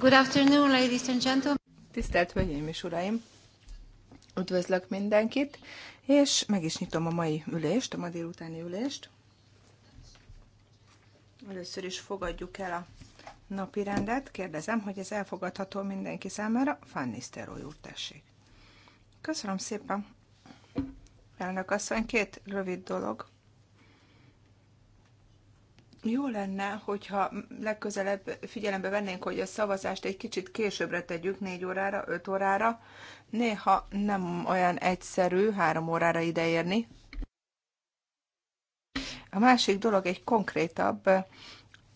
Good afternoon, ladies and gentlemen. Tisztelt Hölgyeim és Uraim! Üdvözlök mindenkit, és meg is nyitom a mai ülést, a ma délutáni ülést. Először is fogadjuk el a napi rendet. Kérdezem, hogy ez elfogadható mindenki számára. Fanny Szteroly úr, tessék. Köszönöm szépen. Elnök asszony, két rövid dolog. Jó lenne, hogyha legközelebb figyelembe vennénk, hogy a szavazást egy kicsit későbbre tegyük, négy órára, öt órára. Néha nem olyan egyszerű három órára ideérni. A másik dolog egy konkrétabb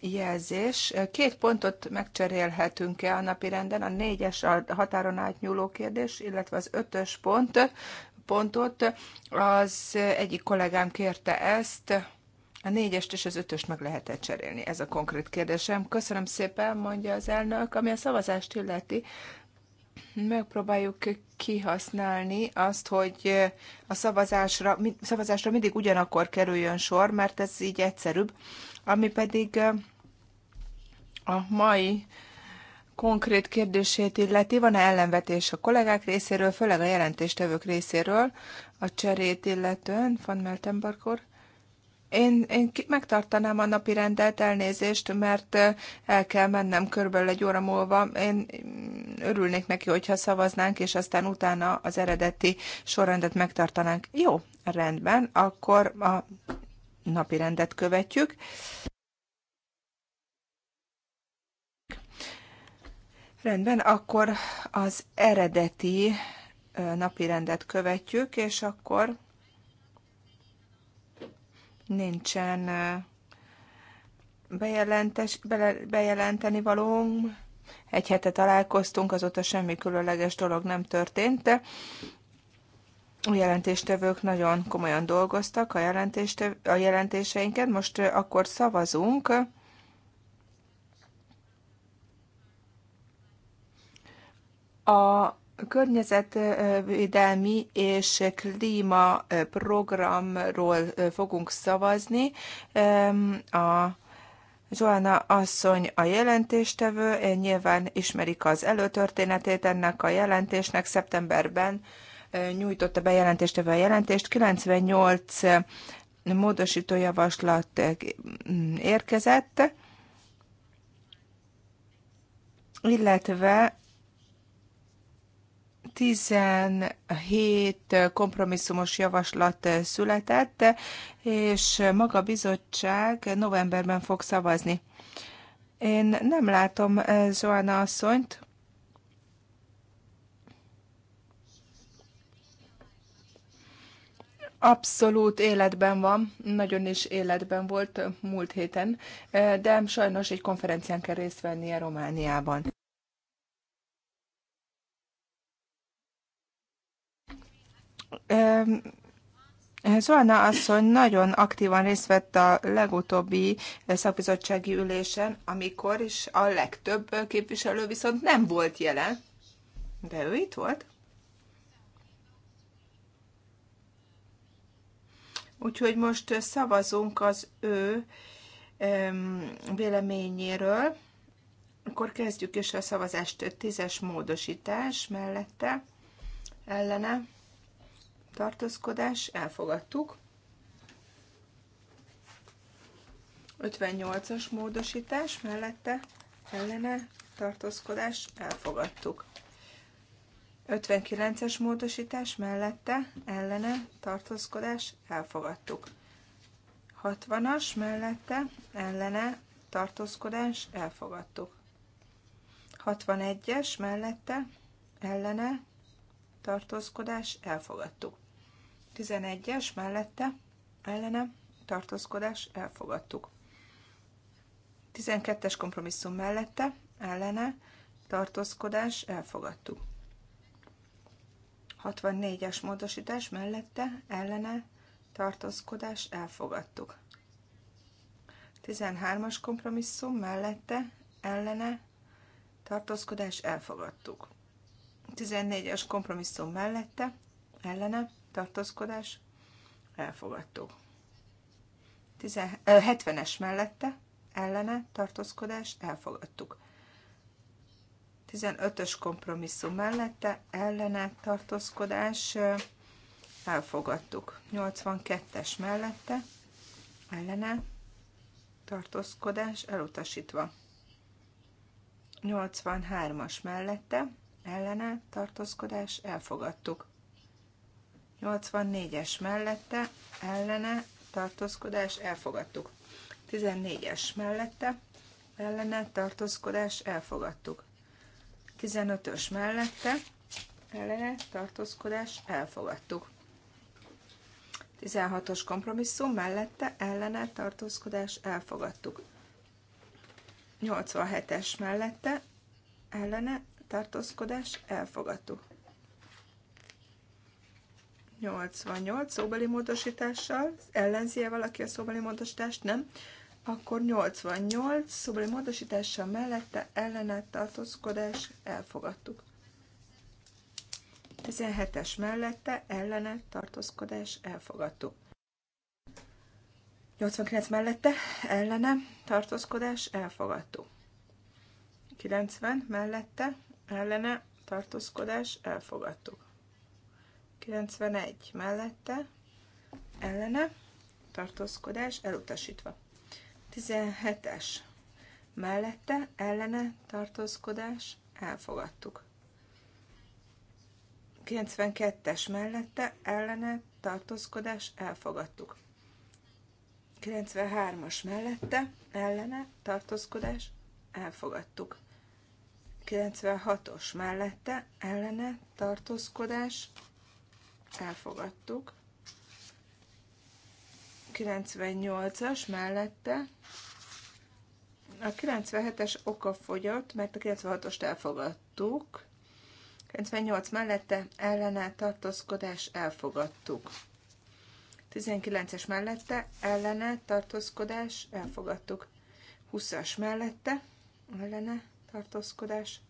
jelzés. Két pontot megcserélhetünk-e a napi renden, a négyes a határon átnyúló kérdés, illetve az ötös pont, pontot. Az egyik kollégám kérte ezt, a négyest és az ötöst meg lehet-e cserélni? Ez a konkrét kérdésem. Köszönöm szépen, mondja az elnök, ami a szavazást illeti. Megpróbáljuk kihasználni azt, hogy a szavazásra, szavazásra mindig ugyanakkor kerüljön sor, mert ez így egyszerűbb. Ami pedig a mai konkrét kérdését illeti, van-e ellenvetés a kollégák részéről, főleg a jelentéstevők részéről a cserét illetően, Van Meltenbarkor? Én, én megtartanám a napi rendelt elnézést, mert el kell mennem körülbelül egy óra múlva. Én mm, örülnék neki, hogyha szavaznánk, és aztán utána az eredeti sorrendet megtartanánk. Jó, rendben, akkor a napi rendet követjük. Rendben, akkor az eredeti napi rendet követjük, és akkor nincsen bejelentes, bele, bejelenteni valóm. Egy hete találkoztunk, azóta semmi különleges dolog nem történt, de a jelentéstevők nagyon komolyan dolgoztak a, a jelentéseinket. Most akkor szavazunk. A környezetvédelmi és klíma programról fogunk szavazni. A Joanna asszony a jelentéstevő, nyilván ismerik az előtörténetét ennek a jelentésnek. Szeptemberben nyújtotta be jelentéstevő a jelentést. 98 módosító javaslat mm, érkezett, illetve 17 kompromisszumos javaslat született, és maga a bizottság novemberben fog szavazni. Én nem látom eh, Zoana asszonyt. Abszolút életben van, nagyon is életben volt múlt héten, eh, de sajnos egy konferencián kell részt vennie Romániában. Zolna asszony nagyon aktívan részt vett a legutóbbi szakbizottsági ülésen, amikor is a legtöbb képviselő viszont nem volt jelen. De ő itt volt. Úgyhogy most szavazunk az ő véleményéről. Akkor kezdjük is a szavazást. Tízes módosítás mellette, ellene tartózkodás, elfogadtuk. 58-as módosítás mellette ellene tartózkodás, elfogadtuk. 59-es módosítás mellette ellene tartózkodás, elfogadtuk. 60-as mellette ellene tartózkodás, elfogadtuk. 61-es mellette ellene tartózkodás, elfogadtuk. 11-es mellette ellene tartózkodás elfogadtuk. 12-es kompromisszum mellette ellene tartózkodás elfogadtuk. 64-es módosítás mellette ellene tartózkodás elfogadtuk. 13-as kompromisszum mellette ellene tartózkodás elfogadtuk. 14-es kompromisszum mellette ellene tartózkodás, elfogadtuk. 70-es mellette, ellene, tartózkodás, elfogadtuk. 15-ös kompromisszum mellette, ellene, tartózkodás, elfogadtuk. 82-es mellette, ellene, tartózkodás, elutasítva. 83-as mellette, ellene, tartózkodás, elfogadtuk. 84-es mellette, ellene, tartózkodás, elfogadtuk. 14-es mellette, ellene, tartózkodás, elfogadtuk. 15-ös mellette, ellene, tartózkodás, elfogadtuk. 16-os kompromisszum mellette, ellene, tartózkodás, elfogadtuk. 87-es mellette, ellene, tartózkodás, elfogadtuk. 88 szóbeli módosítással, ellenzi -e valaki a szóbeli módosítást? Nem. Akkor 88 szóbeli módosítással mellette ellenet tartózkodás elfogadtuk. 17-es mellette ellene tartózkodás elfogadtuk. 89 mellette ellene tartózkodás elfogadtuk. 90 mellette ellene tartózkodás elfogadtuk. 91 mellette, ellene, tartózkodás elutasítva. 17-es mellette, ellene, tartózkodás elfogadtuk. 92-es mellette, ellene, tartózkodás elfogadtuk. 93-as mellette, ellene, tartózkodás elfogadtuk. 96-os mellette, ellene, tartózkodás elfogadtuk. 98-as mellette a 97-es oka fogyott, mert a 96-ost elfogadtuk. 98 mellette ellene tartózkodás elfogadtuk. 19-es mellette ellene tartózkodás elfogadtuk. 20-as mellette ellene tartózkodás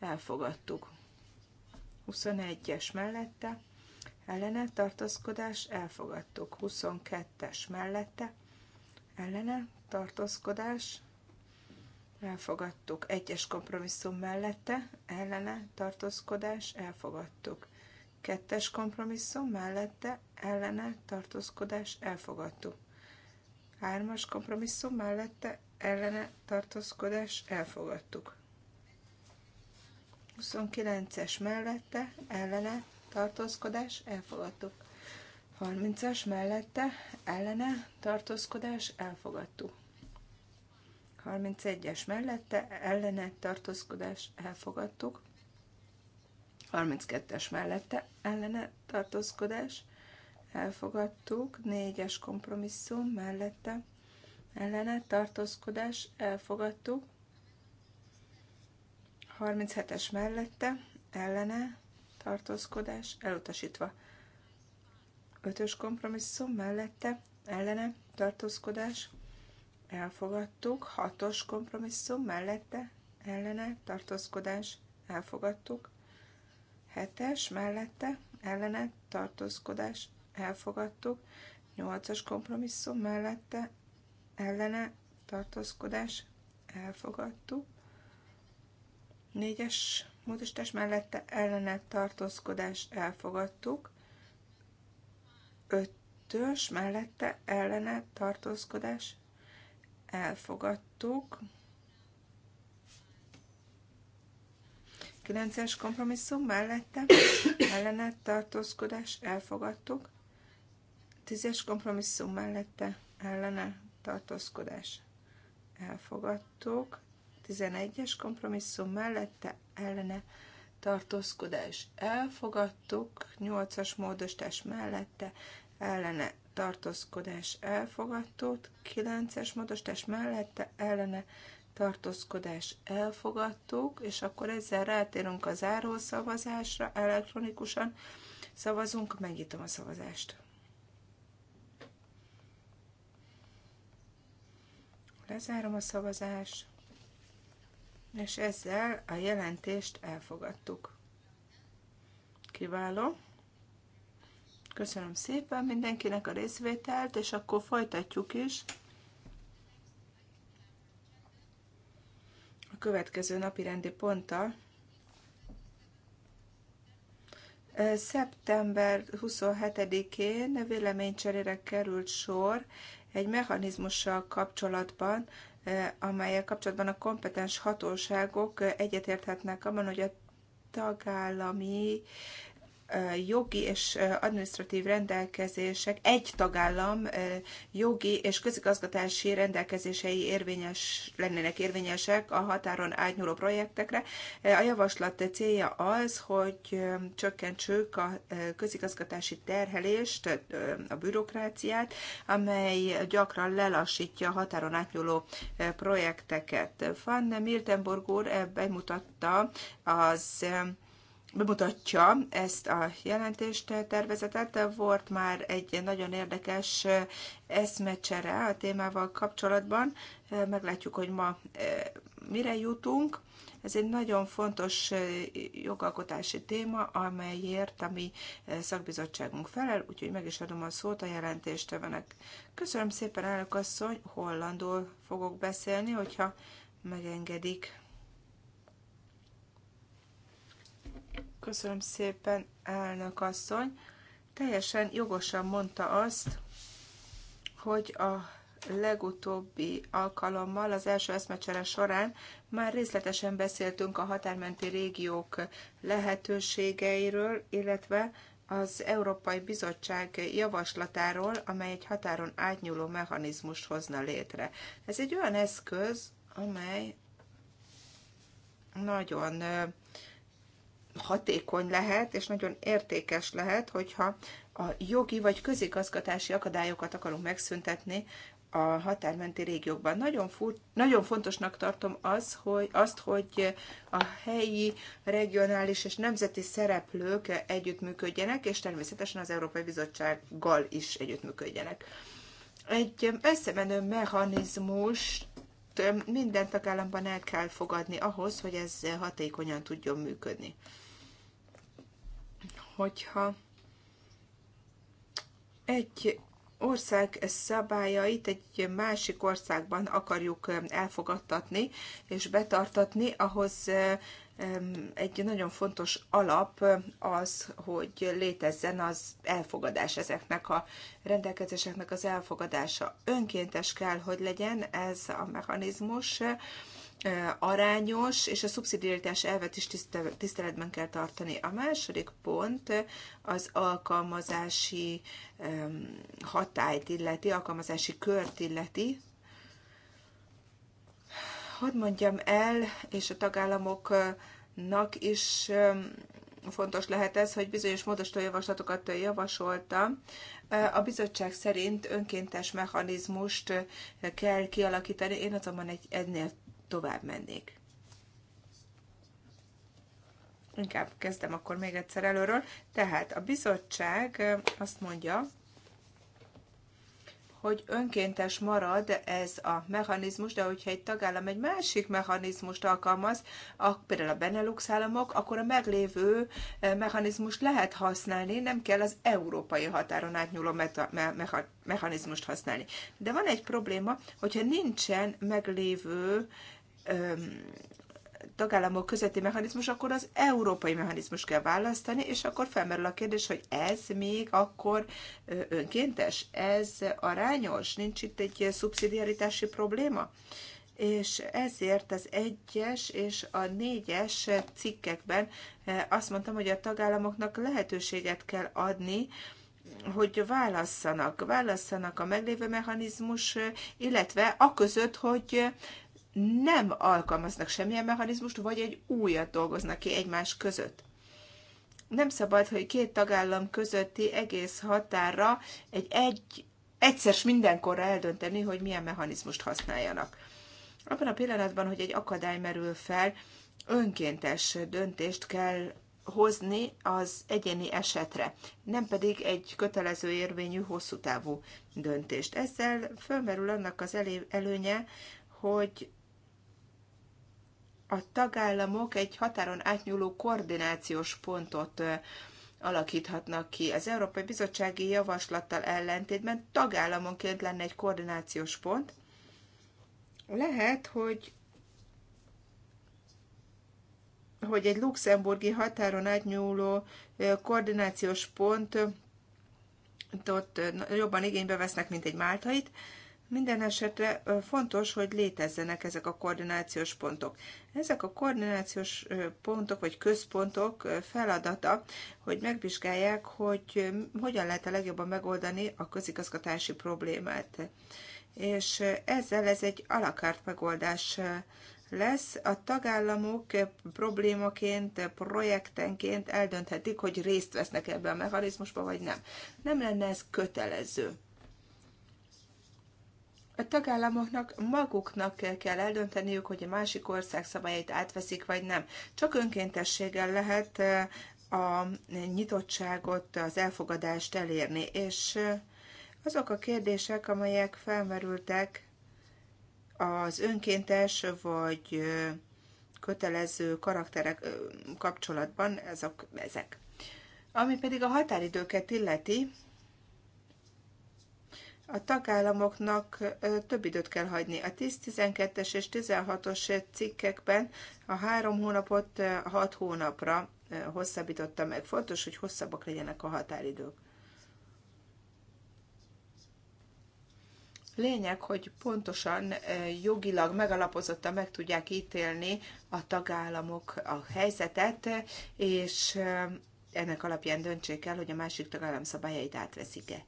elfogadtuk. 21-es mellette ellene tartózkodás elfogadtuk. 22-es mellette ellene tartózkodás elfogadtuk. Egyes kompromisszum mellette ellene tartózkodás elfogadtuk. Kettes kompromisszum mellette ellene tartózkodás elfogadtuk. Hármas kompromisszum mellette ellene tartózkodás elfogadtuk. 29-es mellette ellene tartózkodás, elfogadtuk. 30-as mellette, ellene, tartózkodás, elfogadtuk. 31-es mellette, ellene, tartózkodás, elfogadtuk. 32-es mellette, ellene, tartózkodás, elfogadtuk. 4-es kompromisszum mellette, ellene, tartózkodás, elfogadtuk. 37-es mellette, ellene, tartózkodás elutasítva. Ötös kompromisszum mellette ellene tartózkodás elfogadtuk. Hatos kompromisszum mellette ellene tartózkodás elfogadtuk. Hetes mellette ellene tartózkodás elfogadtuk. Nyolcas kompromisszum mellette ellene tartózkodás elfogadtuk. Négyes módosítás mellette ellene tartózkodás elfogadtuk. Ötös mellette ellene tartózkodás elfogadtuk. Kilences kompromisszum mellette ellene tartózkodás elfogadtuk. Tízes kompromisszum mellette ellene tartózkodás elfogadtuk. 11-es kompromisszum mellette ellene tartózkodás elfogadtuk, 8-as módosítás mellette ellene tartózkodás elfogadtuk, 9-es módosítás mellette ellene tartózkodás elfogadtuk, és akkor ezzel rátérünk a záró szavazásra elektronikusan. Szavazunk, megnyitom a szavazást. Lezárom a szavazást. És ezzel a jelentést elfogadtuk. Kiváló. Köszönöm szépen mindenkinek a részvételt, és akkor folytatjuk is. A következő napi rendi ponttal. Szeptember 27-én véleménycserére került sor egy mechanizmussal kapcsolatban, amelyek kapcsolatban a kompetens hatóságok egyetérthetnek abban, hogy a tagállami jogi és administratív rendelkezések, egy tagállam jogi és közigazgatási rendelkezései érvényes, lennének érvényesek a határon átnyúló projektekre. A javaslat célja az, hogy csökkentsük a közigazgatási terhelést, a bürokráciát, amely gyakran lelassítja a határon átnyúló projekteket. Van Miltenborg úr bemutatta az bemutatja ezt a jelentést tervezetet. Volt már egy nagyon érdekes eszmecsere a témával kapcsolatban. Meglátjuk, hogy ma eh, mire jutunk. Ez egy nagyon fontos eh, jogalkotási téma, amelyért a mi eh, szakbizottságunk felel, úgyhogy meg is adom a szót a tevenek. Köszönöm szépen, elnök asszony, hollandul fogok beszélni, hogyha megengedik. Köszönöm szépen, elnök asszony. Teljesen jogosan mondta azt, hogy a legutóbbi alkalommal, az első eszmecsere során már részletesen beszéltünk a határmenti régiók lehetőségeiről, illetve az Európai Bizottság javaslatáról, amely egy határon átnyúló mechanizmust hozna létre. Ez egy olyan eszköz, amely nagyon hatékony lehet, és nagyon értékes lehet, hogyha a jogi vagy közigazgatási akadályokat akarunk megszüntetni a határmenti régiókban. Nagyon, fur, nagyon fontosnak tartom az, hogy, azt, hogy a helyi, regionális és nemzeti szereplők együttműködjenek, és természetesen az Európai Bizottsággal is együttműködjenek. Egy összemenő mechanizmus minden tagállamban el kell fogadni ahhoz, hogy ez hatékonyan tudjon működni hogyha egy ország szabályait egy másik országban akarjuk elfogadtatni és betartatni, ahhoz egy nagyon fontos alap az, hogy létezzen az elfogadás ezeknek a rendelkezéseknek az elfogadása. Önkéntes kell, hogy legyen ez a mechanizmus, arányos, és a szubszidiaritás elvet is tiszteletben kell tartani. A második pont az alkalmazási hatályt illeti, alkalmazási kört illeti. Hadd mondjam el, és a tagállamoknak is fontos lehet ez, hogy bizonyos módosító javaslatokat javasoltam. A bizottság szerint önkéntes mechanizmust kell kialakítani, én azonban egy, ennél tovább mennék. Inkább kezdem akkor még egyszer előről. Tehát a bizottság azt mondja, hogy önkéntes marad ez a mechanizmus, de hogyha egy tagállam egy másik mechanizmust alkalmaz, a, például a Benelux államok, akkor a meglévő mechanizmust lehet használni, nem kell az európai határon átnyúló meta, me, mecha, mechanizmust használni. De van egy probléma, hogyha nincsen meglévő tagállamok közötti mechanizmus, akkor az európai mechanizmus kell választani, és akkor felmerül a kérdés, hogy ez még akkor önkéntes, ez arányos, nincs itt egy szubszidiaritási probléma? és ezért az egyes és a négyes cikkekben azt mondtam, hogy a tagállamoknak lehetőséget kell adni, hogy válasszanak, válasszanak a meglévő mechanizmus, illetve a között, hogy nem alkalmaznak semmilyen mechanizmust, vagy egy újat dolgoznak ki egymás között. Nem szabad, hogy két tagállam közötti egész határa egy, egy egyszer mindenkorra eldönteni, hogy milyen mechanizmust használjanak. Abban a pillanatban, hogy egy akadály merül fel, önkéntes döntést kell hozni az egyéni esetre, nem pedig egy kötelező érvényű, hosszú távú döntést. Ezzel fölmerül annak az előnye, hogy a tagállamok egy határon átnyúló koordinációs pontot alakíthatnak ki. Az Európai Bizottsági Javaslattal ellentétben tagállamonként lenne egy koordinációs pont. Lehet, hogy hogy egy luxemburgi határon átnyúló koordinációs pont ott jobban igénybe vesznek, mint egy máltait, minden esetre fontos, hogy létezzenek ezek a koordinációs pontok. Ezek a koordinációs pontok vagy központok feladata, hogy megvizsgálják, hogy hogyan lehet a legjobban megoldani a közigazgatási problémát. És ezzel ez egy alakárt megoldás lesz. A tagállamok problémaként, projektenként eldönthetik, hogy részt vesznek ebben, a mechanizmusban, vagy nem. Nem lenne ez kötelező a tagállamoknak maguknak kell eldönteniük, hogy a másik ország szabályait átveszik, vagy nem. Csak önkéntességgel lehet a nyitottságot, az elfogadást elérni, és azok a kérdések, amelyek felmerültek az önkéntes vagy kötelező karakterek kapcsolatban, ezek. ezek. Ami pedig a határidőket illeti, a tagállamoknak több időt kell hagyni. A 10-12-es és 16-os cikkekben a három hónapot hat hónapra hosszabbította meg. Fontos, hogy hosszabbak legyenek a határidők. Lényeg, hogy pontosan jogilag megalapozottan meg tudják ítélni a tagállamok a helyzetet, és ennek alapján döntsék el, hogy a másik tagállam szabályait átveszik-e.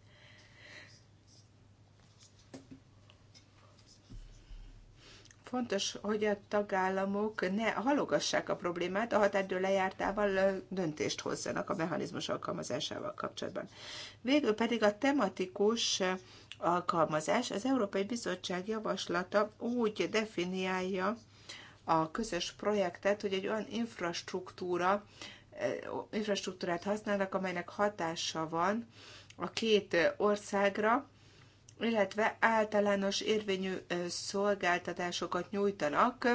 Fontos, hogy a tagállamok ne halogassák a problémát, a határidő lejártával döntést hozzanak a mechanizmus alkalmazásával kapcsolatban. Végül pedig a tematikus alkalmazás. Az Európai Bizottság javaslata úgy definiálja a közös projektet, hogy egy olyan infrastruktúra, infrastruktúrát használnak, amelynek hatása van a két országra, illetve általános érvényű szolgáltatásokat nyújtanak,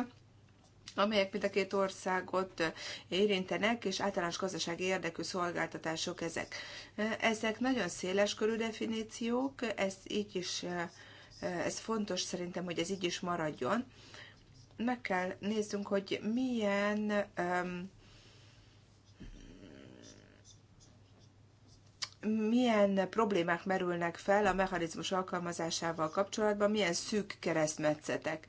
amelyek mind a két országot érintenek, és általános gazdasági érdekű szolgáltatások ezek. Ezek nagyon széles körű definíciók, ez így is, ez fontos szerintem, hogy ez így is maradjon. Meg kell néznünk, hogy milyen um, milyen problémák merülnek fel a mechanizmus alkalmazásával kapcsolatban, milyen szűk keresztmetszetek.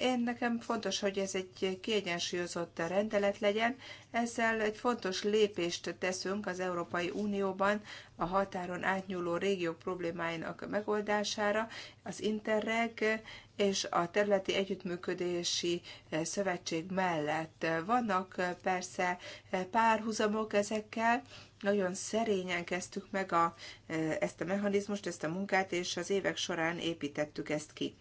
Én nekem fontos, hogy ez egy kiegyensúlyozott rendelet legyen. Ezzel egy fontos lépést teszünk az Európai Unióban a határon átnyúló régiók problémáinak megoldására. Az Interreg és a területi együttműködési eh, szövetség mellett. Vannak eh, persze eh, párhuzamok ezekkel, nagyon szerényen kezdtük meg a, ezt a mechanizmust, ezt a munkát, és az évek során építettük ezt ki.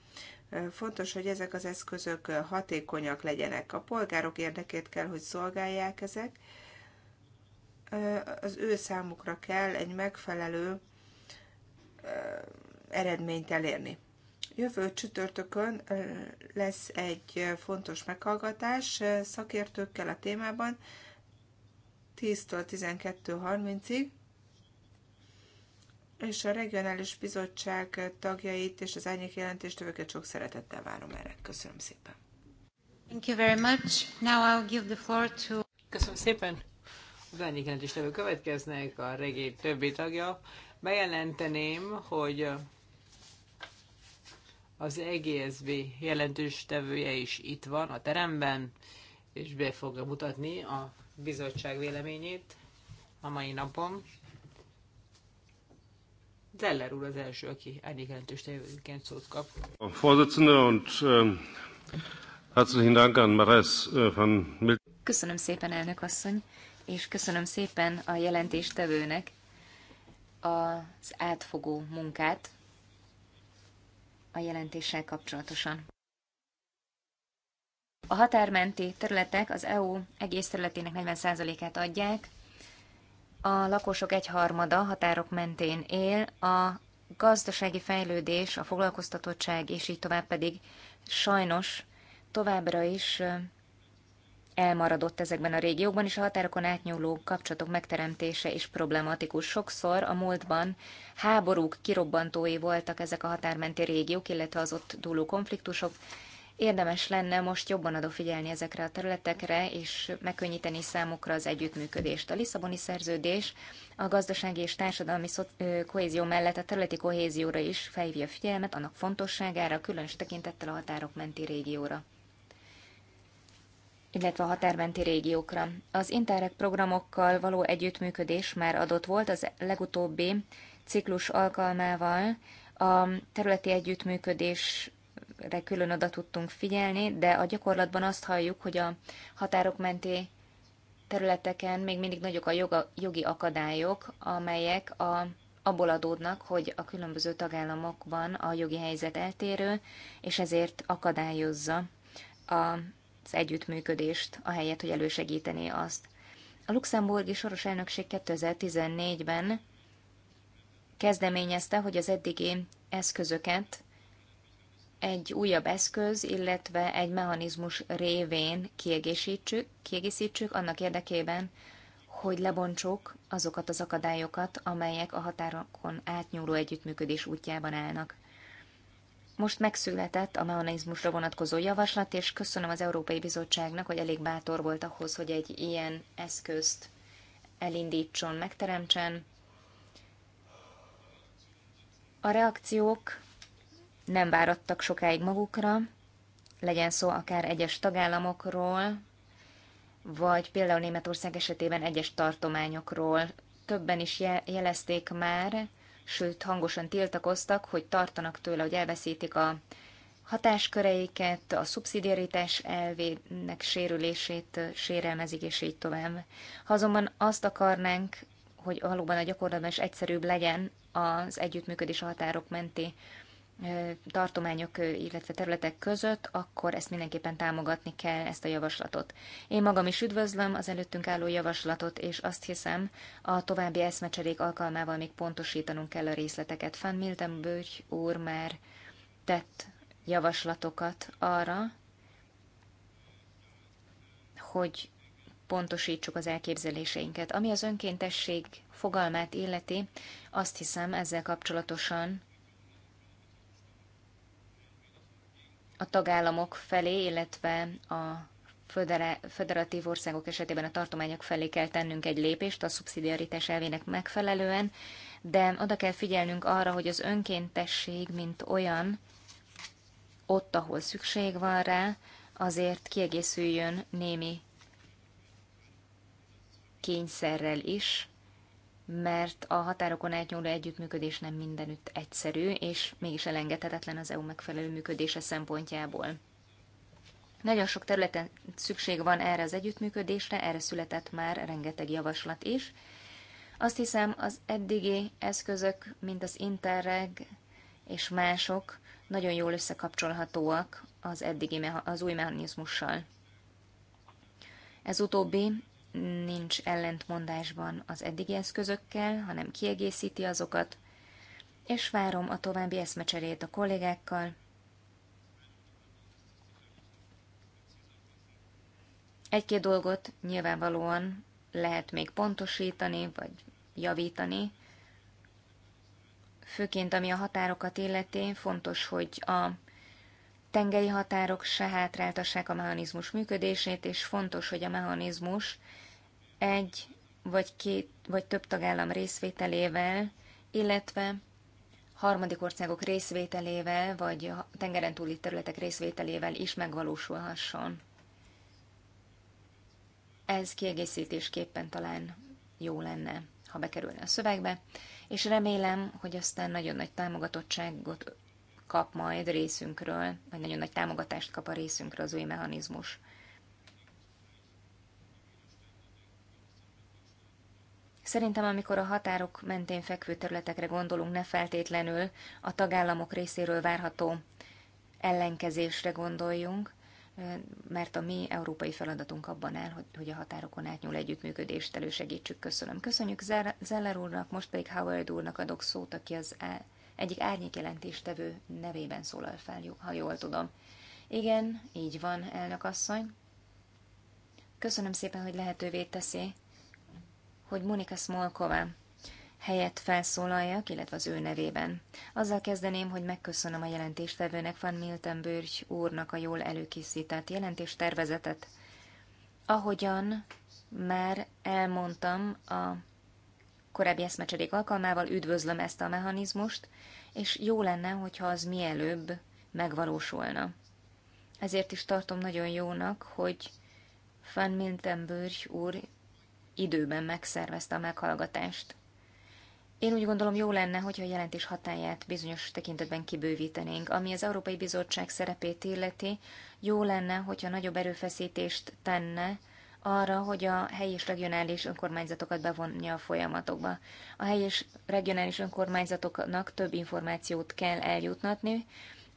Fontos, hogy ezek az eszközök hatékonyak legyenek. A polgárok érdekét kell, hogy szolgálják ezek. Az ő számukra kell egy megfelelő eredményt elérni. Jövő csütörtökön lesz egy fontos meghallgatás szakértőkkel a témában 10-től 12.30-ig és a regionális bizottság tagjait és az árnyék jelentéstevőket sok szeretettel várom erre. Köszönöm szépen. Thank you very much. Now I'll give the floor to... Köszönöm szépen. Az árnyék jelentéstevő következnek, a regi többi tagja. Bejelenteném, hogy az EGSB jelentős tevője is itt van a teremben, és be fogja mutatni a bizottság véleményét a mai napon. Zeller úr az első, aki elég jelentős tevőként szót kap. A Vorsitzende und ähm, herzlichen Dank an Mares äh, van Köszönöm szépen, elnök asszony, és köszönöm szépen a jelentéstevőnek az átfogó munkát a jelentéssel kapcsolatosan. A határmenti területek az EU egész területének 40%-át adják, a lakosok egyharmada határok mentén él, a gazdasági fejlődés, a foglalkoztatottság és így tovább pedig sajnos továbbra is elmaradott ezekben a régiókban, és a határokon átnyúló kapcsolatok megteremtése is problematikus. Sokszor a múltban háborúk kirobbantói voltak ezek a határmenti régiók, illetve az ott dúló konfliktusok, Érdemes lenne most jobban odafigyelni ezekre a területekre, és megkönnyíteni számukra az együttműködést. A Lisszaboni szerződés a gazdasági és társadalmi kohézió mellett a területi kohézióra is felhívja figyelmet, annak fontosságára, különös tekintettel a határok menti régióra illetve a határmenti régiókra. Az Interreg programokkal való együttműködés már adott volt az legutóbbi ciklus alkalmával, a területi együttműködés erre külön oda tudtunk figyelni, de a gyakorlatban azt halljuk, hogy a határok menti területeken még mindig nagyok a joga, jogi akadályok, amelyek a, abból adódnak, hogy a különböző tagállamokban a jogi helyzet eltérő, és ezért akadályozza az együttműködést, ahelyett, hogy elősegítené azt. A luxemburgi soros elnökség 2014-ben kezdeményezte, hogy az eddigi eszközöket egy újabb eszköz, illetve egy mechanizmus révén kiegészítsük, kiegészítsük annak érdekében, hogy lebontsuk azokat az akadályokat, amelyek a határokon átnyúló együttműködés útjában állnak. Most megszületett a mechanizmusra vonatkozó javaslat, és köszönöm az Európai Bizottságnak, hogy elég bátor volt ahhoz, hogy egy ilyen eszközt elindítson, megteremtsen. A reakciók nem várattak sokáig magukra, legyen szó akár egyes tagállamokról, vagy például Németország esetében egyes tartományokról. Többen is jelezték már, sőt hangosan tiltakoztak, hogy tartanak tőle, hogy elveszítik a hatásköreiket, a szubszidiaritás elvének sérülését sérelmezik, és így tovább. Ha azonban azt akarnánk, hogy valóban a gyakorlatban is egyszerűbb legyen az együttműködés a határok menti tartományok, illetve területek között, akkor ezt mindenképpen támogatni kell, ezt a javaslatot. Én magam is üdvözlöm az előttünk álló javaslatot, és azt hiszem, a további eszmecserék alkalmával még pontosítanunk kell a részleteket. Fan Miltenbőgy úr már tett javaslatokat arra, hogy pontosítsuk az elképzeléseinket. Ami az önkéntesség fogalmát illeti, azt hiszem ezzel kapcsolatosan a tagállamok felé, illetve a föderatív országok esetében a tartományok felé kell tennünk egy lépést a szubszidiaritás elvének megfelelően, de oda kell figyelnünk arra, hogy az önkéntesség, mint olyan, ott, ahol szükség van rá, azért kiegészüljön némi kényszerrel is, mert a határokon átnyúló együttműködés nem mindenütt egyszerű, és mégis elengedhetetlen az EU megfelelő működése szempontjából. Nagyon sok területen szükség van erre az együttműködésre, erre született már rengeteg javaslat is. Azt hiszem, az eddigi eszközök, mint az Interreg és mások, nagyon jól összekapcsolhatóak az eddigi az új mechanizmussal. Ez utóbbi nincs ellentmondásban az eddigi eszközökkel, hanem kiegészíti azokat, és várom a további eszmecserét a kollégákkal. Egy-két dolgot nyilvánvalóan lehet még pontosítani, vagy javítani. Főként ami a határokat illeti, fontos, hogy a tengeri határok se hátráltassák a mechanizmus működését, és fontos, hogy a mechanizmus egy vagy két vagy több tagállam részvételével, illetve harmadik országok részvételével, vagy tengeren túli területek részvételével is megvalósulhasson. Ez kiegészítésképpen talán jó lenne, ha bekerülne a szövegbe, és remélem, hogy aztán nagyon nagy támogatottságot kap majd részünkről, vagy nagyon nagy támogatást kap a részünkről az új mechanizmus. Szerintem, amikor a határok mentén fekvő területekre gondolunk, ne feltétlenül a tagállamok részéről várható ellenkezésre gondoljunk, mert a mi európai feladatunk abban áll, hogy, hogy a határokon átnyúl együttműködést elősegítsük. Köszönöm. Köszönjük Zeller úrnak, most pedig Howard úrnak adok szót, aki az egyik árnyékjelentéstevő nevében szólal fel, ha jól tudom. Igen, így van, elnök asszony. Köszönöm szépen, hogy lehetővé teszi hogy Monika Smolkova helyett felszólaljak, illetve az ő nevében. Azzal kezdeném, hogy megköszönöm a jelentéstevőnek Van Miltenbörgy úrnak a jól előkészített jelentéstervezetet. Ahogyan már elmondtam a korábbi eszmecserék alkalmával, üdvözlöm ezt a mechanizmust, és jó lenne, hogyha az mielőbb megvalósulna. Ezért is tartom nagyon jónak, hogy Van Miltenbörgy úr időben megszervezte a meghallgatást. Én úgy gondolom, jó lenne, hogyha a jelentés hatáját bizonyos tekintetben kibővítenénk. Ami az Európai Bizottság szerepét illeti, jó lenne, hogyha nagyobb erőfeszítést tenne arra, hogy a helyi és regionális önkormányzatokat bevonja a folyamatokba. A helyi és regionális önkormányzatoknak több információt kell eljutnatni,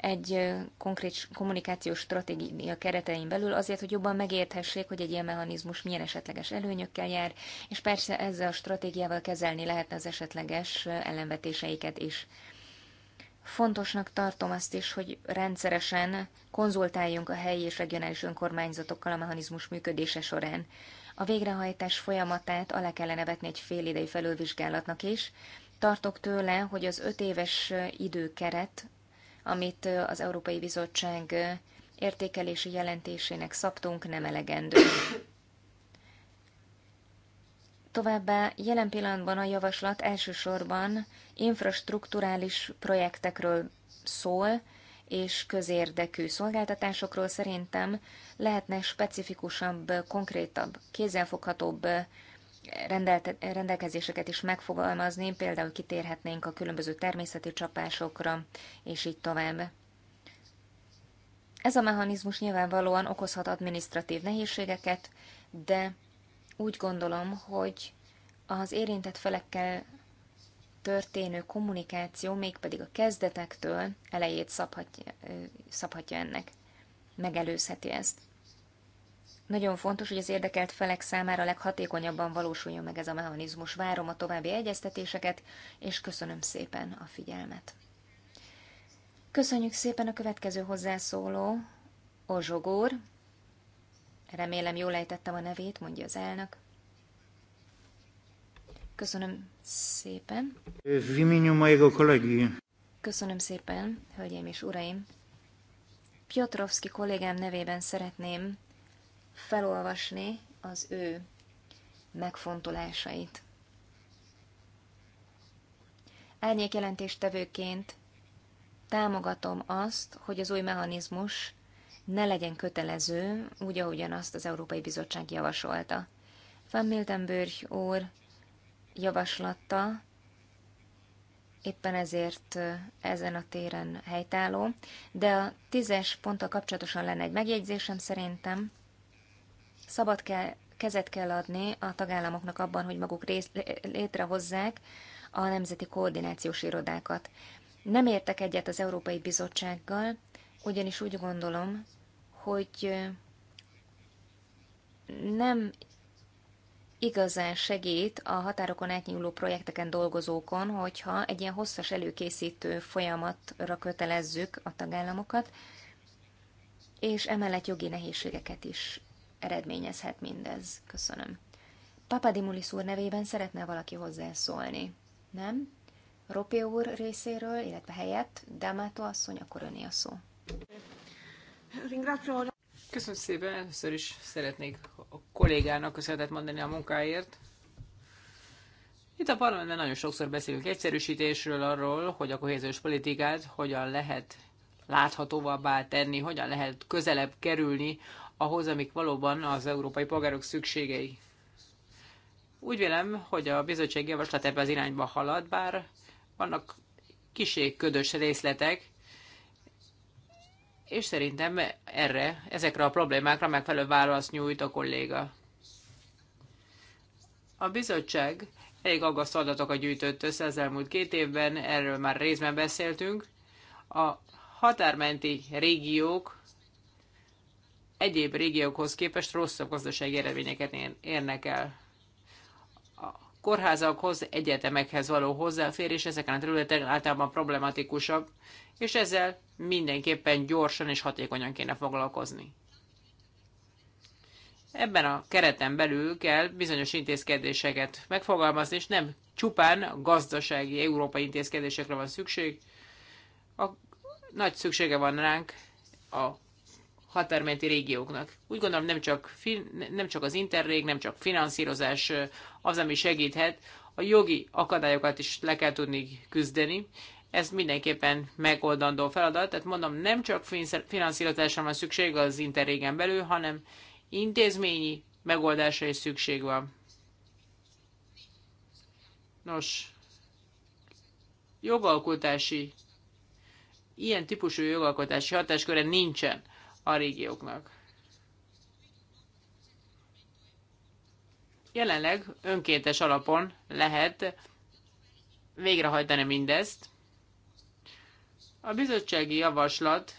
egy konkrét kommunikációs stratégia keretein belül azért, hogy jobban megérthessék, hogy egy ilyen mechanizmus milyen esetleges előnyökkel jár, és persze ezzel a stratégiával kezelni lehetne az esetleges ellenvetéseiket is. Fontosnak tartom azt is, hogy rendszeresen konzultáljunk a helyi és regionális önkormányzatokkal a mechanizmus működése során. A végrehajtás folyamatát alá kellene vetni egy félidei felülvizsgálatnak is. Tartok tőle, hogy az öt éves időkeret amit az Európai Bizottság értékelési jelentésének szabtunk, nem elegendő. Továbbá jelen pillanatban a javaslat elsősorban infrastruktúrális projektekről szól, és közérdekű szolgáltatásokról szerintem lehetne specifikusabb, konkrétabb, kézzelfoghatóbb rendelkezéseket is megfogalmazni, például kitérhetnénk a különböző természeti csapásokra, és így tovább. Ez a mechanizmus nyilvánvalóan okozhat adminisztratív nehézségeket, de úgy gondolom, hogy az érintett felekkel történő kommunikáció mégpedig a kezdetektől elejét szabhatja, szabhatja ennek, megelőzheti ezt. Nagyon fontos, hogy az érdekelt felek számára leghatékonyabban valósuljon meg ez a mechanizmus. Várom a további egyeztetéseket, és köszönöm szépen a figyelmet. Köszönjük szépen a következő hozzászóló, Ozsogór. Remélem jól ejtettem a nevét, mondja az elnök. Köszönöm szépen. W a kollégi. Köszönöm szépen, hölgyeim és uraim. Piotrowski kollégám nevében szeretném felolvasni az ő megfontolásait. jelentéstevőként támogatom azt, hogy az új mechanizmus ne legyen kötelező, úgy, ahogyan azt az Európai Bizottság javasolta. Van Miltenbörgy úr javaslatta, éppen ezért ezen a téren helytálló, de a tízes ponttal kapcsolatosan lenne egy megjegyzésem szerintem szabad kell, kezet kell adni a tagállamoknak abban, hogy maguk rész, létrehozzák a nemzeti koordinációs irodákat. Nem értek egyet az Európai Bizottsággal, ugyanis úgy gondolom, hogy nem igazán segít a határokon átnyúló projekteken dolgozókon, hogyha egy ilyen hosszas előkészítő folyamatra kötelezzük a tagállamokat, és emellett jogi nehézségeket is eredményezhet mindez. Köszönöm. Papadimulis úr nevében szeretne valaki hozzá szólni? nem? Ropé úr részéről, illetve helyett, Dámátó asszony, akkor öné a szó. Köszönöm szépen, először is szeretnék a kollégának köszönetet mondani a munkáért. Itt a parlamentben nagyon sokszor beszélünk egyszerűsítésről, arról, hogy a kohéziós politikát hogyan lehet láthatóvabbá tenni, hogyan lehet közelebb kerülni ahhoz, amik valóban az európai polgárok szükségei. Úgy vélem, hogy a bizottság javaslat ebbe az irányba halad, bár vannak kisé ködös részletek, és szerintem erre, ezekre a problémákra megfelelő választ nyújt a kolléga. A bizottság elég aggasztó adatokat gyűjtött össze az elmúlt két évben, erről már részben beszéltünk. A határmenti régiók egyéb régiókhoz képest rosszabb gazdasági eredményeket érnek el. A kórházakhoz, egyetemekhez való hozzáférés ezeken a területeken általában problematikusabb, és ezzel mindenképpen gyorsan és hatékonyan kéne foglalkozni. Ebben a kereten belül kell bizonyos intézkedéseket megfogalmazni, és nem csupán gazdasági európai intézkedésekre van szükség. A nagy szüksége van ránk a határmenti régióknak. Úgy gondolom nem csak, nem csak az interrég, nem csak finanszírozás az, ami segíthet, a jogi akadályokat is le kell tudni küzdeni. Ez mindenképpen megoldandó feladat, tehát mondom, nem csak finanszírozásra van szükség az interrégen belül, hanem intézményi megoldásra is szükség van. Nos, jogalkotási, ilyen típusú jogalkotási hatásköre nincsen a régióknak. Jelenleg önkéntes alapon lehet végrehajtani mindezt. A bizottsági javaslat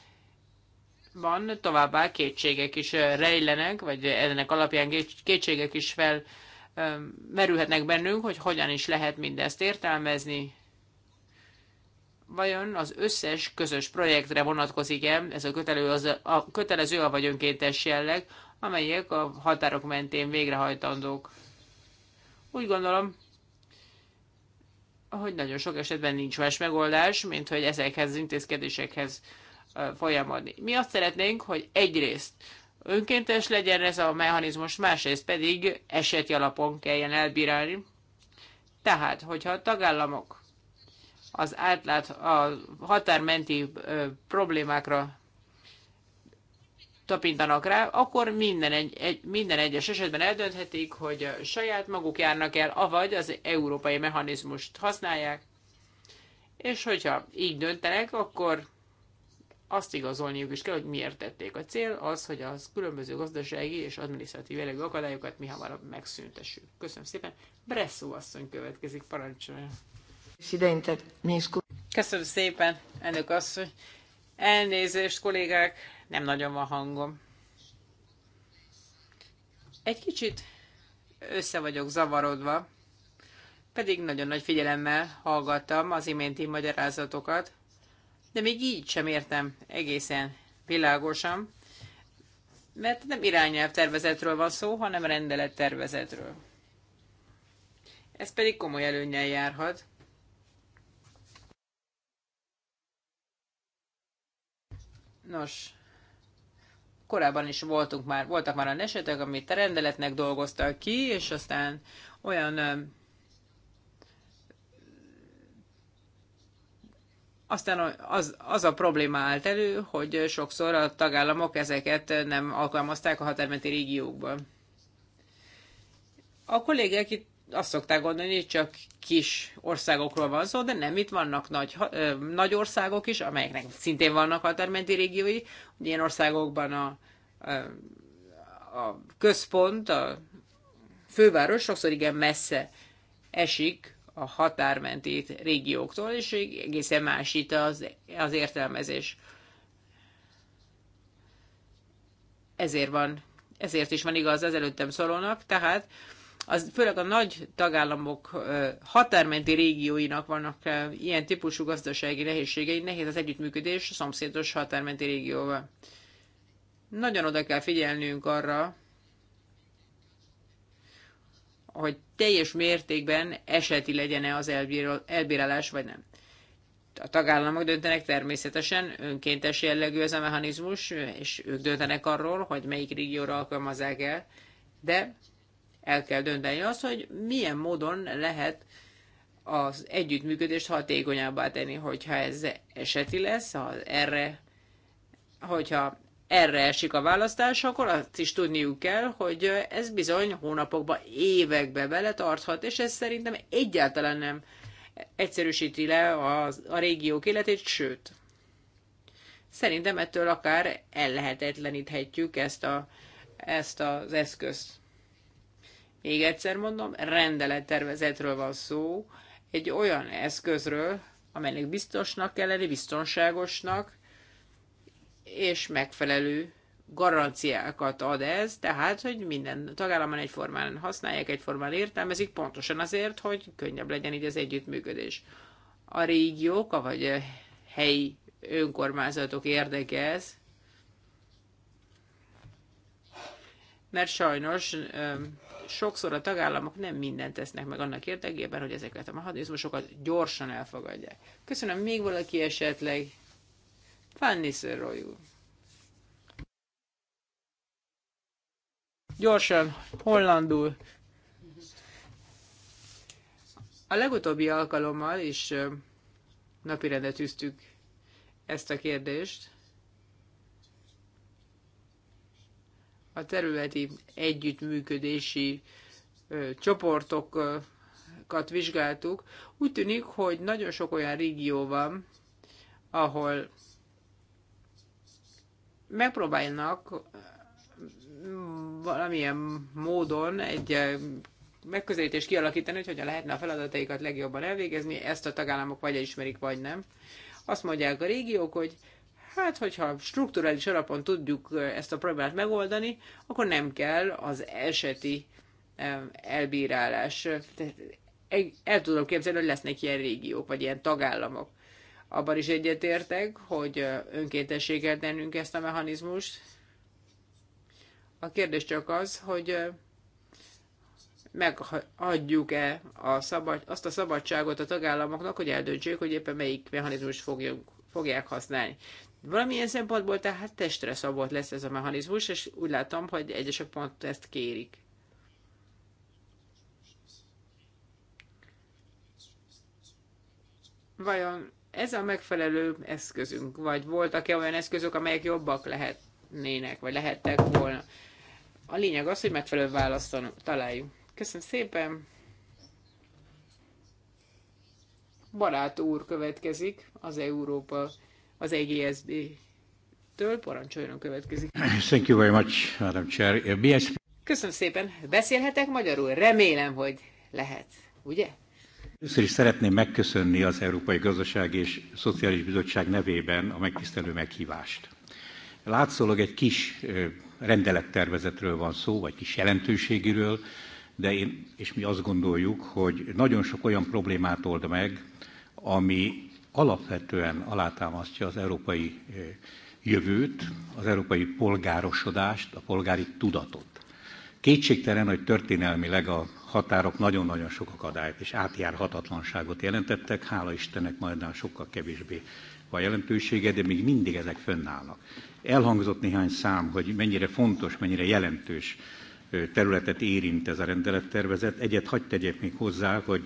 van továbbá kétségek is rejlenek, vagy ennek alapján kétségek is fel merülhetnek bennünk, hogy hogyan is lehet mindezt értelmezni, vajon az összes közös projektre vonatkozik-e ez a kötelező, az, a kötelező vagy önkéntes jelleg, amelyek a határok mentén végrehajtandók. Úgy gondolom, hogy nagyon sok esetben nincs más megoldás, mint hogy ezekhez az intézkedésekhez folyamodni. Mi azt szeretnénk, hogy egyrészt önkéntes legyen ez a mechanizmus, másrészt pedig eseti alapon kelljen elbírálni. Tehát, hogyha a tagállamok az átlát, a határmenti ö, problémákra tapintanak rá, akkor minden, egy, egy, minden egyes esetben eldönthetik, hogy saját maguk járnak el, avagy az európai mechanizmust használják, és hogyha így döntenek, akkor azt igazolniuk is kell, hogy miért tették. A cél az, hogy az különböző gazdasági és adminisztratív jellegű akadályokat mi hamarabb megszüntessük. Köszönöm szépen. Bresszó asszony következik, parancsolja. Köszönöm szépen, elnök asszony. Elnézést, kollégák, nem nagyon van hangom. Egy kicsit össze vagyok zavarodva, pedig nagyon nagy figyelemmel hallgattam az iménti magyarázatokat, de még így sem értem egészen világosan, mert nem irányelv tervezetről van szó, hanem rendelet tervezetről. Ez pedig komoly előnyel járhat, Nos, korábban is voltunk már, voltak már a esetek, amit a rendeletnek dolgoztak ki, és aztán olyan Aztán az, az a probléma állt elő, hogy sokszor a tagállamok ezeket nem alkalmazták a határmenti régiókban. A kollégek itt azt szokták gondolni, hogy csak kis országokról van szó, de nem, itt vannak nagy, ö, nagy országok is, amelyeknek szintén vannak határmenti régiói. ilyen országokban a, a, a központ, a főváros sokszor igen messze esik a határmenti régióktól, és egészen más itt az, az értelmezés. Ezért van, ezért is van igaz az előttem szólónak, tehát az főleg a nagy tagállamok határmenti régióinak vannak ilyen típusú gazdasági nehézségei, nehéz az együttműködés a szomszédos határmenti régióval. Nagyon oda kell figyelnünk arra, hogy teljes mértékben eseti legyen-e az elbírálás, vagy nem. A tagállamok döntenek természetesen, önkéntes jellegű ez a mechanizmus, és ők döntenek arról, hogy melyik régióra alkalmazzák el, de el kell dönteni az, hogy milyen módon lehet az együttműködést hatékonyabbá tenni, hogyha ez eseti lesz, ha erre, hogyha erre esik a választás, akkor azt is tudniuk kell, hogy ez bizony hónapokba, évekbe bele tarthat és ez szerintem egyáltalán nem egyszerűsíti le a, a régiók életét, sőt, szerintem ettől akár ellehetetleníthetjük ezt, a, ezt az eszközt. Még egyszer mondom, rendelettervezetről van szó, egy olyan eszközről, amelynek biztosnak kell lenni, biztonságosnak, és megfelelő garanciákat ad ez, tehát, hogy minden tagállamban egyformán használják, egyformán értelmezik, pontosan azért, hogy könnyebb legyen így az együttműködés. A régiók, vagy a helyi önkormányzatok érdeke ez, mert sajnos sokszor a tagállamok nem mindent tesznek meg annak érdekében, hogy ezeket a mechanizmusokat gyorsan elfogadják. Köszönöm, még valaki esetleg? Fanny Szerrojú. Gyorsan, hollandul. A legutóbbi alkalommal is napirendet tűztük ezt a kérdést, a területi együttműködési csoportokat vizsgáltuk, úgy tűnik, hogy nagyon sok olyan régió van, ahol megpróbálnak valamilyen módon egy megközelítést kialakítani, hogy hogyan lehetne a feladataikat legjobban elvégezni, ezt a tagállamok vagy elismerik, vagy nem. Azt mondják a régiók, hogy hát hogyha strukturális alapon tudjuk ezt a problémát megoldani, akkor nem kell az eseti elbírálás. El tudom képzelni, hogy lesznek ilyen régiók, vagy ilyen tagállamok. Abban is egyetértek, hogy önkéntességgel tennünk ezt a mechanizmust. A kérdés csak az, hogy megadjuk-e a szabad, azt a szabadságot a tagállamoknak, hogy eldöntsék, hogy éppen melyik mechanizmust fogjuk, fogják használni. Valamilyen szempontból tehát testre szabott lesz ez a mechanizmus, és úgy látom, hogy egyesek pont ezt kérik. Vajon ez a megfelelő eszközünk, vagy voltak-e olyan eszközök, amelyek jobbak lehetnének, vagy lehettek volna? A lényeg az, hogy megfelelő választ találjuk. Köszönöm szépen! Barát úr következik az Európa az EGSB-től. Parancsoljon következik. Thank you very much, Madam Chair. BSP... Köszönöm szépen. Beszélhetek magyarul? Remélem, hogy lehet. Ugye? Először is szeretném megköszönni az Európai Gazdaság és Szociális Bizottság nevében a megtisztelő meghívást. Látszólag egy kis rendelettervezetről van szó, vagy kis jelentőségiről, de én és mi azt gondoljuk, hogy nagyon sok olyan problémát old meg, ami alapvetően alátámasztja az európai jövőt, az európai polgárosodást, a polgári tudatot. Kétségtelen, hogy történelmileg a határok nagyon-nagyon sok akadályt és átjárhatatlanságot jelentettek, hála Istennek majdnem sokkal kevésbé van jelentősége, de még mindig ezek fönnállnak. Elhangzott néhány szám, hogy mennyire fontos, mennyire jelentős területet érint ez a rendelettervezet. Egyet hagyd tegyek még hozzá, hogy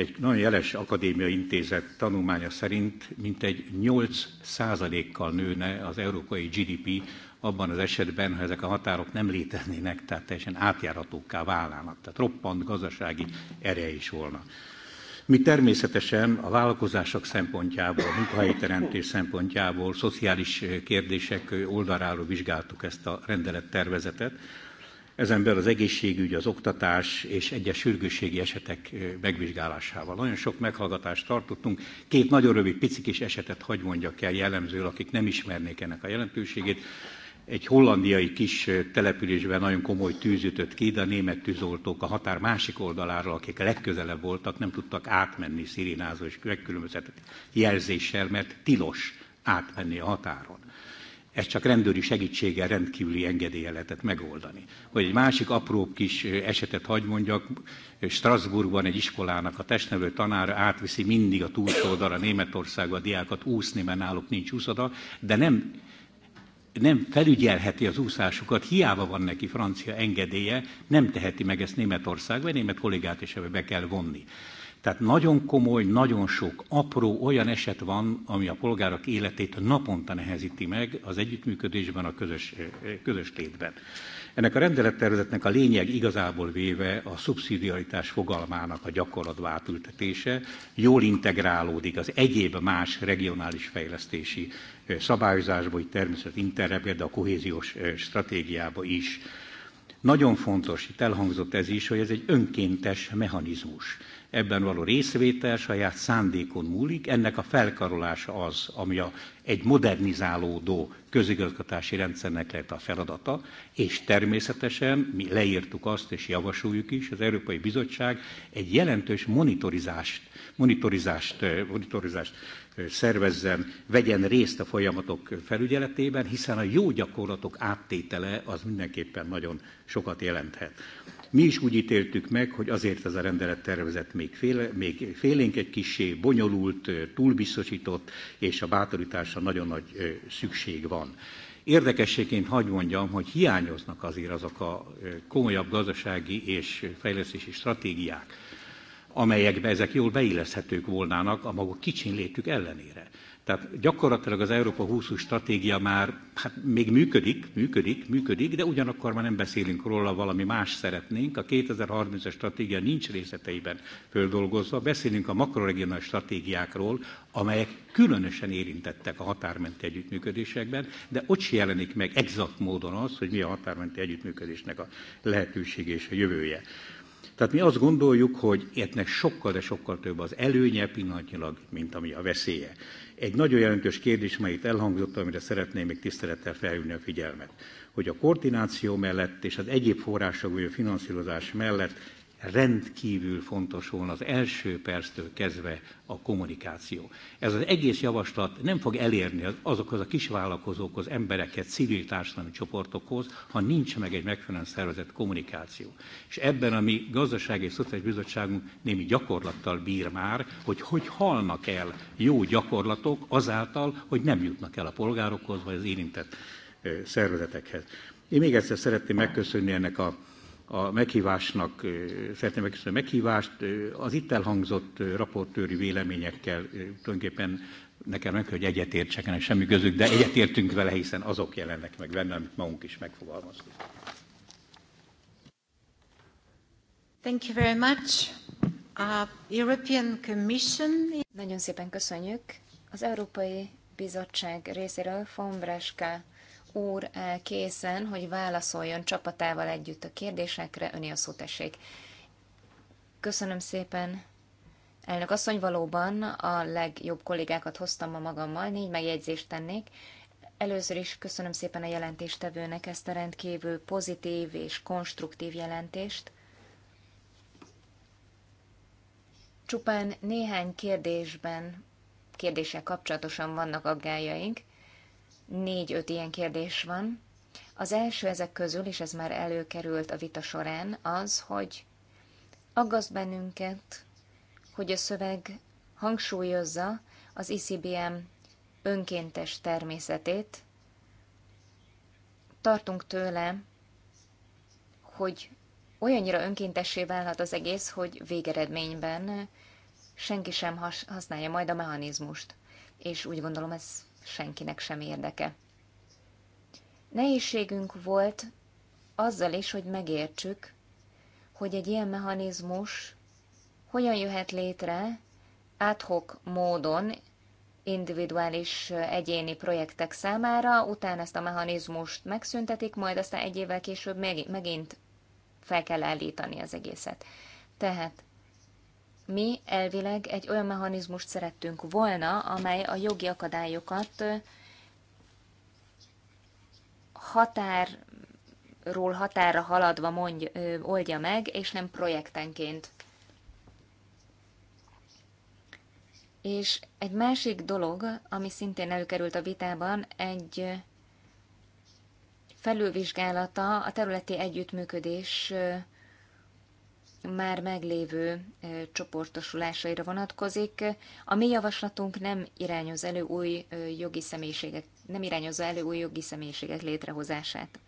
egy nagyon jeles akadémiai intézet tanulmánya szerint mintegy 8 százalékkal nőne az európai GDP abban az esetben, ha ezek a határok nem léteznének, tehát teljesen átjáratókká válnának. Tehát roppant gazdasági ereje is volna. Mi természetesen a vállalkozások szempontjából, munkahelyi teremtés szempontjából, szociális kérdések oldaláról vizsgáltuk ezt a rendelettervezetet, ezen belül az egészségügy, az oktatás és egyes sürgősségi esetek megvizsgálásával. Nagyon sok meghallgatást tartottunk, két nagyon rövid pici kis esetet hagy mondjak el jellemző, akik nem ismernék ennek a jelentőségét. Egy hollandiai kis településben nagyon komoly tűz ütött ki, de a német tűzoltók a határ másik oldaláról, akik a legközelebb voltak, nem tudtak átmenni szirénázó és megkülönböztetett jelzéssel, mert tilos átmenni a határon. Ez csak rendőri segítséggel rendkívüli engedélye lehetett megoldani. Vagy egy másik apró kis esetet hagy mondjak, Strasbourgban egy iskolának a testnevelő tanára átviszi mindig a túlszoldalra Németországba a diákat úszni, mert náluk nincs úszoda, de nem nem felügyelheti az úszásukat, hiába van neki francia engedélye, nem teheti meg ezt németországban, német kollégát is ebbe be kell vonni. Tehát nagyon komoly, nagyon sok apró olyan eset van, ami a polgárok életét naponta nehezíti meg az együttműködésben, a közös, közös létben. Ennek a rendelettervezetnek a lényeg igazából véve a szubszidiaritás fogalmának a gyakorlatba átültetése jól integrálódik az egyéb más regionális fejlesztési szabályozásba, vagy természet interre, de a kohéziós stratégiába is. Nagyon fontos, itt elhangzott ez is, hogy ez egy önkéntes mechanizmus ebben való részvétel saját szándékon múlik, ennek a felkarolása az, ami a, egy modernizálódó közigazgatási rendszernek lehet a feladata, és természetesen mi leírtuk azt, és javasoljuk is, az Európai Bizottság egy jelentős monitorizást, monitorizást, eh, monitorizást eh, szervezzen, vegyen részt a folyamatok felügyeletében, hiszen a jó gyakorlatok áttétele az mindenképpen nagyon sokat jelenthet. Mi is úgy ítéltük meg, hogy azért ez a rendelettervezet még, fél, még félénk egy kisé, bonyolult, túlbiztosított, és a bátorításra nagyon nagy szükség van. Érdekességként hagyd mondjam, hogy hiányoznak azért azok a komolyabb gazdasági és fejlesztési stratégiák, amelyekbe ezek jól beilleszthetők volnának a maga kicsinlétük ellenére. Tehát gyakorlatilag az Európa 20 stratégia már hát még működik, működik, működik, de ugyanakkor már nem beszélünk róla, valami más szeretnénk. A 2030-as stratégia nincs részleteiben földolgozva. Beszélünk a makroregionális stratégiákról, amelyek különösen érintettek a határmenti együttműködésekben, de ott se jelenik meg exakt módon az, hogy mi a határmenti együttműködésnek a lehetőség és a jövője. Tehát mi azt gondoljuk, hogy ennek sokkal, de sokkal több az előnye pillanatnyilag, mint ami a veszélye. Egy nagyon jelentős kérdés, ma itt elhangzott, amire szeretném még tisztelettel felhívni a figyelmet, hogy a koordináció mellett és az egyéb a finanszírozás mellett rendkívül fontos volna az első perctől kezdve a kommunikáció. Ez az egész javaslat nem fog elérni azokhoz a kisvállalkozókhoz, embereket, civil társadalmi csoportokhoz, ha nincs meg egy megfelelően szervezett kommunikáció. És ebben a mi gazdasági és szociális bizottságunk némi gyakorlattal bír már, hogy hogy halnak el jó gyakorlatok azáltal, hogy nem jutnak el a polgárokhoz, vagy az érintett szervezetekhez. Én még egyszer szeretném megköszönni ennek a a meghívásnak, szeretném megköszönni a meghívást. Az itt elhangzott raportőri véleményekkel tulajdonképpen nekem meg, hogy egyetértsek, ennek semmi közük, de egyetértünk vele, hiszen azok jelennek meg benne, amit magunk is megfogalmaztunk. Thank you very much. A uh, European Commission... Nagyon szépen köszönjük. Az Európai Bizottság részéről Fombreska úr áll eh, készen, hogy válaszoljon csapatával együtt a kérdésekre, öné a szó tessék. Köszönöm szépen, elnök asszony, valóban a legjobb kollégákat hoztam ma magammal, négy megjegyzést tennék. Először is köszönöm szépen a jelentéstevőnek ezt a rendkívül pozitív és konstruktív jelentést. Csupán néhány kérdésben, kérdéssel kapcsolatosan vannak aggájaink négy-öt ilyen kérdés van. Az első ezek közül, és ez már előkerült a vita során, az, hogy aggaszt bennünket, hogy a szöveg hangsúlyozza az ICBM önkéntes természetét. Tartunk tőle, hogy olyannyira önkéntessé válhat az egész, hogy végeredményben senki sem használja majd a mechanizmust. És úgy gondolom, ez senkinek sem érdeke. Nehézségünk volt azzal is, hogy megértsük, hogy egy ilyen mechanizmus hogyan jöhet létre adhok módon individuális egyéni projektek számára, utána ezt a mechanizmust megszüntetik, majd aztán egy évvel később megint fel kell állítani az egészet. Tehát mi elvileg egy olyan mechanizmust szerettünk volna, amely a jogi akadályokat határról határa haladva mondja, oldja meg, és nem projektenként. És egy másik dolog, ami szintén előkerült a vitában, egy felülvizsgálata a területi együttműködés már meglévő csoportosulásaira vonatkozik. A mi javaslatunk nem irányoz elő új jogi személyiségek, nem irányozza elő új jogi személyiségek létrehozását.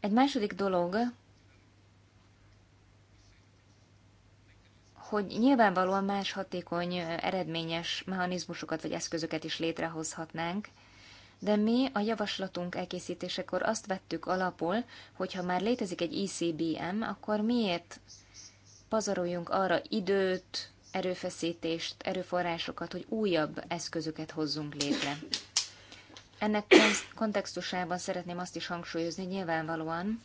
Egy második dolog, hogy nyilvánvalóan más hatékony, eredményes mechanizmusokat vagy eszközöket is létrehozhatnánk, de mi a javaslatunk elkészítésekor azt vettük alapul, hogy ha már létezik egy ICBM, e akkor miért pazaroljunk arra időt, erőfeszítést, erőforrásokat, hogy újabb eszközöket hozzunk létre. Ennek kontextusában szeretném azt is hangsúlyozni, nyilvánvalóan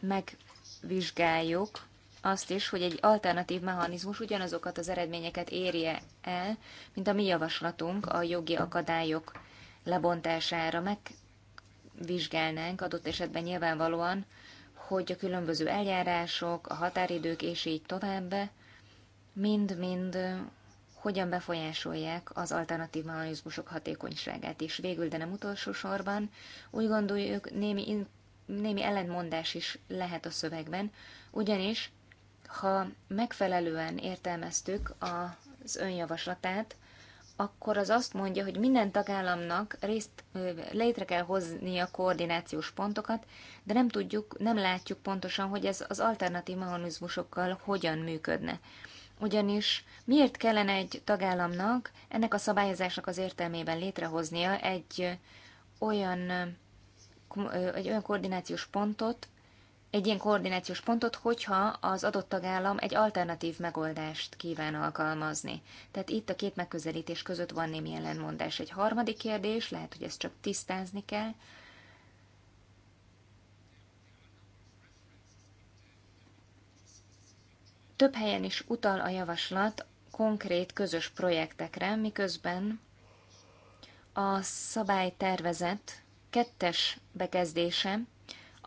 megvizsgáljuk azt is, hogy egy alternatív mechanizmus ugyanazokat az eredményeket érje el, mint a mi javaslatunk a jogi akadályok lebontására. Megvizsgálnánk adott esetben nyilvánvalóan, hogy a különböző eljárások, a határidők és így tovább mind-mind hogyan befolyásolják az alternatív mechanizmusok hatékonyságát is. Végül, de nem utolsó sorban, úgy gondoljuk, némi, némi ellentmondás is lehet a szövegben, ugyanis ha megfelelően értelmeztük az önjavaslatát, akkor az azt mondja, hogy minden tagállamnak részt, létre kell hozni a koordinációs pontokat, de nem tudjuk, nem látjuk pontosan, hogy ez az alternatív mechanizmusokkal hogyan működne. Ugyanis miért kellene egy tagállamnak ennek a szabályozásnak az értelmében létrehoznia egy olyan, egy olyan koordinációs pontot, egy ilyen koordinációs pontot, hogyha az adott tagállam egy alternatív megoldást kíván alkalmazni. Tehát itt a két megközelítés között van némi ellenmondás. Egy harmadik kérdés, lehet, hogy ezt csak tisztázni kell, Több helyen is utal a javaslat konkrét közös projektekre, miközben a szabálytervezet kettes bekezdése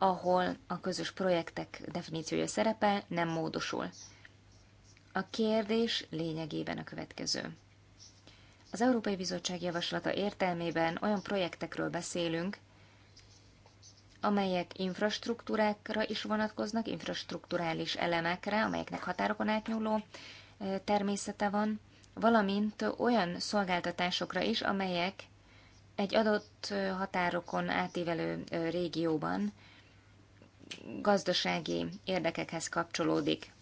ahol a közös projektek definíciója szerepel, nem módosul. A kérdés lényegében a következő. Az Európai Bizottság javaslata értelmében olyan projektekről beszélünk, amelyek infrastruktúrákra is vonatkoznak, infrastruktúrális elemekre, amelyeknek határokon átnyúló természete van, valamint olyan szolgáltatásokra is, amelyek egy adott határokon átívelő régióban gazdasági érdekekhez kapcsolódik.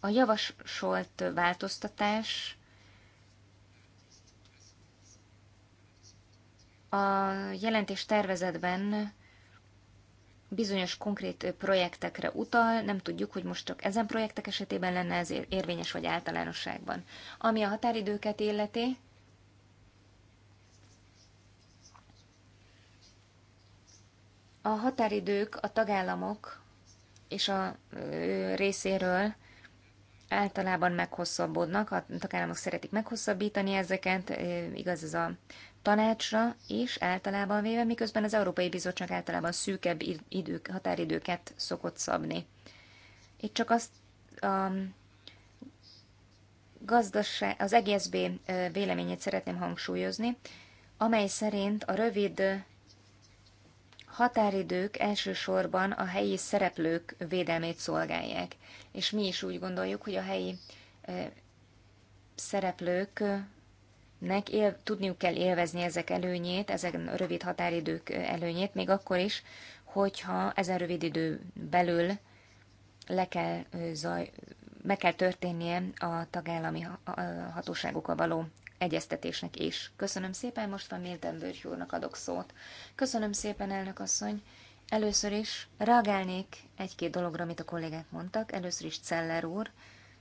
A javasolt változtatás a jelentés tervezetben bizonyos konkrét projektekre utal, nem tudjuk, hogy most csak ezen projektek esetében lenne ez érvényes, vagy általánosságban. Ami a határidőket illeti, A határidők a tagállamok és a részéről általában meghosszabbodnak, a tagállamok szeretik meghosszabbítani ezeket, igaz ez a tanácsra is általában véve, miközben az Európai Bizottság általában szűkebb idők, határidőket szokott szabni. Itt csak azt a gazdaság, az EGSB véleményét szeretném hangsúlyozni, amely szerint a rövid határidők elsősorban a helyi szereplők védelmét szolgálják, és mi is úgy gondoljuk, hogy a helyi szereplőknek él, tudniuk kell élvezni ezek előnyét, ezek rövid határidők előnyét, még akkor is, hogyha ezen rövid idő belül le kell zaj, meg kell történnie a tagállami hatóságokkal való egyeztetésnek is. Köszönöm szépen, most van Miltenbőr úrnak adok szót. Köszönöm szépen, elnök asszony. Először is reagálnék egy-két dologra, amit a kollégák mondtak. Először is Celler úr.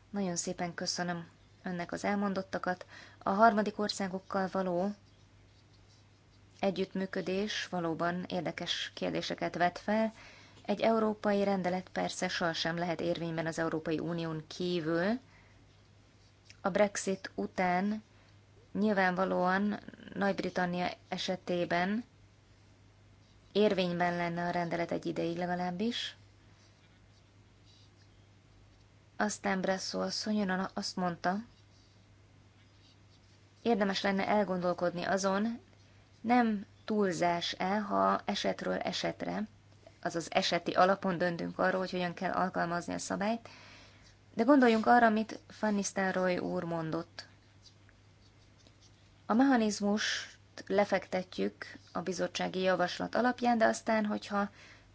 Nagyon szépen köszönöm önnek az elmondottakat. A harmadik országokkal való együttműködés valóban érdekes kérdéseket vet fel. Egy európai rendelet persze sohasem lehet érvényben az Európai Unión kívül. A Brexit után Nyilvánvalóan Nagy-Britannia esetében érvényben lenne a rendelet egy ideig legalábbis. Aztán Bresszó asszonyon azt mondta, érdemes lenne elgondolkodni azon, nem túlzás-e, ha esetről esetre, azaz eseti alapon döntünk arról, hogy hogyan kell alkalmazni a szabályt, de gondoljunk arra, amit Fanny Stanroy úr mondott. A mechanizmust lefektetjük a bizottsági javaslat alapján, de aztán, hogyha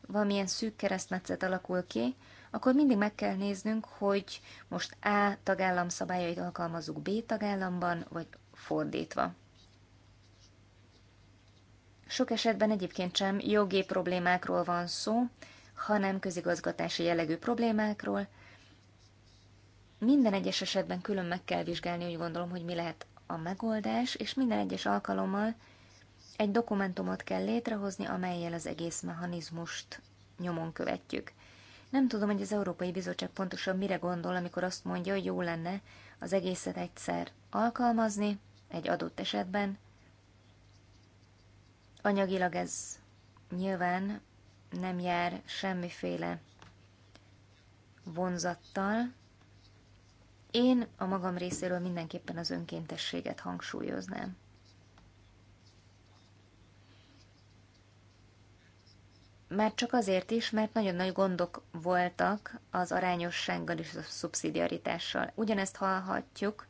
valamilyen szűk keresztmetszet alakul ki, akkor mindig meg kell néznünk, hogy most A tagállam szabályait alkalmazzuk B tagállamban, vagy fordítva. Sok esetben egyébként sem jogi problémákról van szó, hanem közigazgatási jellegű problémákról. Minden egyes esetben külön meg kell vizsgálni, úgy gondolom, hogy mi lehet a megoldás, és minden egyes alkalommal egy dokumentumot kell létrehozni, amelyel az egész mechanizmust nyomon követjük. Nem tudom, hogy az Európai Bizottság pontosan mire gondol, amikor azt mondja, hogy jó lenne az egészet egyszer alkalmazni, egy adott esetben. Anyagilag ez nyilván nem jár semmiféle vonzattal, én a magam részéről mindenképpen az önkéntességet hangsúlyoznám. Már csak azért is, mert nagyon nagy gondok voltak az arányossággal és a szubszidiaritással. Ugyanezt hallhatjuk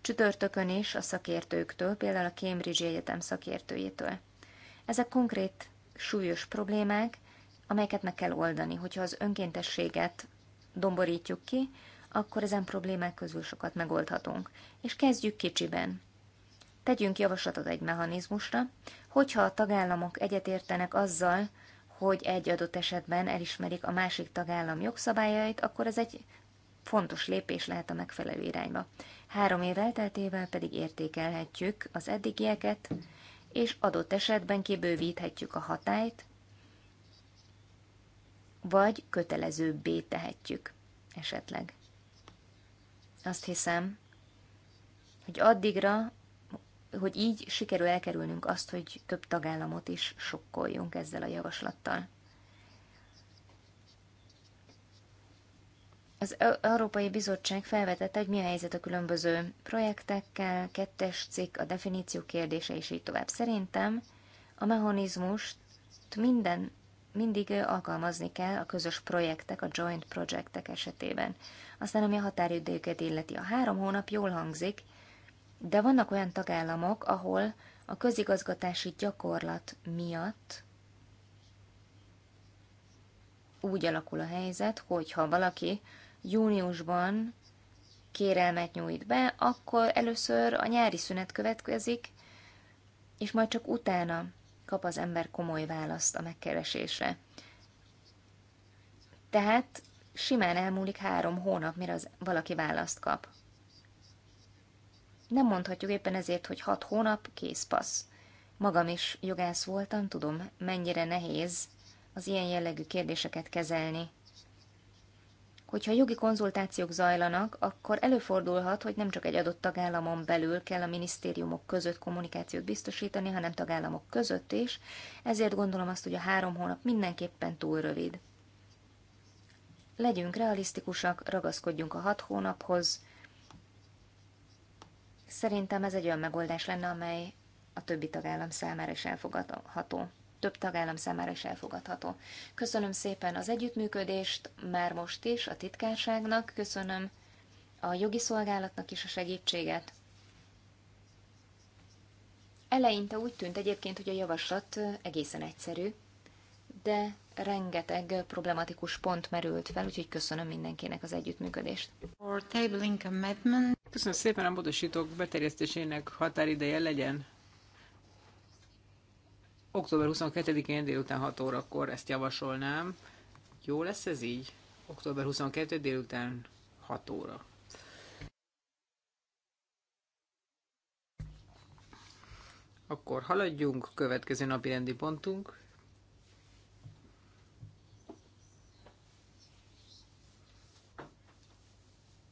csütörtökön is a szakértőktől, például a Cambridge Egyetem szakértőjétől. Ezek konkrét súlyos problémák, amelyeket meg kell oldani. Hogyha az önkéntességet domborítjuk ki, akkor ezen problémák közül sokat megoldhatunk. És kezdjük kicsiben. Tegyünk javaslatot egy mechanizmusra, hogyha a tagállamok egyetértenek azzal, hogy egy adott esetben elismerik a másik tagállam jogszabályait, akkor ez egy fontos lépés lehet a megfelelő irányba. Három év elteltével pedig értékelhetjük az eddigieket, és adott esetben kibővíthetjük a hatályt, vagy kötelezőbbé tehetjük esetleg. Azt hiszem, hogy addigra, hogy így sikerül elkerülnünk azt, hogy több tagállamot is sokkoljunk ezzel a javaslattal. Az Európai Bizottság felvetette, hogy mi a helyzet a különböző projektekkel, kettes cikk, a definíció kérdése és így tovább. Szerintem a mechanizmust minden, mindig alkalmazni kell a közös projektek, a joint projektek esetében. Aztán ami a határidőket illeti, a három hónap jól hangzik, de vannak olyan tagállamok, ahol a közigazgatási gyakorlat miatt úgy alakul a helyzet, hogyha valaki júniusban kérelmet nyújt be, akkor először a nyári szünet következik, és majd csak utána kap az ember komoly választ a megkeresésre. Tehát simán elmúlik három hónap, mire az valaki választ kap. Nem mondhatjuk éppen ezért, hogy hat hónap, kész passz. Magam is jogász voltam, tudom, mennyire nehéz az ilyen jellegű kérdéseket kezelni. Hogyha jogi konzultációk zajlanak, akkor előfordulhat, hogy nem csak egy adott tagállamon belül kell a minisztériumok között kommunikációt biztosítani, hanem tagállamok között is, ezért gondolom azt, hogy a három hónap mindenképpen túl rövid. Legyünk realisztikusak, ragaszkodjunk a hat hónaphoz. Szerintem ez egy olyan megoldás lenne, amely a többi tagállam számára is elfogadható. Több tagállam számára is elfogadható. Köszönöm szépen az együttműködést, már most is a titkárságnak, köszönöm a jogi szolgálatnak is a segítséget. Eleinte úgy tűnt egyébként, hogy a javaslat egészen egyszerű, de rengeteg problematikus pont merült fel, úgyhogy köszönöm mindenkinek az együttműködést. Köszönöm szépen a módosítók beterjesztésének határideje legyen október 22-én délután 6 órakor, ezt javasolnám. Jó lesz ez így? Október 22 délután 6 óra. Akkor haladjunk, következő napi rendi pontunk.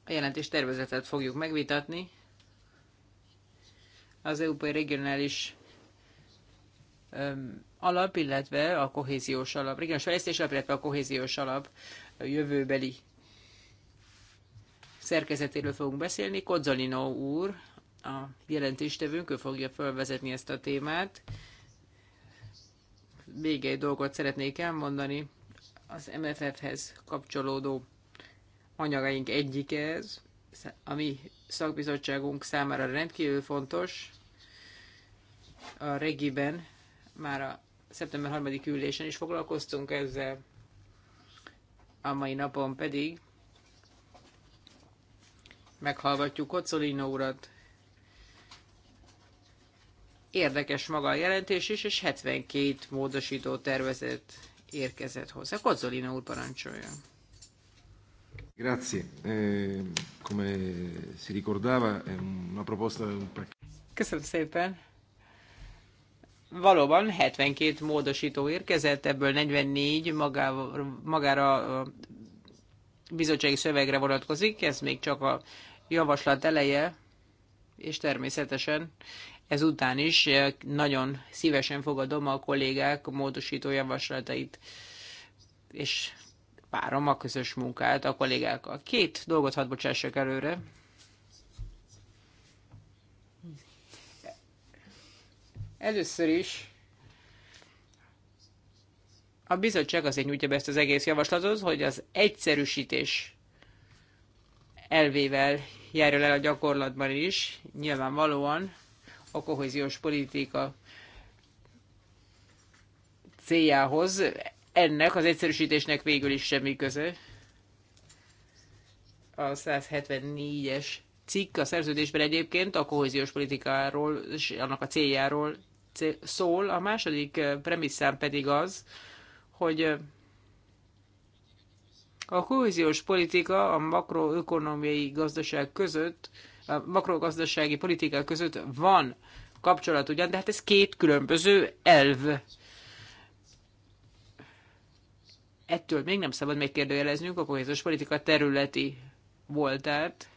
A jelentés tervezetet fogjuk megvitatni. Az európai regionális alap, illetve a kohéziós alap, regionális fejlesztés alap, illetve a kohéziós alap jövőbeli szerkezetéről fogunk beszélni. Kodzolino úr, a jelentéstevőnk, ő fogja felvezetni ezt a témát. Még egy dolgot szeretnék elmondani az MFF-hez kapcsolódó anyagaink egyik ez, a mi szakbizottságunk számára rendkívül fontos. A regiben már a szeptember 3. ülésen is foglalkoztunk ezzel, a mai napon pedig meghallgatjuk Kocolino urat. Érdekes maga a jelentés is, és 72 módosító tervezet érkezett hozzá. Kocolino úr parancsoljon. Grazie. Ehm, come si ricordava, è una proposta un Köszönöm szépen. Valóban 72 módosító érkezett, ebből 44 magával, magára a bizottsági szövegre vonatkozik, ez még csak a javaslat eleje, és természetesen ezután is nagyon szívesen fogadom a kollégák módosító javaslatait, és párom a közös munkát a kollégákkal. Két dolgot hadd bocsássak előre. Először is a bizottság azért nyújtja be ezt az egész javaslatot, hogy az egyszerűsítés elvével járjon el a gyakorlatban is, nyilvánvalóan a kohéziós politika céljához ennek az egyszerűsítésnek végül is semmi köze. A 174-es cikk a szerződésben egyébként a kohéziós politikáról és annak a céljáról szól. A második eh, premisszám pedig az, hogy eh, a kohéziós politika a makroökonomiai gazdaság között, a makrogazdasági politika között van kapcsolat ugyan, de hát ez két különböző elv ettől még nem szabad megkérdőjeleznünk a kohéziós politika területi voltát,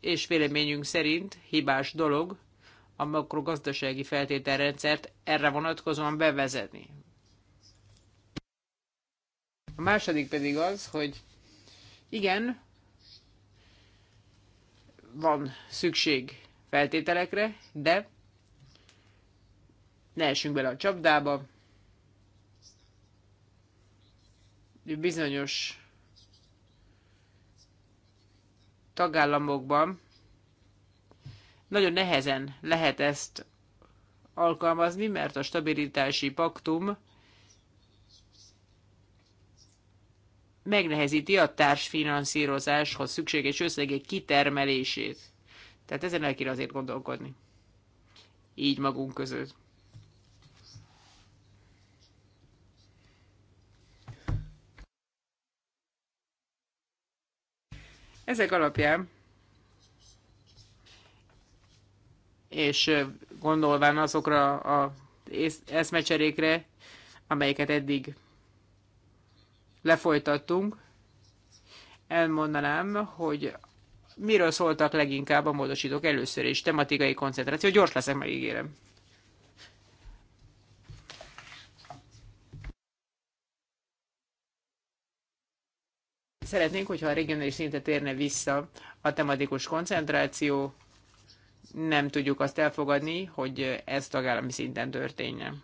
és véleményünk szerint hibás dolog a makrogazdasági feltételrendszert erre vonatkozóan bevezetni. A második pedig az, hogy igen, van szükség feltételekre, de ne essünk bele a csapdába, bizonyos tagállamokban nagyon nehezen lehet ezt alkalmazni, mert a stabilitási paktum megnehezíti a társfinanszírozáshoz szükséges összegek kitermelését. Tehát ezen el kell azért gondolkodni. Így magunk között. Ezek alapján és gondolván azokra az eszmecserékre, amelyeket eddig lefolytattunk, elmondanám, hogy miről szóltak leginkább a módosítók először is, tematikai koncentráció, gyors leszek, megígérem. Szeretnénk, hogyha a regionális szintre térne vissza a tematikus koncentráció, nem tudjuk azt elfogadni, hogy ez tagállami szinten történjen.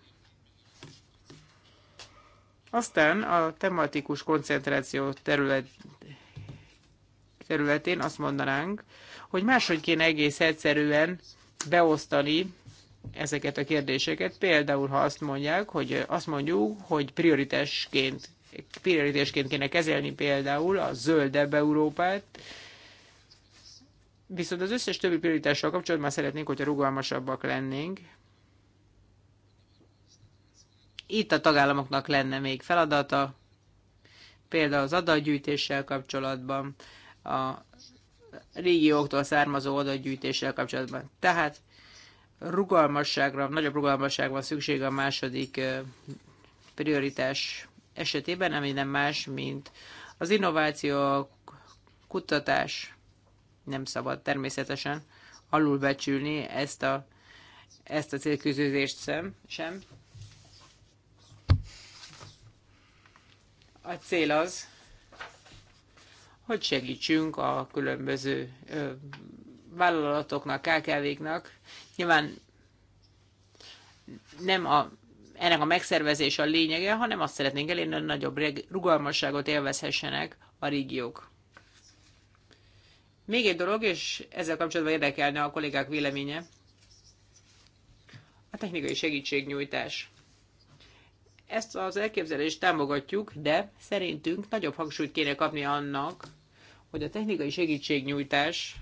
Aztán a tematikus koncentráció terület, területén azt mondanánk, hogy máshogy kéne egész egyszerűen beosztani ezeket a kérdéseket. Például, ha azt mondják, hogy azt mondjuk, hogy prioritásként prioritásként kéne kezelni például a zöldebb Európát, viszont az összes többi prioritással kapcsolatban szeretnénk, hogyha rugalmasabbak lennénk. Itt a tagállamoknak lenne még feladata, például az adatgyűjtéssel kapcsolatban, a régióktól származó adatgyűjtéssel kapcsolatban. Tehát rugalmasságra, nagyobb rugalmasságra van szüksége a második prioritás esetében, ami nem más, mint az innováció, a kutatás. Nem szabad természetesen alulbecsülni ezt a, ezt a célküzőzést sem. sem. A cél az, hogy segítsünk a különböző ö, vállalatoknak, KKV-knak. Nyilván nem a ennek a megszervezése a lényege, hanem azt szeretnénk elérni, hogy nagyobb rugalmasságot élvezhessenek a régiók. Még egy dolog, és ezzel kapcsolatban érdekelne a kollégák véleménye, a technikai segítségnyújtás. Ezt az elképzelést támogatjuk, de szerintünk nagyobb hangsúlyt kéne kapni annak, hogy a technikai segítségnyújtás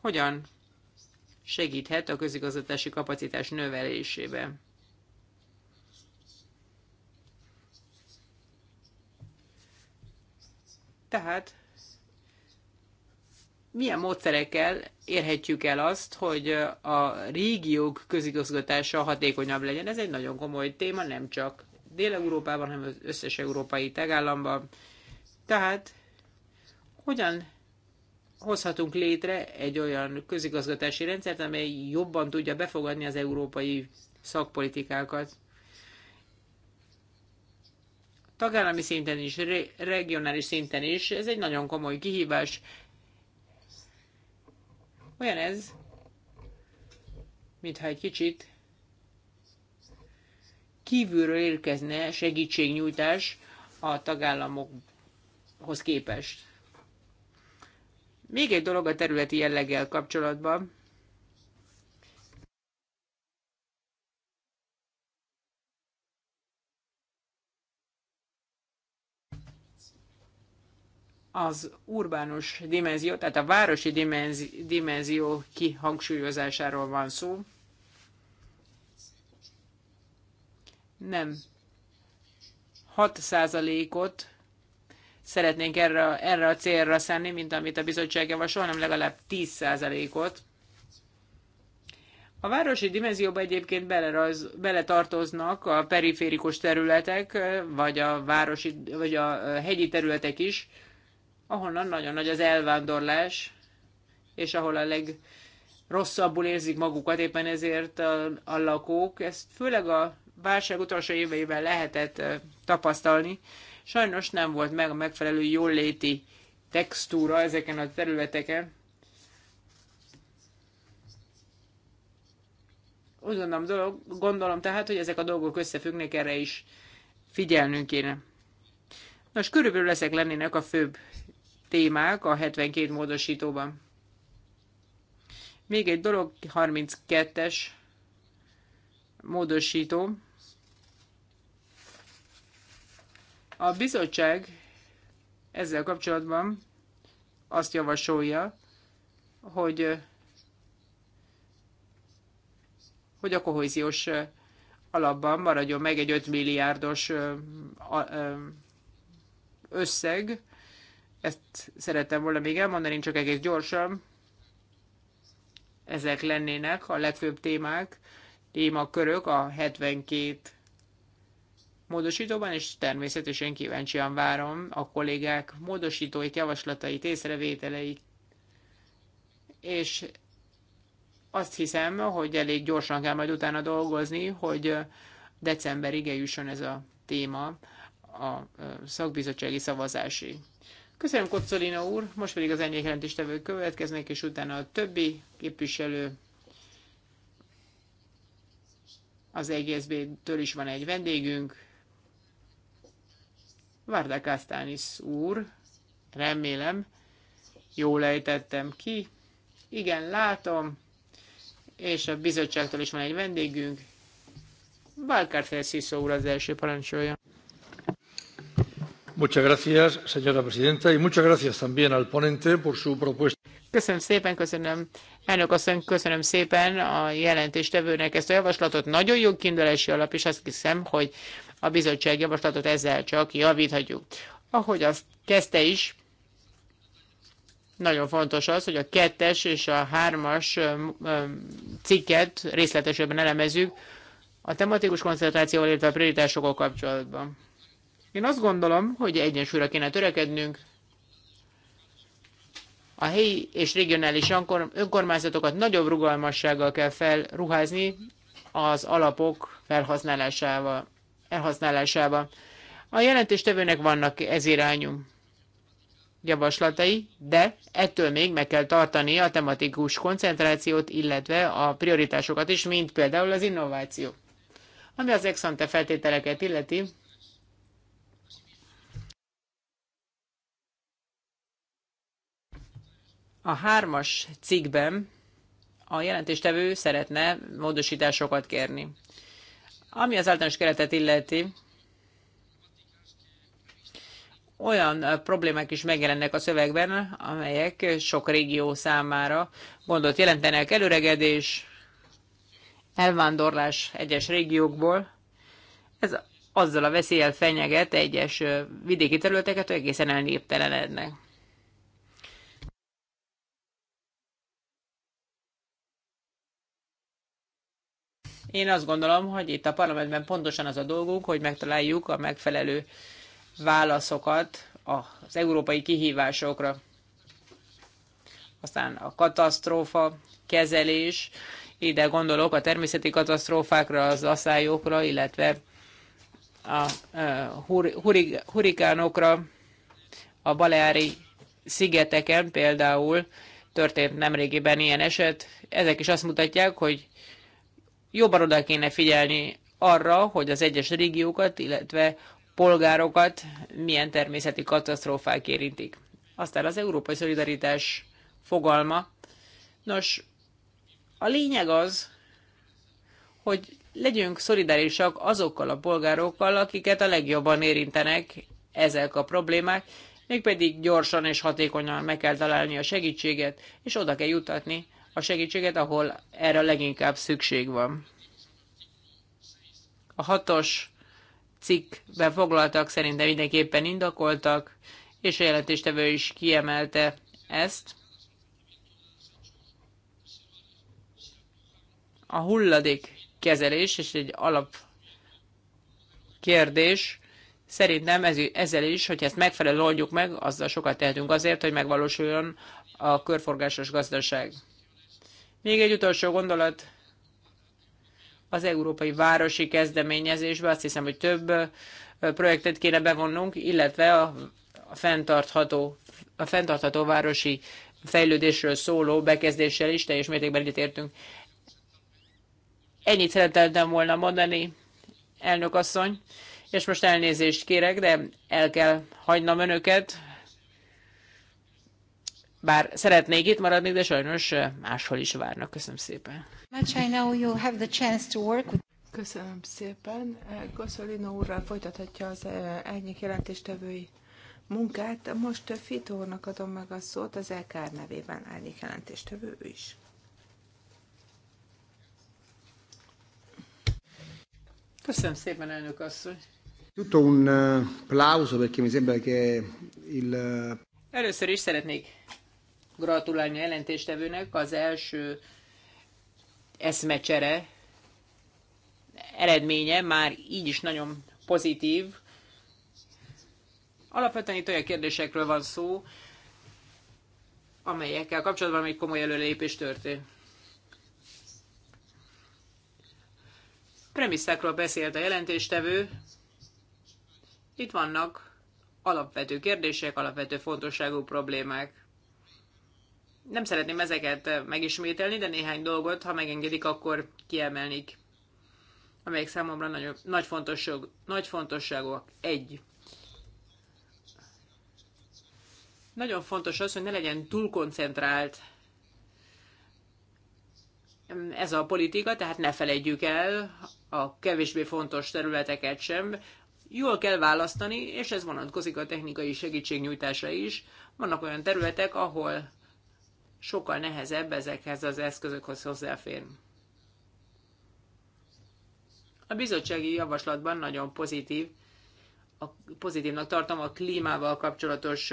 hogyan segíthet a közigazgatási kapacitás növelésébe. Tehát milyen módszerekkel érhetjük el azt, hogy a régiók közigazgatása hatékonyabb legyen? Ez egy nagyon komoly téma, nem csak Dél-Európában, hanem az összes európai tagállamban. Tehát hogyan hozhatunk létre egy olyan közigazgatási rendszert, amely jobban tudja befogadni az európai szakpolitikákat. Tagállami szinten is, re- regionális szinten is, ez egy nagyon komoly kihívás. Olyan ez, mintha egy kicsit kívülről érkezne segítségnyújtás a tagállamokhoz képest még egy dolog a területi jelleggel kapcsolatban. az urbánus dimenzió, tehát a városi dimenzió, dimenzió kihangsúlyozásáról van szó. Nem 6%-ot szeretnénk erre, erre a célra szenni, mint amit a bizottság javasol, hanem legalább 10%-ot. A városi dimenzióba egyébként belerajz, beletartoznak a periférikus területek, vagy a, városi, vagy a hegyi területek is, ahonnan nagyon nagy az elvándorlás, és ahol a legrosszabbul érzik magukat, éppen ezért a, a lakók. Ezt főleg a válság utolsó éveiben lehetett tapasztalni. Sajnos nem volt meg a megfelelő jóléti textúra ezeken a területeken. Úgy gondolom, dolog, gondolom tehát, hogy ezek a dolgok összefüggnek, erre is figyelnünk kéne. Nos, körülbelül ezek lennének a főbb témák a 72 módosítóban. Még egy dolog, 32-es módosító. A bizottság ezzel kapcsolatban azt javasolja, hogy, hogy a kohéziós alapban maradjon meg egy 5 milliárdos összeg. Ezt szerettem volna még elmondani, csak egész gyorsan. Ezek lennének a legfőbb témák, témakörök a 72 módosítóban, és természetesen kíváncsian várom a kollégák módosítóit, javaslatait, észrevételeit. És azt hiszem, hogy elég gyorsan kell majd utána dolgozni, hogy decemberig eljusson ez a téma a szakbizottsági szavazási. Köszönöm Kocolina úr, most pedig az enyékjelentéstevők következnek, és utána a többi képviselő az EGSB-től is van egy vendégünk, Várda Kasztánis úr, remélem, jól ejtettem ki. Igen, látom, és a bizottságtól is van egy vendégünk. Valkár Felsziszó úr az első parancsolja. Muchas gracias, señora presidenta, y muchas gracias también al ponente por su propuesta. Köszönöm szépen, köszönöm. Elnök asszony, köszönöm szépen a jelentéstevőnek ezt a javaslatot. Nagyon jó kiindulási alap, és azt hiszem, hogy a bizottság javaslatot ezzel csak javíthatjuk. Ahogy azt kezdte is, nagyon fontos az, hogy a kettes és a hármas cikket részletesebben elemezzük a tematikus koncentrációval, illetve a prioritásokkal kapcsolatban. Én azt gondolom, hogy egyensúlyra kéne törekednünk, a helyi és regionális önkormányzatokat nagyobb rugalmassággal kell felruházni az alapok felhasználásával elhasználásába. A jelentéstevőnek vannak ez irányú javaslatai, de ettől még meg kell tartani a tematikus koncentrációt, illetve a prioritásokat is, mint például az innováció. Ami az exante feltételeket illeti, a hármas cikkben a jelentéstevő szeretne módosításokat kérni. Ami az általános keretet illeti, olyan problémák is megjelennek a szövegben, amelyek sok régió számára gondot jelentenek előregedés, elvándorlás egyes régiókból. Ez azzal a veszélyel fenyeget egyes vidéki területeket, hogy egészen elnéptelenednek. Én azt gondolom, hogy itt a parlamentben pontosan az a dolgunk, hogy megtaláljuk a megfelelő válaszokat az európai kihívásokra. Aztán a katasztrófa, kezelés, ide gondolok a természeti katasztrófákra, az asszályokra, illetve a hurikánokra, a Baleári szigeteken például történt nemrégiben ilyen eset. Ezek is azt mutatják, hogy jobban oda kéne figyelni arra, hogy az egyes régiókat, illetve polgárokat milyen természeti katasztrófák érintik. Aztán az európai szolidaritás fogalma. Nos, a lényeg az, hogy legyünk szolidárisak azokkal a polgárokkal, akiket a legjobban érintenek ezek a problémák, mégpedig gyorsan és hatékonyan meg kell találni a segítséget, és oda kell jutatni a segítséget, ahol erre leginkább szükség van. A hatos cikkben foglaltak szerintem mindenképpen indokoltak, és a jelentéstevő is kiemelte ezt. A hulladék kezelés, és egy alap kérdés, szerintem ez, ezzel is, hogy ezt megfelelően oldjuk meg, azzal sokat tehetünk azért, hogy megvalósuljon a körforgásos gazdaság. Még egy utolsó gondolat az Európai Városi Kezdeményezésbe. Azt hiszem, hogy több projektet kéne bevonnunk, illetve a, fenntartható, a fenntartható városi fejlődésről szóló bekezdéssel is teljes mértékben egyetértünk. Ennyit szeretettem volna mondani, elnök asszony, és most elnézést kérek, de el kell hagynom önöket. Bár szeretnék itt maradni, de sajnos máshol is várnak. Köszönöm szépen. Köszönöm szépen. Gosszolino úrral folytathatja az egyik jelentéstevői munkát. Most úrnak adom meg a szót az LKR nevében, egyik jelentéstevő is. Köszönöm szépen, elnök asszony. Tutto un plauso perché mi sembra che il Először is szeretnék gratulálni a jelentéstevőnek. Az első eszmecsere eredménye már így is nagyon pozitív. Alapvetően itt olyan kérdésekről van szó, amelyekkel kapcsolatban még komoly előlépés történt. Premisszákról beszélt a jelentéstevő. Itt vannak alapvető kérdések, alapvető fontosságú problémák. Nem szeretném ezeket megismételni, de néhány dolgot, ha megengedik, akkor kiemelnék, amelyek számomra nagy, nagy, fontosság, nagy fontosságúak. Egy. Nagyon fontos az, hogy ne legyen túl koncentrált ez a politika, tehát ne felejtjük el a kevésbé fontos területeket sem. Jól kell választani, és ez vonatkozik a technikai segítségnyújtásra is. Vannak olyan területek, ahol sokkal nehezebb ezekhez az eszközökhoz hozzáférni. A bizottsági javaslatban nagyon pozitív, a, pozitívnak tartom a klímával kapcsolatos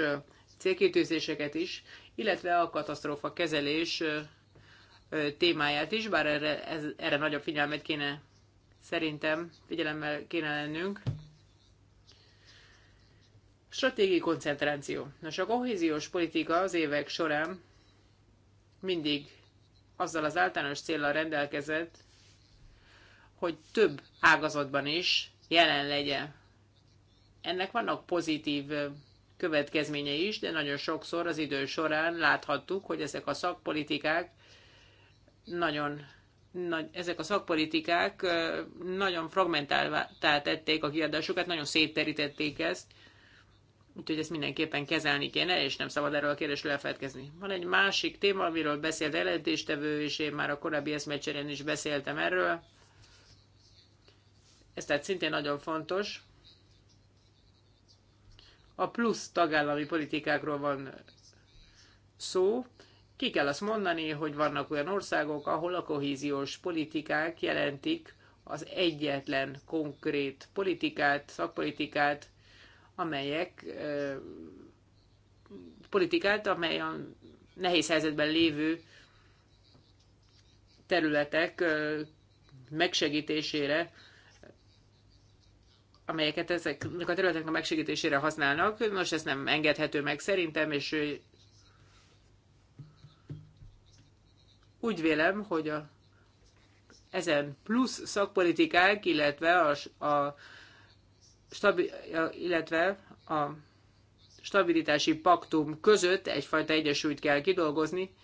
célkitűzéseket is, illetve a katasztrófa kezelés témáját is, bár erre, ez, erre nagyobb figyelmet kéne szerintem figyelemmel kéne lennünk. Stratégiai koncentráció. Nos, a kohéziós politika az évek során mindig azzal az általános célral rendelkezett, hogy több ágazatban is jelen legyen. Ennek vannak pozitív következményei is, de nagyon sokszor az idő során láthattuk, hogy ezek a szakpolitikák nagyon nagy, ezek a szakpolitikák nagyon fragmentálvá tették a kiadásukat, nagyon szétterítették ezt, Úgyhogy ezt mindenképpen kezelni kéne, és nem szabad erről a kérdésről elfelejtkezni. Van egy másik téma, amiről beszélt jelentéstevő, és én már a korábbi eszmecserén is beszéltem erről. Ez tehát szintén nagyon fontos. A plusz tagállami politikákról van szó. Ki kell azt mondani, hogy vannak olyan országok, ahol a kohéziós politikák jelentik az egyetlen konkrét politikát, szakpolitikát, amelyek ö, politikát, amely a nehéz helyzetben lévő területek ö, megsegítésére, amelyeket ezeknek a területeknek a megsegítésére használnak. Nos, ezt nem engedhető meg szerintem, és úgy vélem, hogy a, ezen plusz szakpolitikák, illetve a, a stabil, illetve a stabilitási paktum között egyfajta egyesült kell kidolgozni,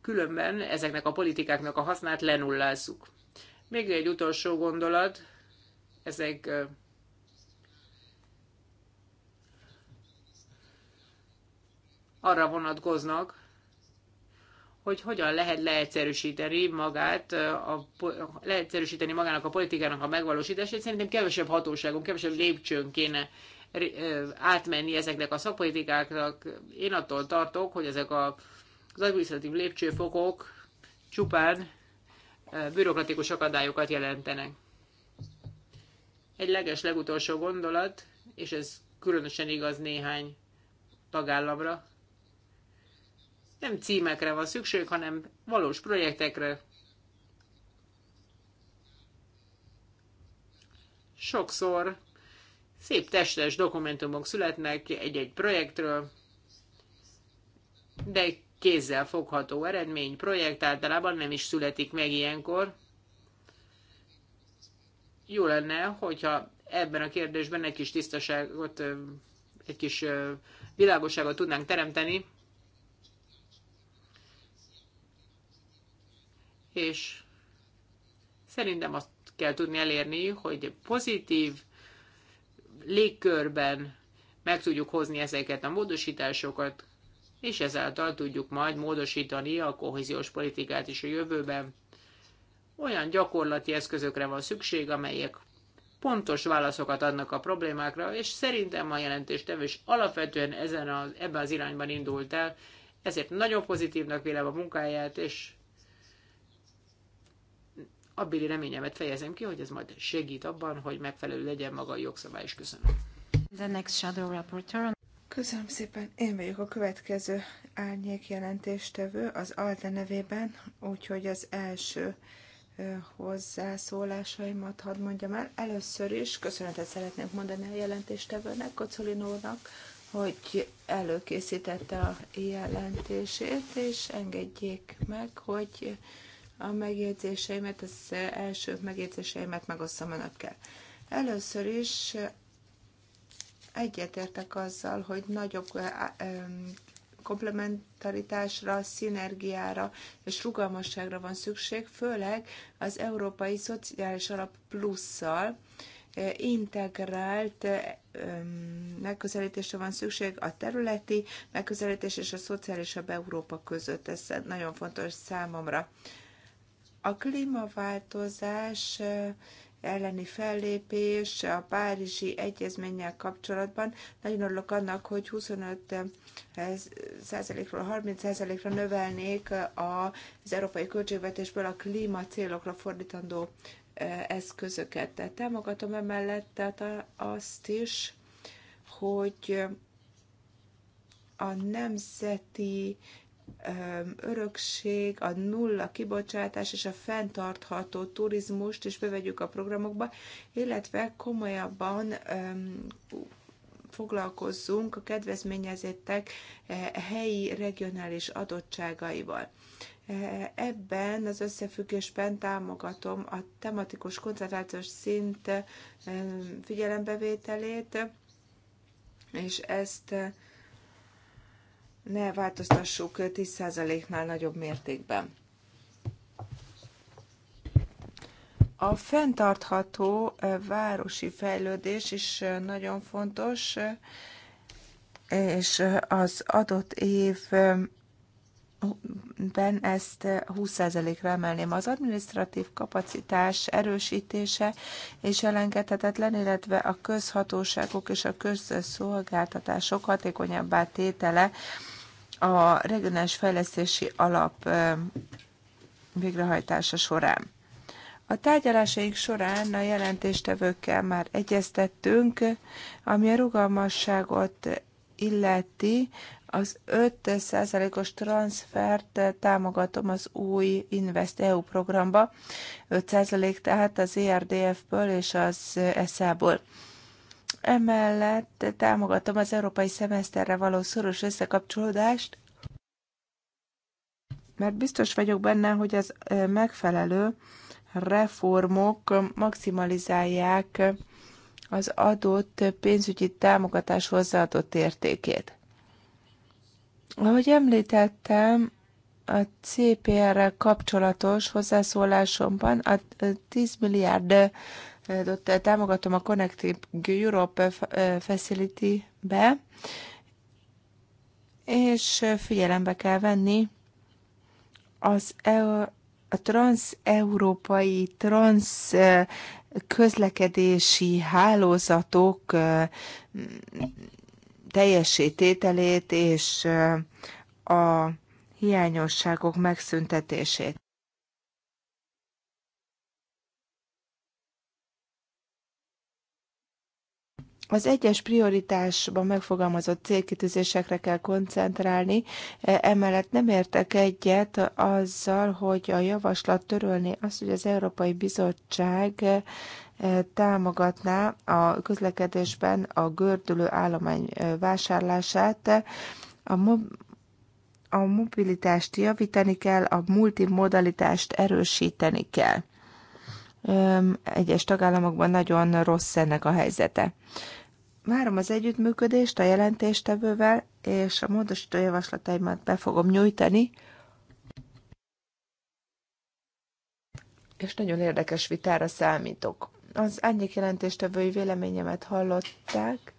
különben ezeknek a politikáknak a hasznát lenullázzuk. Még egy utolsó gondolat, ezek arra vonatkoznak, hogy hogyan lehet leegyszerűsíteni magát, a, leegyszerűsíteni magának a politikának a megvalósítását. Szerintem kevesebb hatóságon, kevesebb lépcsőn kéne átmenni ezeknek a szakpolitikáknak. Én attól tartok, hogy ezek a, az adminisztratív lépcsőfokok csupán bürokratikus akadályokat jelentenek. Egy leges legutolsó gondolat, és ez különösen igaz néhány tagállamra, nem címekre van szükség, hanem valós projektekre. Sokszor szép testes dokumentumok születnek egy-egy projektről, de kézzel fogható eredmény, projekt általában nem is születik meg ilyenkor. Jó lenne, hogyha ebben a kérdésben egy kis tisztaságot, egy kis világosságot tudnánk teremteni, és szerintem azt kell tudni elérni, hogy pozitív légkörben meg tudjuk hozni ezeket a módosításokat, és ezáltal tudjuk majd módosítani a kohéziós politikát is a jövőben. Olyan gyakorlati eszközökre van szükség, amelyek pontos válaszokat adnak a problémákra, és szerintem a jelentéstevő is alapvetően ezen a, ebben az irányban indult el, ezért nagyon pozitívnak vélem a munkáját, és abbéli reményemet fejezem ki, hogy ez majd segít abban, hogy megfelelő legyen maga a jogszabály Köszönöm. The next shadow Köszönöm szépen. Én vagyok a következő árnyék jelentéstevő az ALDE nevében, úgyhogy az első hozzászólásaimat hadd mondjam el. Először is köszönetet szeretnék mondani a jelentéstevőnek, Kocolinónak, hogy előkészítette a jelentését, és engedjék meg, hogy a megjegyzéseimet, az első megjegyzéseimet megosztom önökkel. Először is egyetértek azzal, hogy nagyobb komplementaritásra, szinergiára és rugalmasságra van szükség, főleg az Európai Szociális Alap plusszal integrált megközelítésre van szükség a területi megközelítés és a szociálisabb Európa között. Ez nagyon fontos számomra. A klímaváltozás elleni fellépés a Párizsi Egyezménnyel kapcsolatban. Nagyon örülök annak, hogy 25 százalékról 30 százalékra növelnék az európai költségvetésből a klíma célokra fordítandó eszközöket. Tehát támogatom emellett tehát azt is, hogy a nemzeti örökség, a nulla kibocsátás és a fenntartható turizmust is bevegyük a programokba, illetve komolyabban foglalkozzunk a kedvezményezettek eh, helyi regionális adottságaival. Eh, ebben az összefüggésben támogatom a tematikus koncentrációs szint eh, figyelembevételét, és ezt ne változtassuk 10%-nál nagyobb mértékben. A fenntartható városi fejlődés is nagyon fontos, és az adott évben ezt 20%-ra emelném. Az administratív kapacitás erősítése és elengedhetetlen, illetve a közhatóságok és a közszolgáltatások hatékonyabbá tétele a regionális fejlesztési alap végrehajtása során. A tárgyalásaink során a jelentéstevőkkel már egyeztettünk, ami a rugalmasságot illeti, az 5%-os transfert támogatom az új Invest EU programba, 5% tehát az ERDF-ből és az ESZA-ból. Emellett támogatom az európai szemeszterre való szoros összekapcsolódást, mert biztos vagyok benne, hogy az megfelelő reformok maximalizálják az adott pénzügyi támogatás hozzáadott értékét. Ahogy említettem, a CPR-rel kapcsolatos hozzászólásomban a 10 milliárd Eh, támogatom a Connective Europe eh, eh, Facility-be, és figyelembe kell venni az e- a transeurópai, transz közlekedési hálózatok teljesítételét és a hiányosságok megszüntetését. Az egyes prioritásban megfogalmazott célkitűzésekre kell koncentrálni, e, emellett nem értek egyet azzal, hogy a javaslat törölni azt, hogy az Európai Bizottság e, e, támogatná a közlekedésben a gördülő állomány vásárlását. A, mob- a mobilitást javítani kell, a multimodalitást erősíteni kell egyes tagállamokban nagyon rossz ennek a helyzete. Várom az együttműködést a jelentéstevővel, és a módosító javaslataimat be fogom nyújtani. És nagyon érdekes vitára számítok. Az egyik jelentéstevői véleményemet hallották.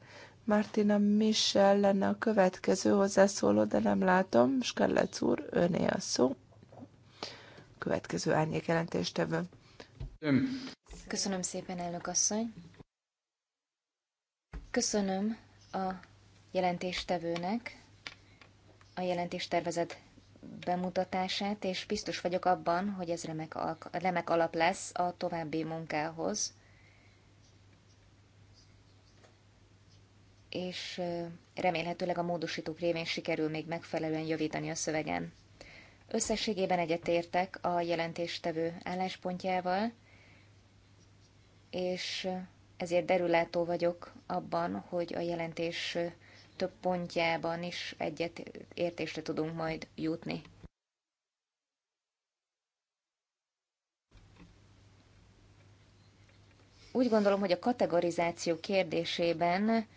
Martina Michel lenne a következő hozzászóló, de nem látom. Skellec úr, öné a szó. Következő árnyék jelentéstevő. Köszönöm szépen, elnök asszony. Köszönöm a jelentéstevőnek a jelentéstervezet bemutatását, és biztos vagyok abban, hogy ez remek, remek alap lesz a további munkához. És remélhetőleg a módosítók révén sikerül még megfelelően javítani a szövegen. Összességében egyetértek a jelentéstevő álláspontjával, és ezért derülátó vagyok abban, hogy a jelentés több pontjában is egyet értésre tudunk majd jutni. Úgy gondolom, hogy a kategorizáció kérdésében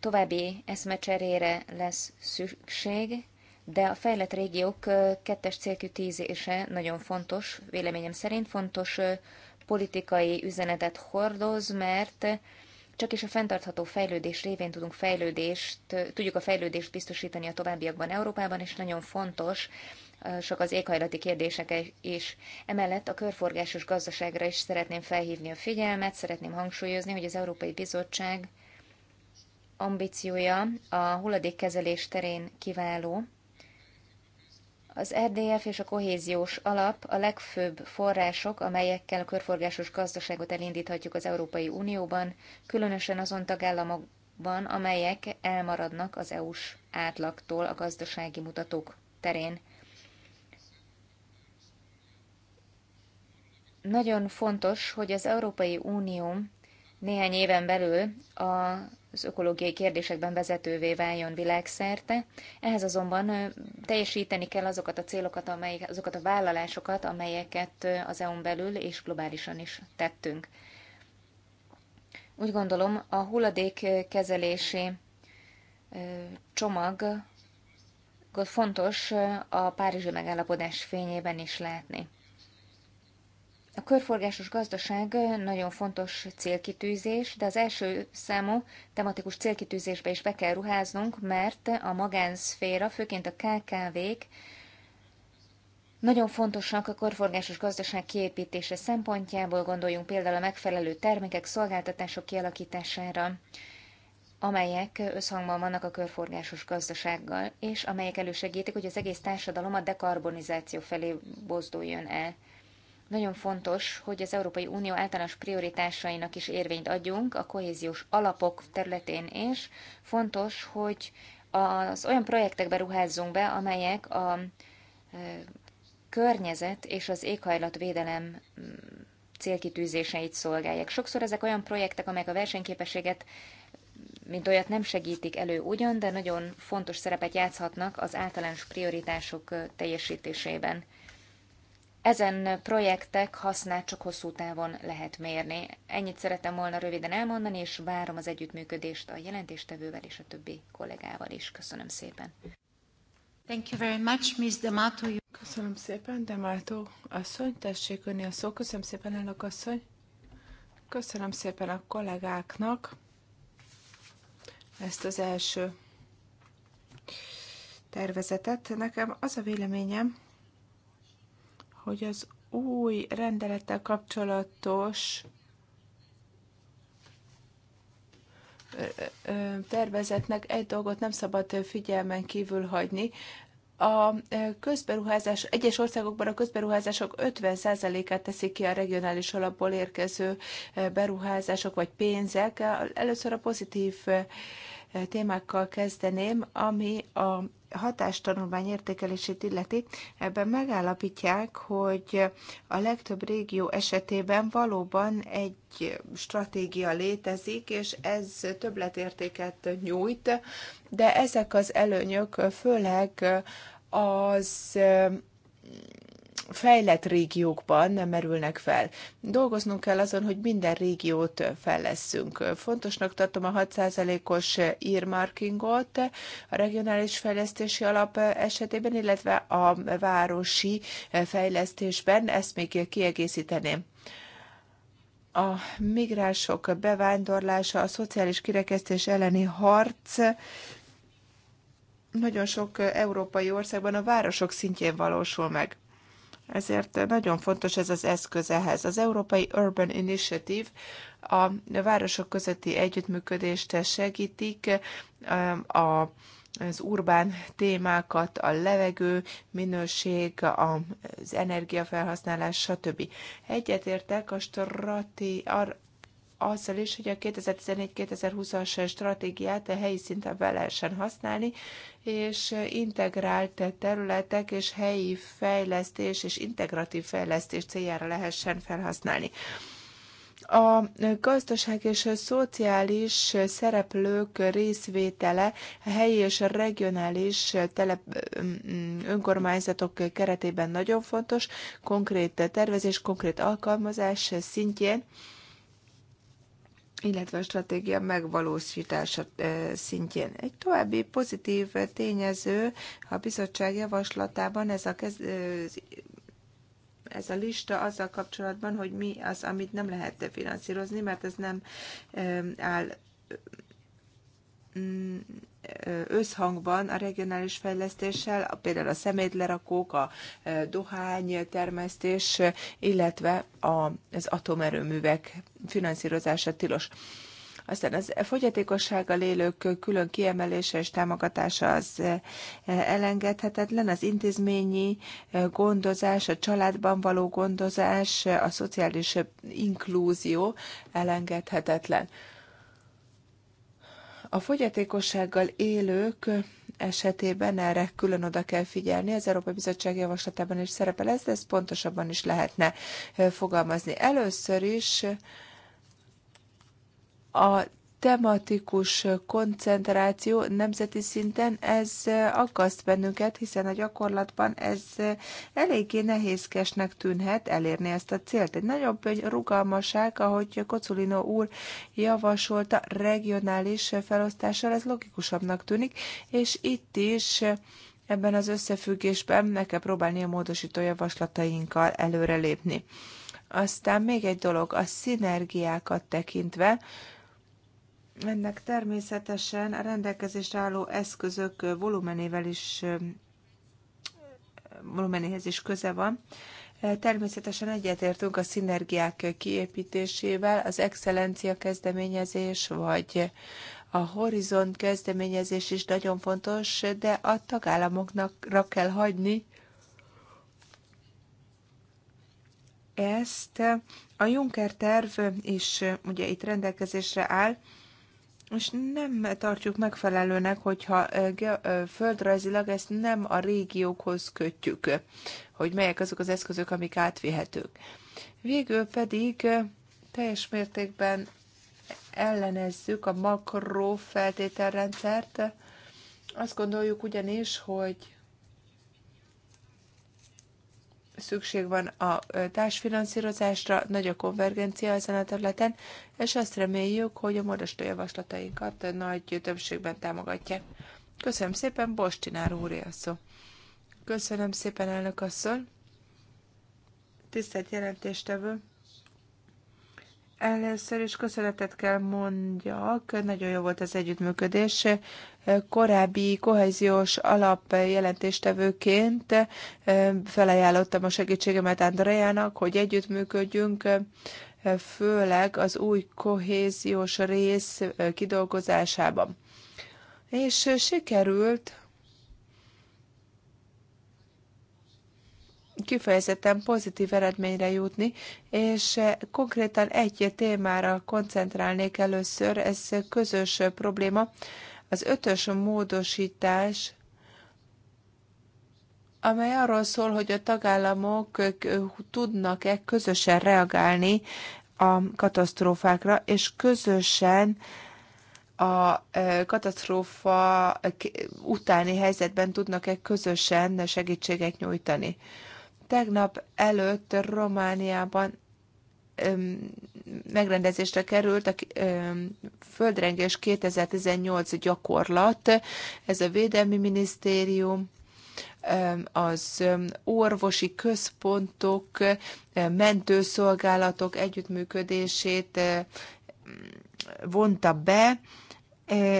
további eszmecserére lesz szükség, de a fejlett régiók kettes célkütízése nagyon fontos, véleményem szerint fontos politikai üzenetet hordoz, mert csak is a fenntartható fejlődés révén tudunk fejlődést, tudjuk a fejlődést biztosítani a továbbiakban Európában, és nagyon fontos, sok az éghajlati kérdések is. Emellett a körforgásos gazdaságra is szeretném felhívni a figyelmet, szeretném hangsúlyozni, hogy az Európai Bizottság ambíciója a hulladékkezelés terén kiváló, az RDF és a kohéziós alap a legfőbb források, amelyekkel a körforgásos gazdaságot elindíthatjuk az Európai Unióban, különösen azon tagállamokban, amelyek elmaradnak az EU-s átlagtól a gazdasági mutatók terén. Nagyon fontos, hogy az Európai Unió néhány éven belül a az ökológiai kérdésekben vezetővé váljon világszerte. Ehhez azonban teljesíteni kell azokat a célokat, amelyek, azokat a vállalásokat, amelyeket az EU-n belül és globálisan is tettünk. Úgy gondolom, a hulladék kezelési csomag fontos a Párizsi megállapodás fényében is látni. A körforgásos gazdaság nagyon fontos célkitűzés, de az első számú tematikus célkitűzésbe is be kell ruháznunk, mert a magánszféra, főként a KKV-k nagyon fontosak a körforgásos gazdaság kiépítése szempontjából, gondoljunk például a megfelelő termékek, szolgáltatások kialakítására, amelyek összhangban vannak a körforgásos gazdasággal, és amelyek elősegítik, hogy az egész társadalom a dekarbonizáció felé bozduljon el. Nagyon fontos, hogy az Európai Unió általános prioritásainak is érvényt adjunk a kohéziós alapok területén és Fontos, hogy az olyan projektekbe ruházzunk be, amelyek a környezet és az éghajlatvédelem célkitűzéseit szolgálják. Sokszor ezek olyan projektek, amelyek a versenyképességet mint olyat nem segítik elő ugyan, de nagyon fontos szerepet játszhatnak az általános prioritások teljesítésében ezen projektek hasznát csak hosszú távon lehet mérni. Ennyit szeretem volna röviden elmondani, és várom az együttműködést a jelentéstevővel és a többi kollégával is. Köszönöm szépen. Thank you very much, Ms. D'Amato. Köszönöm szépen, Demato asszony. Tessék önni a szó. Köszönöm szépen, elnök asszony. Köszönöm szépen a kollégáknak ezt az első tervezetet. Nekem az a véleményem, hogy az új rendelettel kapcsolatos tervezetnek egy dolgot nem szabad figyelmen kívül hagyni. A közberuházás, egyes országokban a közberuházások 50%-át teszik ki a regionális alapból érkező beruházások vagy pénzek. Először a pozitív témákkal kezdeném, ami a hatástanulmány értékelését illeti, ebben megállapítják, hogy a legtöbb régió esetében valóban egy stratégia létezik, és ez többletértéket nyújt, de ezek az előnyök főleg az fejlett régiókban nem merülnek fel. Dolgoznunk kell azon, hogy minden régiót fejlesszünk. Fontosnak tartom a 6%-os earmarkingot a regionális fejlesztési alap esetében, illetve a városi fejlesztésben, ezt még kiegészíteném a migránsok bevándorlása, a szociális kirekesztés elleni harc nagyon sok európai országban a városok szintjén valósul meg. Ezért nagyon fontos ez az eszköz ehhez. Az Európai Urban Initiative a városok közötti együttműködést segítik, a az urbán témákat, a levegő, minőség, az energiafelhasználás, stb. Egyetértek a, straté, azzal is, hogy a 2014-2020-as stratégiát a helyi szinten be lehessen használni, és integrált területek és helyi fejlesztés és integratív fejlesztés céljára lehessen felhasználni. A gazdaság és a szociális szereplők részvétele a helyi és a regionális telep, mm, mm, önkormányzatok keretében nagyon fontos, konkrét tervezés, konkrét alkalmazás szintjén illetve a stratégia megvalósítása szintjén. Egy további pozitív tényező a bizottság javaslatában ez a kez, ez a lista azzal kapcsolatban, hogy mi az, amit nem lehet finanszírozni, mert ez nem áll összhangban a regionális fejlesztéssel, például a szemétlerakók, a dohány termesztés, illetve az atomerőművek finanszírozása tilos. Aztán az fogyatékossággal élők külön kiemelése és támogatása az elengedhetetlen, az intézményi gondozás, a családban való gondozás, a szociális inklúzió elengedhetetlen. A fogyatékossággal élők esetében erre külön oda kell figyelni. Az Európai Bizottság javaslatában is szerepel ez, de ezt pontosabban is lehetne fogalmazni. Először is a tematikus koncentráció nemzeti szinten, ez aggaszt bennünket, hiszen a gyakorlatban ez eléggé nehézkesnek tűnhet elérni ezt a célt. Egy nagyobb rugalmaság, ahogy Kocolino úr javasolta, regionális felosztással ez logikusabbnak tűnik, és itt is ebben az összefüggésben meg kell próbálni a módosító javaslatainkkal előrelépni. Aztán még egy dolog, a szinergiákat tekintve, ennek természetesen a rendelkezésre álló eszközök volumenével is, volumenéhez is köze van. Természetesen egyetértünk a szinergiák kiépítésével, az excellencia kezdeményezés, vagy a horizont kezdeményezés is nagyon fontos, de a tagállamoknakra kell hagyni ezt. A Juncker terv is ugye itt rendelkezésre áll, és nem tartjuk megfelelőnek, hogyha földrajzilag ezt nem a régiókhoz kötjük, hogy melyek azok az eszközök, amik átvihetők. Végül pedig teljes mértékben ellenezzük a makrófeltételrendszert. Azt gondoljuk ugyanis, hogy szükség van a társfinanszírozásra, nagy a konvergencia ezen a területen, és azt reméljük, hogy a modestő javaslatainkat nagy többségben támogatják. Köszönöm szépen, Bostinár úr szó. Köszönöm szépen, elnök asszony. Tisztelt jelentéstevő. Először is köszönetet kell mondjak, nagyon jó volt az együttműködés. Korábbi kohéziós alap jelentéstevőként eh, felajánlottam a segítségemet Andrejának, hogy együttműködjünk, eh, főleg az új kohéziós rész eh, kidolgozásában. És sikerült kifejezetten pozitív eredményre jutni, és konkrétan egy témára koncentrálnék először, ez közös probléma. Az ötös módosítás, amely arról szól, hogy a tagállamok tudnak-e közösen reagálni a katasztrófákra, és közösen a e, katasztrófa utáni helyzetben tudnak-e közösen segítséget nyújtani. Tegnap előtt Romániában öm, megrendezésre került a öm, földrengés 2018 gyakorlat. Ez a Védelmi Minisztérium, az orvosi központok, mentőszolgálatok együttműködését vonta be.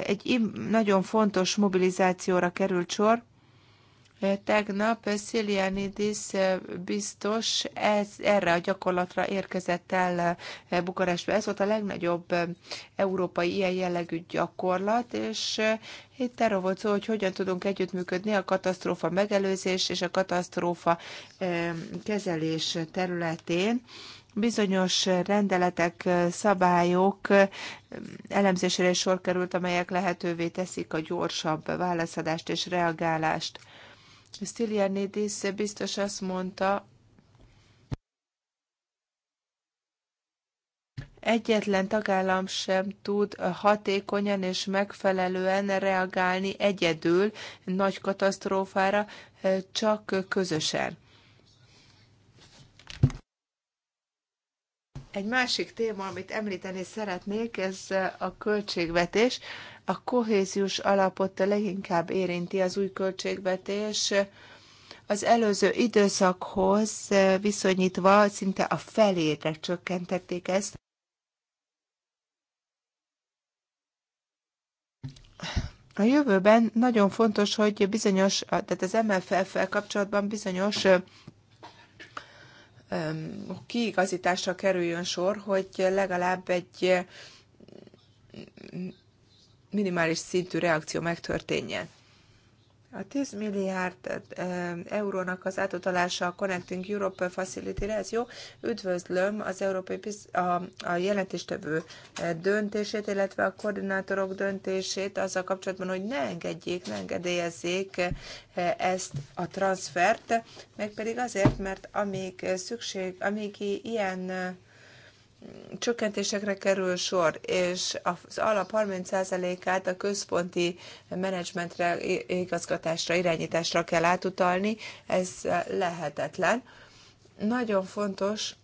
Egy nagyon fontos mobilizációra került sor. Tegnap Szilianidis biztos ez, erre a gyakorlatra érkezett el Bukarestbe. Ez volt a legnagyobb európai ilyen jellegű gyakorlat, és itt erről volt szó, hogy hogyan tudunk együttműködni a katasztrófa megelőzés és a katasztrófa kezelés területén bizonyos rendeletek, szabályok elemzésére is sor került, amelyek lehetővé teszik a gyorsabb válaszadást és reagálást. Stylianidis biztos azt mondta, egyetlen tagállam sem tud hatékonyan és megfelelően reagálni egyedül nagy katasztrófára, csak közösen. Egy másik téma, amit említeni szeretnék, ez a költségvetés. A kohéziós alapot leginkább érinti az új költségvetés. Az előző időszakhoz viszonyítva szinte a felére csökkentették ezt. A jövőben nagyon fontos, hogy bizonyos, tehát az MFF-fel kapcsolatban bizonyos kiigazításra kerüljön sor, hogy legalább egy mm, mm, mm, minimális szintű reakció megtörténjen. A 10 milliárd eurónak az átutalása a Connecting Europe Facility-re, ez jó. Üdvözlöm az Európai Biz- a, a jelentéstevő döntését, illetve a koordinátorok döntését azzal kapcsolatban, hogy ne engedjék, ne engedélyezzék ezt a transfert, meg pedig azért, mert amíg szükség, amíg ilyen csökkentésekre kerül sor, és az alap 30%-át a központi menedzsmentre, igazgatásra, irányításra kell átutalni, ez lehetetlen. Nagyon fontos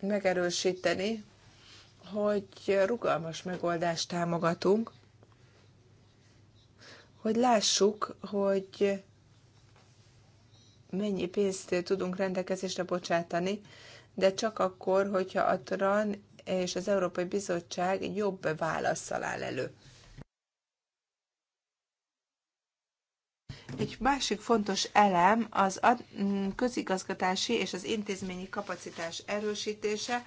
megerősíteni, hogy rugalmas megoldást támogatunk, hogy lássuk, hogy mennyi pénzt tudunk rendelkezésre bocsátani, de csak akkor, hogyha a TRAN és az Európai Bizottság jobb válaszsal áll elő. Egy másik fontos elem az a közigazgatási és az intézményi kapacitás erősítése.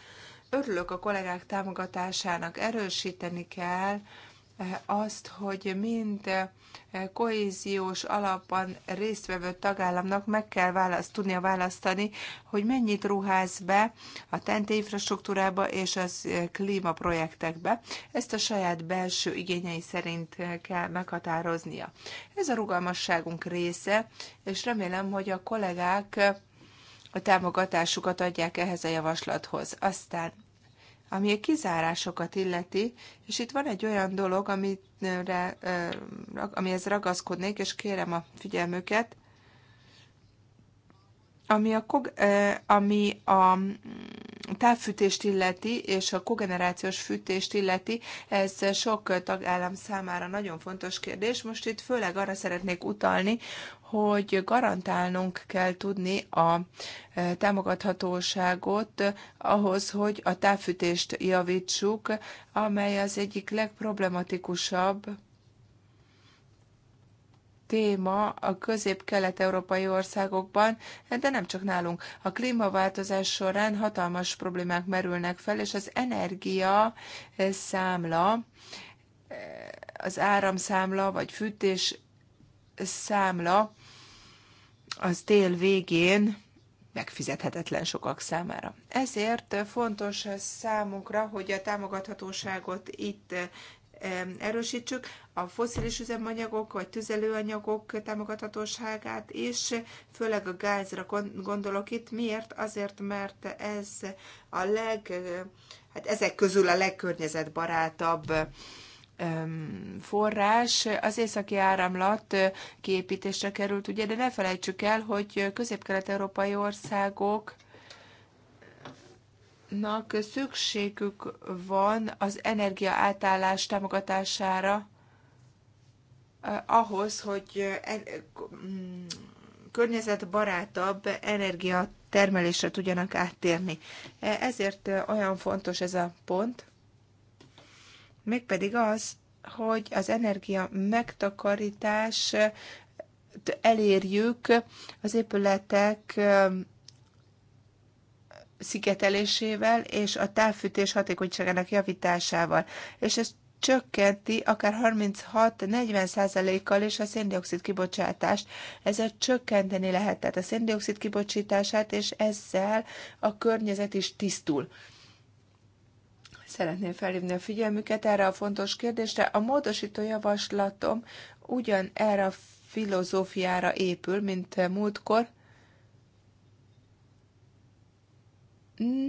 Örülök a kollégák támogatásának, erősíteni kell azt, hogy mind eh, kohéziós alapban résztvevő tagállamnak meg kell választ, tudnia választani, hogy mennyit ruház be a TNT infrastruktúrába és az eh, klímaprojektekbe. Ezt a saját belső igényei szerint eh, kell meghatároznia. Ez a rugalmasságunk része, és remélem, hogy a kollégák a támogatásukat adják ehhez a javaslathoz. Aztán ami a kizárásokat illeti, és itt van egy olyan dolog, amire, amihez ragaszkodnék, és kérem a figyelmüket, ami a, ami a távfűtést illeti, és a kogenerációs fűtést illeti, ez sok tagállam számára nagyon fontos kérdés. Most itt főleg arra szeretnék utalni, hogy garantálnunk kell tudni a e, támogathatóságot ahhoz, hogy a távfűtést javítsuk, amely az egyik legproblematikusabb téma a közép-kelet-európai országokban, de nem csak nálunk. A klímaváltozás során hatalmas problémák merülnek fel, és az energia eh, számla, eh, az áramszámla vagy fűtés számla az tél végén megfizethetetlen sokak számára. Ezért fontos eh, számunkra, hogy a támogathatóságot itt erősítsük a foszilis üzemanyagok vagy tüzelőanyagok támogathatóságát és főleg a gázra gondolok itt. Miért? Azért, mert ez a leg, hát ezek közül a legkörnyezetbarátabb forrás. Az északi áramlat kiépítésre került, ugye, de ne felejtsük el, hogy közép-kelet-európai országok nak szükségük van az energia átállás támogatására, Eh, ahhoz, hogy eh, eh, mm, környezetbarátabb energiatermelésre tudjanak áttérni. Ezért olyan fontos ez a pont, mégpedig az, hogy az energia megtakarítás elérjük az épületek szigetelésével és a távfűtés hatékonyságának javításával. És ez csökkenti akár 36-40 kal is a széndiokszid kibocsátást. Ezzel csökkenteni lehet tehát a széndiokszid kibocsátását, és ezzel a környezet is tisztul. Szeretném felhívni a figyelmüket erre a fontos kérdésre. A módosító javaslatom ugyan erre a filozófiára épül, mint múltkor.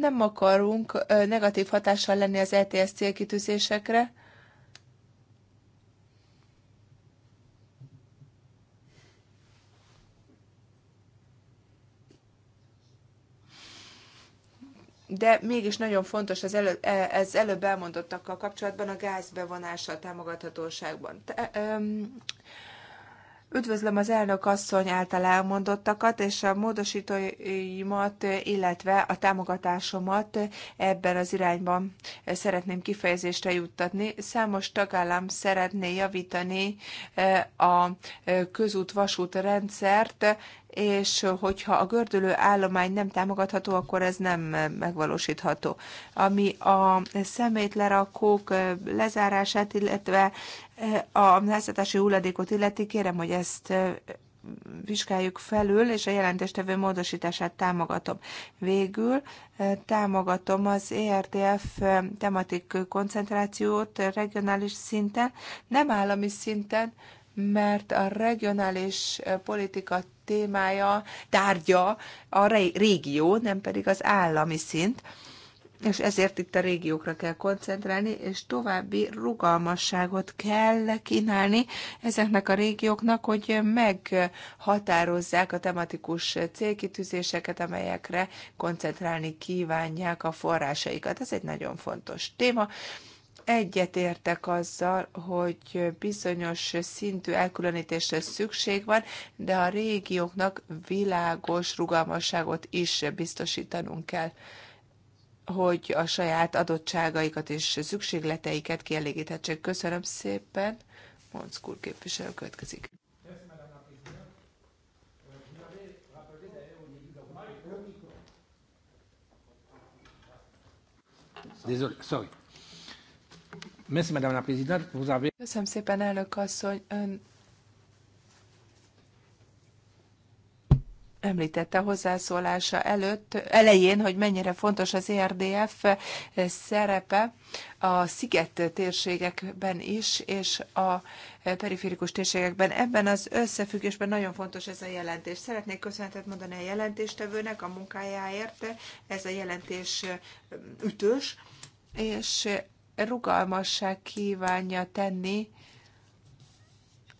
Nem akarunk negatív hatással lenni az ETS célkitűzésekre, de mégis nagyon fontos az elő, e, ez előbb elmondottakkal kapcsolatban a gáz bevonása a támogathatóságban. Te, öm, Üdvözlöm az elnök asszony által elmondottakat, és a módosítóimat, illetve a támogatásomat ebben az irányban szeretném kifejezésre juttatni. Számos tagállam szeretné javítani e, a e, közút-vasút rendszert, és hogyha a gördülő állomány nem támogatható, akkor ez nem megvalósítható. Ami a szemétlerakók lezárását, illetve a háztartási hulladékot illeti, kérem, hogy ezt vizsgáljuk felül, és a jelentéstevő módosítását támogatom. Végül támogatom az ERDF tematik koncentrációt regionális szinten, nem állami szinten, mert a regionális eh, politika témája, tárgya a régió, nem pedig az állami szint, és ezért itt a régiókra kell koncentrálni, és további rugalmasságot kell kínálni ezeknek a régióknak, hogy meghatározzák a tematikus célkitűzéseket, amelyekre koncentrálni kívánják a forrásaikat. Ez egy nagyon fontos téma. Egyet értek azzal, hogy bizonyos szintű elkülönítésre szükség van, de a régióknak világos rugalmasságot is biztosítanunk kell hogy a saját adottságaikat és szükségleteiket kielégíthetsék. Köszönöm szépen. Monszkúr képviselő következik. Désolé, sorry. Merci, Madame la Présidente. Vous avez... Köszönöm szépen, elnök asszony. Ön említette hozzászólása előtt, elején, hogy mennyire fontos az ERDF szerepe a sziget térségekben is, és a periférikus térségekben. Ebben az összefüggésben nagyon fontos ez a jelentés. Szeretnék köszönetet mondani a jelentéstevőnek a munkájáért. Ez a jelentés ütős, és rugalmasság kívánja tenni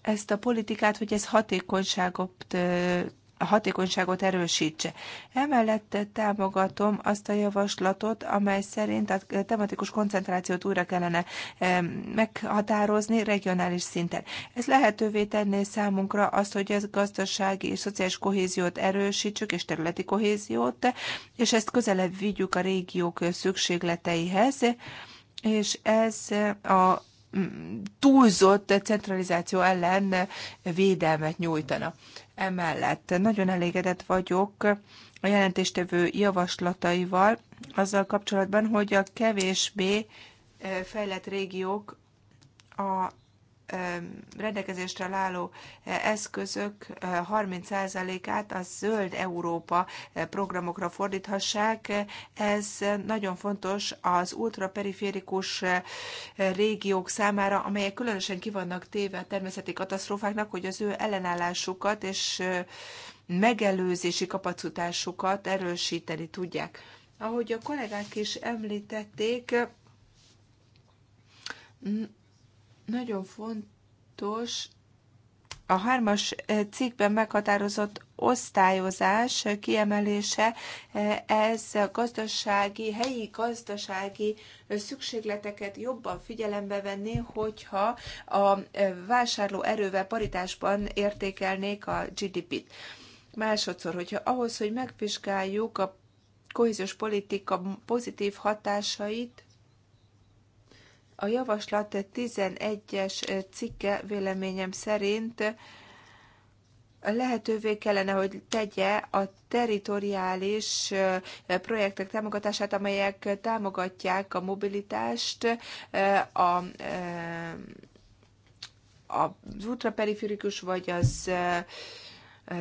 ezt a politikát, hogy ez hatékonyságot a hatékonyságot erősítse. Emellett támogatom azt a javaslatot, amely szerint a tematikus koncentrációt újra kellene meghatározni regionális szinten. Ez lehetővé tenné számunkra azt, hogy ez gazdasági és szociális kohéziót erősítsük, és területi kohéziót, és ezt közelebb vigyük a régiók szükségleteihez és ez a mm, túlzott centralizáció ellen védelmet nyújtana. Emellett nagyon elégedett vagyok a jelentéstevő javaslataival azzal kapcsolatban, hogy a kevésbé fejlett régiók a rendelkezésre álló eh, eszközök 30%-át eh, a Zöld Európa eh, programokra fordíthassák. Ez nagyon fontos az ultraperiférikus régiók számára, amelyek különösen kivannak téve a természeti katasztrófáknak, hogy az ő ellenállásukat és megelőzési kapacitásukat erősíteni tudják. Ahogy a kollégák is említették, nagyon fontos a hármas eh, cikkben meghatározott osztályozás eh, kiemelése, eh, ez a gazdasági, helyi gazdasági szükségleteket jobban figyelembe venni, hogyha a vásárló erővel paritásban értékelnék a GDP-t. Másodszor, hogyha ahhoz, hogy megvizsgáljuk a kohéziós politika pozitív hatásait, a javaslat 11-es cikke véleményem szerint lehetővé kellene, hogy tegye a teritoriális projektek támogatását, amelyek támogatják a mobilitást, a az ultraperiférikus vagy az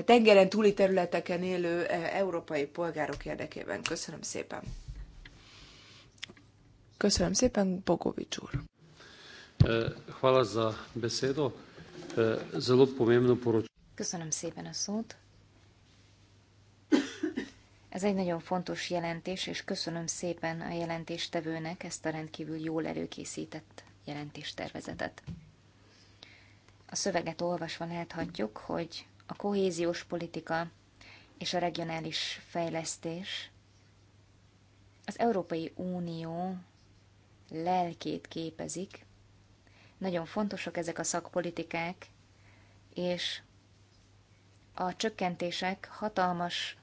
tengeren túli területeken élő európai polgárok érdekében. Köszönöm szépen! Köszönöm szépen, Bogovics úr. Köszönöm szépen a szót. Ez egy nagyon fontos jelentés, és köszönöm szépen a jelentéstevőnek ezt a rendkívül jól előkészített jelentéstervezetet. A szöveget olvasva láthatjuk, hogy a kohéziós politika és a regionális fejlesztés az Európai Unió lelkét képezik. Nagyon fontosak ezek a szakpolitikák, és a csökkentések hatalmas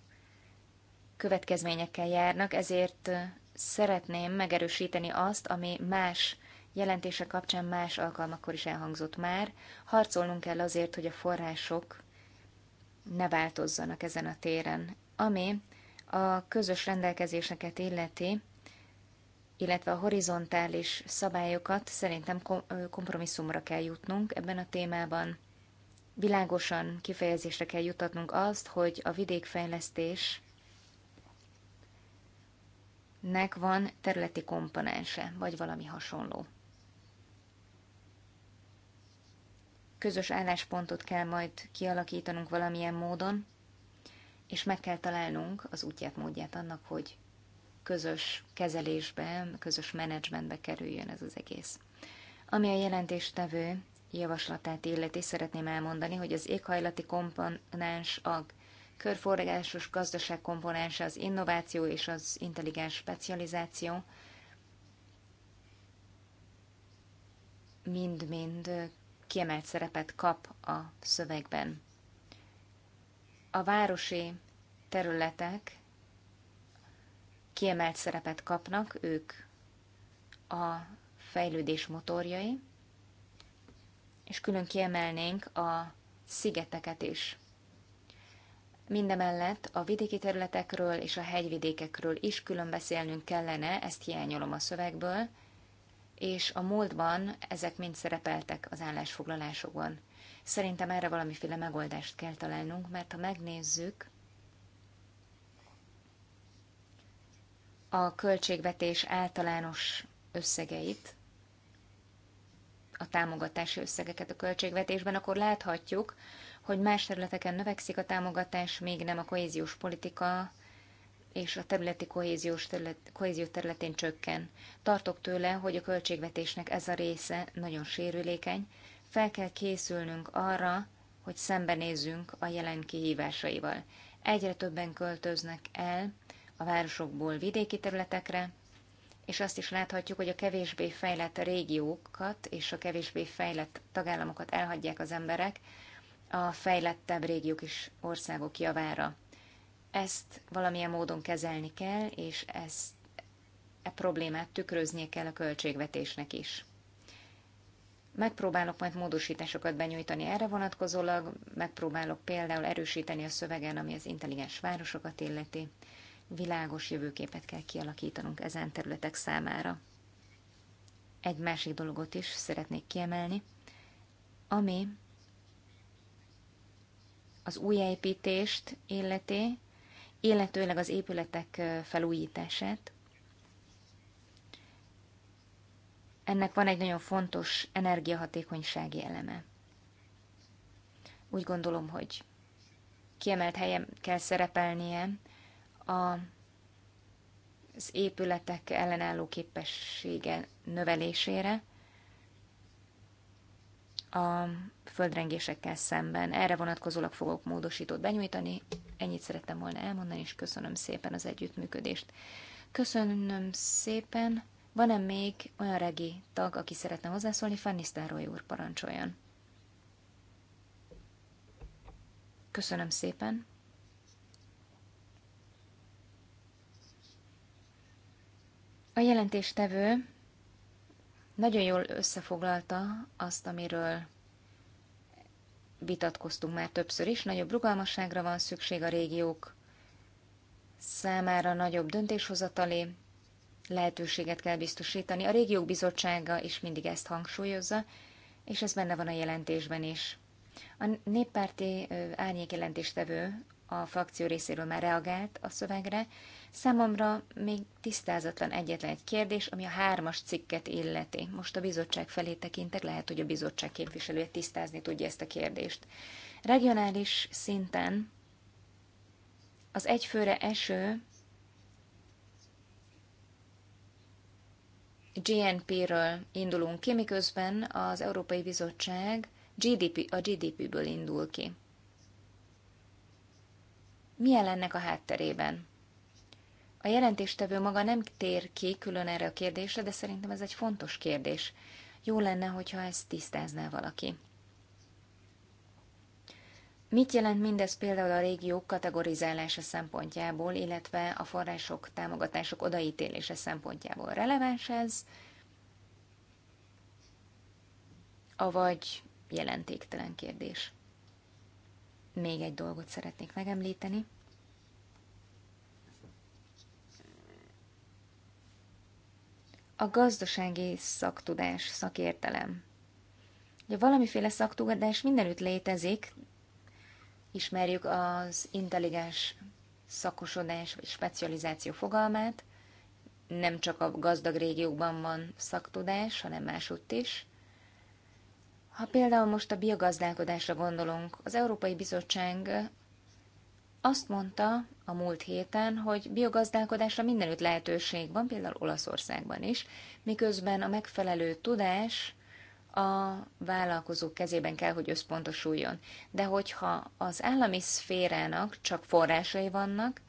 következményekkel járnak, ezért szeretném megerősíteni azt, ami más jelentése kapcsán más alkalmakkor is elhangzott már. Harcolnunk kell azért, hogy a források ne változzanak ezen a téren. Ami a közös rendelkezéseket illeti, illetve a horizontális szabályokat szerintem kompromisszumra kell jutnunk ebben a témában. Világosan kifejezésre kell jutatnunk azt, hogy a vidékfejlesztés nek van területi komponense, vagy valami hasonló. Közös álláspontot kell majd kialakítanunk valamilyen módon, és meg kell találnunk az útját, módját annak, hogy közös kezelésbe, közös menedzsmentbe kerüljön ez az egész. Ami a jelentéstevő javaslatát illeti, szeretném elmondani, hogy az éghajlati komponens, a körforgásos gazdaság komponense, az innováció és az intelligens specializáció mind-mind kiemelt szerepet kap a szövegben. A városi területek kiemelt szerepet kapnak, ők a fejlődés motorjai, és külön kiemelnénk a szigeteket is. Mindemellett a vidéki területekről és a hegyvidékekről is külön beszélnünk kellene, ezt hiányolom a szövegből, és a múltban ezek mind szerepeltek az állásfoglalásokban. Szerintem erre valamiféle megoldást kell találnunk, mert ha megnézzük a költségvetés általános összegeit, a támogatási összegeket a költségvetésben, akkor láthatjuk, hogy más területeken növekszik a támogatás, még nem a kohéziós politika és a területi kohéziós terület, kohézió területén csökken. Tartok tőle, hogy a költségvetésnek ez a része nagyon sérülékeny, fel kell készülnünk arra, hogy szembenézzünk a jelen kihívásaival. Egyre többen költöznek el, a városokból vidéki területekre, és azt is láthatjuk, hogy a kevésbé fejlett régiókat és a kevésbé fejlett tagállamokat elhagyják az emberek a fejlettebb régiók is országok javára. Ezt valamilyen módon kezelni kell, és ezt e problémát tükröznie kell a költségvetésnek is. Megpróbálok majd módosításokat benyújtani erre vonatkozólag, megpróbálok például erősíteni a szövegen, ami az intelligens városokat illeti, világos jövőképet kell kialakítanunk ezen területek számára. Egy másik dologot is szeretnék kiemelni, ami az újjáépítést illeti, illetőleg az épületek felújítását. Ennek van egy nagyon fontos energiahatékonysági eleme. Úgy gondolom, hogy kiemelt helyen kell szerepelnie a az épületek ellenálló képessége növelésére a földrengésekkel szemben. Erre vonatkozólag fogok módosítót benyújtani. Ennyit szerettem volna elmondani, és köszönöm szépen az együttműködést. Köszönöm szépen. Van-e még olyan regi tag, aki szeretne hozzászólni? Fannisztároly úr, parancsoljon. Köszönöm szépen. A jelentéstevő nagyon jól összefoglalta azt, amiről vitatkoztunk már többször is. Nagyobb rugalmasságra van szükség a régiók számára, nagyobb döntéshozatali lehetőséget kell biztosítani. A régiók bizottsága is mindig ezt hangsúlyozza, és ez benne van a jelentésben is. A néppárti jelentéstevő a frakció részéről már reagált a szövegre. Számomra még tisztázatlan egyetlen egy kérdés, ami a hármas cikket illeti. Most a bizottság felé tekintek, lehet, hogy a bizottság képviselője tisztázni tudja ezt a kérdést. Regionális szinten az egyfőre eső GNP-ről indulunk ki, miközben az Európai Bizottság GDP, a GDP-ből indul ki. Mi ennek a hátterében? A jelentéstevő maga nem tér ki külön erre a kérdésre, de szerintem ez egy fontos kérdés. Jó lenne, hogyha ezt tisztázná valaki. Mit jelent mindez például a régiók kategorizálása szempontjából, illetve a források, támogatások odaítélése szempontjából? Releváns ez, avagy jelentéktelen kérdés? Még egy dolgot szeretnék megemlíteni. A gazdasági szaktudás, szakértelem. Ugye valamiféle szaktudás mindenütt létezik, ismerjük az intelligens szakosodás vagy specializáció fogalmát, nem csak a gazdag régiókban van szaktudás, hanem másutt is – ha például most a biogazdálkodásra gondolunk, az Európai Bizottság azt mondta a múlt héten, hogy biogazdálkodásra mindenütt lehetőség van, például Olaszországban is, miközben a megfelelő tudás a vállalkozók kezében kell, hogy összpontosuljon. De hogyha az állami szférának csak forrásai vannak,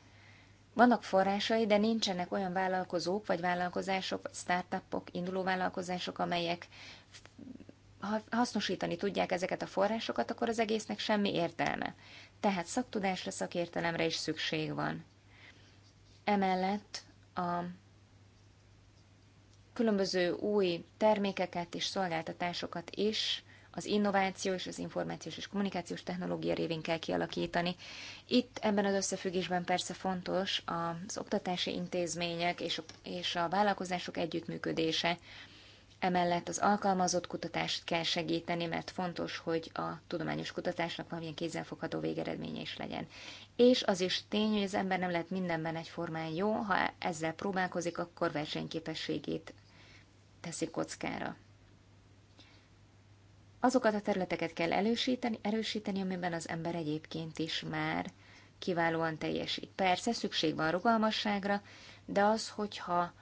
vannak forrásai, de nincsenek olyan vállalkozók, vagy vállalkozások, vagy startupok, induló vállalkozások, amelyek ha hasznosítani tudják ezeket a forrásokat, akkor az egésznek semmi értelme. Tehát szaktudásra, szakértelemre is szükség van. Emellett a különböző új termékeket és szolgáltatásokat is az innováció és az információs és kommunikációs technológia révén kell kialakítani. Itt ebben az összefüggésben persze fontos az oktatási intézmények és a, és a vállalkozások együttműködése, Emellett az alkalmazott kutatást kell segíteni, mert fontos, hogy a tudományos kutatásnak valamilyen kézzelfogható végeredménye is legyen. És az is tény, hogy az ember nem lehet mindenben egyformán jó, ha ezzel próbálkozik, akkor versenyképességét teszi kockára. Azokat a területeket kell erősíteni, erősíteni, amiben az ember egyébként is már kiválóan teljesít. Persze szükség van rugalmasságra, de az, hogyha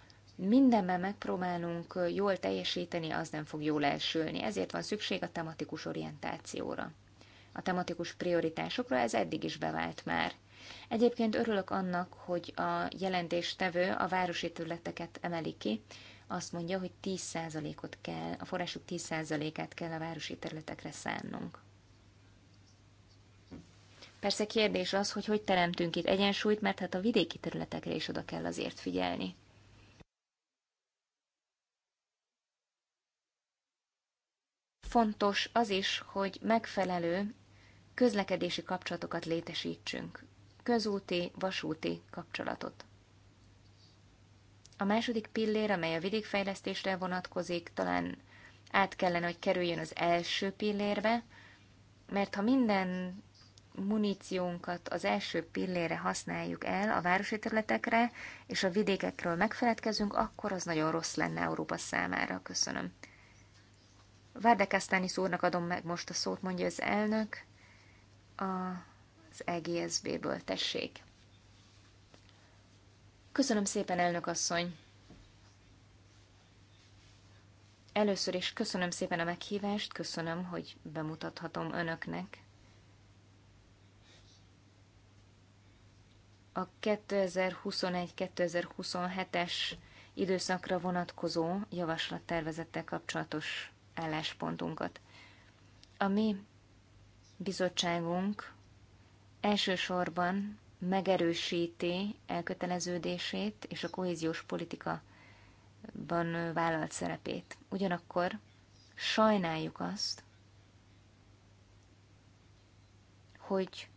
mindenben megpróbálunk jól teljesíteni, az nem fog jól elsülni. Ezért van szükség a tematikus orientációra. A tematikus prioritásokra ez eddig is bevált már. Egyébként örülök annak, hogy a jelentéstevő a városi területeket emeli ki, azt mondja, hogy 10%-ot kell, a forrásuk 10%-át kell a városi területekre szánnunk. Persze kérdés az, hogy hogy teremtünk itt egyensúlyt, mert hát a vidéki területekre is oda kell azért figyelni. Fontos az is, hogy megfelelő közlekedési kapcsolatokat létesítsünk, közúti, vasúti kapcsolatot. A második pillér, amely a vidékfejlesztésre vonatkozik, talán át kellene, hogy kerüljön az első pillérbe, mert ha minden muníciónkat az első pillére használjuk el a városi területekre, és a vidékekről megfeledkezünk, akkor az nagyon rossz lenne Európa számára. Köszönöm. Verdekesztáni szórnak adom meg most a szót, mondja az elnök, az EGSB-ből tessék. Köszönöm szépen, elnök asszony! Először is köszönöm szépen a meghívást, köszönöm, hogy bemutathatom önöknek a 2021-2027-es időszakra vonatkozó javaslattervezettel kapcsolatos álláspontunkat. A mi bizottságunk elsősorban megerősíti elköteleződését és a kohéziós politikaban vállalt szerepét. Ugyanakkor sajnáljuk azt, hogy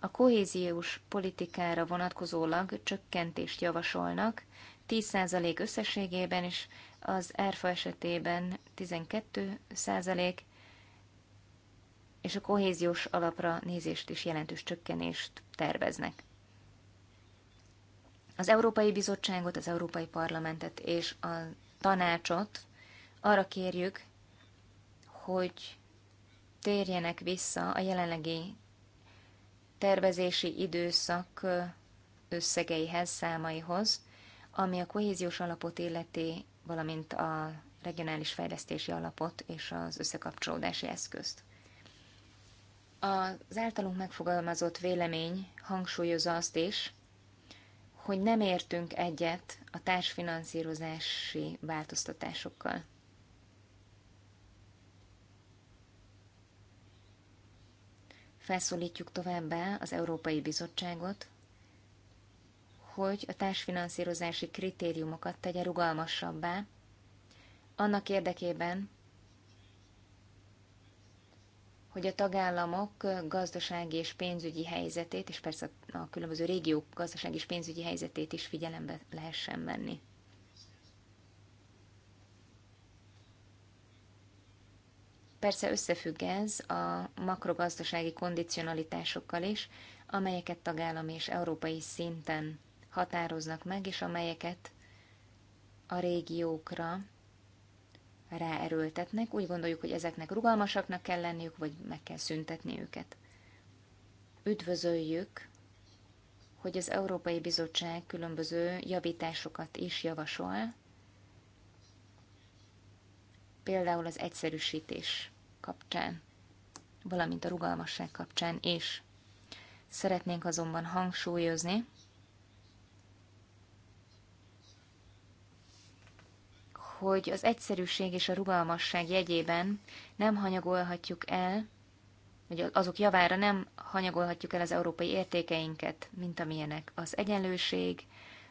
a kohéziós politikára vonatkozólag csökkentést javasolnak 10% összességében, és az ERFA esetében 12 százalék, és a kohéziós alapra nézést is jelentős csökkenést terveznek. Az Európai Bizottságot, az Európai Parlamentet és a tanácsot arra kérjük, hogy térjenek vissza a jelenlegi tervezési időszak összegeihez, számaihoz, ami a kohéziós alapot illeti valamint a regionális fejlesztési alapot és az összekapcsolódási eszközt. Az általunk megfogalmazott vélemény hangsúlyozza azt is, hogy nem értünk egyet a társfinanszírozási változtatásokkal. Felszólítjuk továbbá az Európai Bizottságot, hogy a társfinanszírozási kritériumokat tegye rugalmasabbá, annak érdekében, hogy a tagállamok gazdasági és pénzügyi helyzetét, és persze a különböző régiók gazdasági és pénzügyi helyzetét is figyelembe lehessen venni. Persze összefügg ez a makrogazdasági kondicionalitásokkal is, amelyeket tagállami és európai szinten határoznak meg, és amelyeket a régiókra ráerőltetnek. Úgy gondoljuk, hogy ezeknek rugalmasaknak kell lenniük, vagy meg kell szüntetni őket. Üdvözöljük, hogy az Európai Bizottság különböző javításokat is javasol, például az egyszerűsítés kapcsán, valamint a rugalmasság kapcsán is. Szeretnénk azonban hangsúlyozni, hogy az egyszerűség és a rugalmasság jegyében nem hanyagolhatjuk el, vagy azok javára nem hanyagolhatjuk el az európai értékeinket, mint amilyenek az egyenlőség,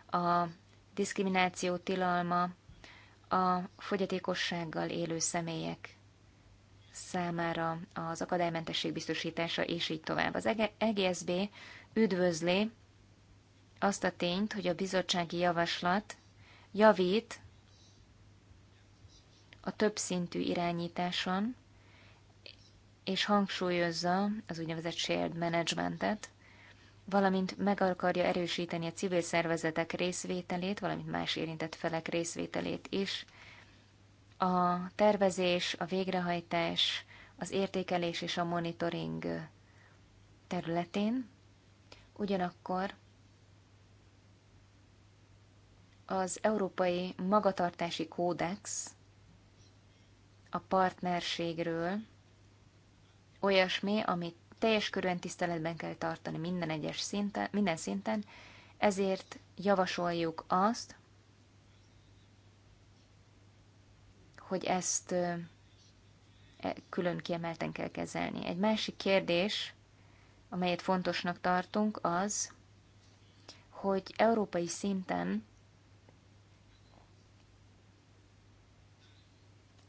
a diszkrimináció tilalma, a fogyatékossággal élő személyek számára az akadálymentesség biztosítása, és így tovább. Az EGSB e üdvözli azt a tényt, hogy a bizottsági javaslat javít a többszintű irányításon, és hangsúlyozza az úgynevezett shared managementet, valamint meg akarja erősíteni a civil szervezetek részvételét, valamint más érintett felek részvételét is. A tervezés, a végrehajtás, az értékelés és a monitoring területén, ugyanakkor az Európai Magatartási Kódex a partnerségről olyasmi, amit teljes körűen tiszteletben kell tartani minden egyes szinten, minden szinten, ezért javasoljuk azt, hogy ezt e, külön kiemelten kell kezelni. Egy másik kérdés, amelyet fontosnak tartunk, az, hogy európai szinten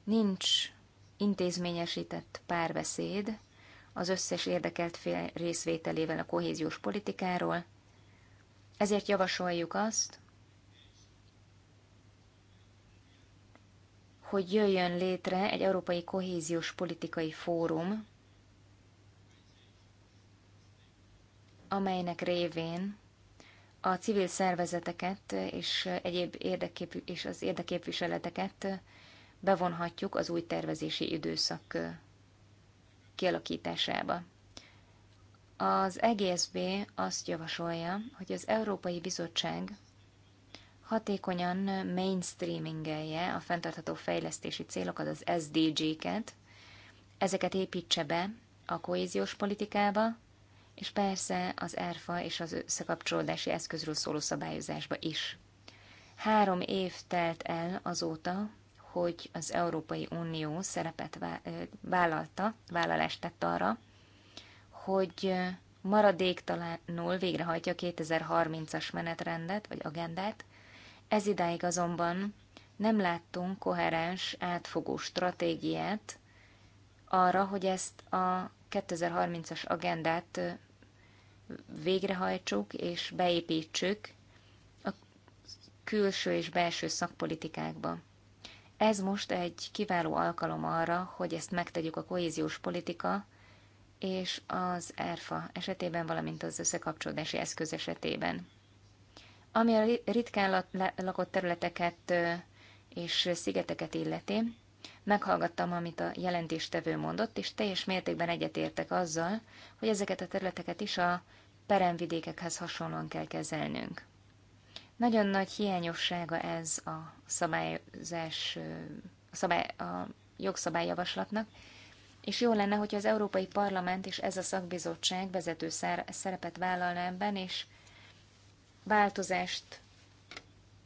Nincs intézményesített párbeszéd az összes érdekelt fél részvételével a kohéziós politikáról, ezért javasoljuk azt, hogy jöjjön létre egy európai kohéziós politikai fórum, amelynek révén a civil szervezeteket és egyéb érdekép és az érdeképviseleteket bevonhatjuk az új tervezési időszak kialakításába. Az EGSB azt javasolja, hogy az Európai Bizottság hatékonyan mainstreamingelje a fenntartható fejlesztési célokat, az SDG-ket, ezeket építse be a kohéziós politikába, és persze az ERFA és az összekapcsolódási eszközről szóló szabályozásba is. Három év telt el azóta, hogy az Európai Unió szerepet vállalta, vállalást tett arra, hogy maradéktalanul végrehajtja a 2030-as menetrendet vagy agendát. Ez idáig azonban nem láttunk koherens, átfogó stratégiát arra, hogy ezt a 2030-as agendát végrehajtsuk és beépítsük a külső és belső szakpolitikákba. Ez most egy kiváló alkalom arra, hogy ezt megtegyük a kohéziós politika és az ERFA esetében, valamint az összekapcsolódási eszköz esetében. Ami a ritkán lakott területeket és szigeteket illeti, meghallgattam, amit a jelentéstevő mondott, és teljes mértékben egyetértek azzal, hogy ezeket a területeket is a peremvidékekhez hasonlóan kell kezelnünk. Nagyon nagy hiányossága ez a szabályozás, a, szabály, a jogszabályjavaslatnak, és jó lenne, hogy az Európai Parlament és ez a szakbizottság vezető szerepet vállalna ebben, és változást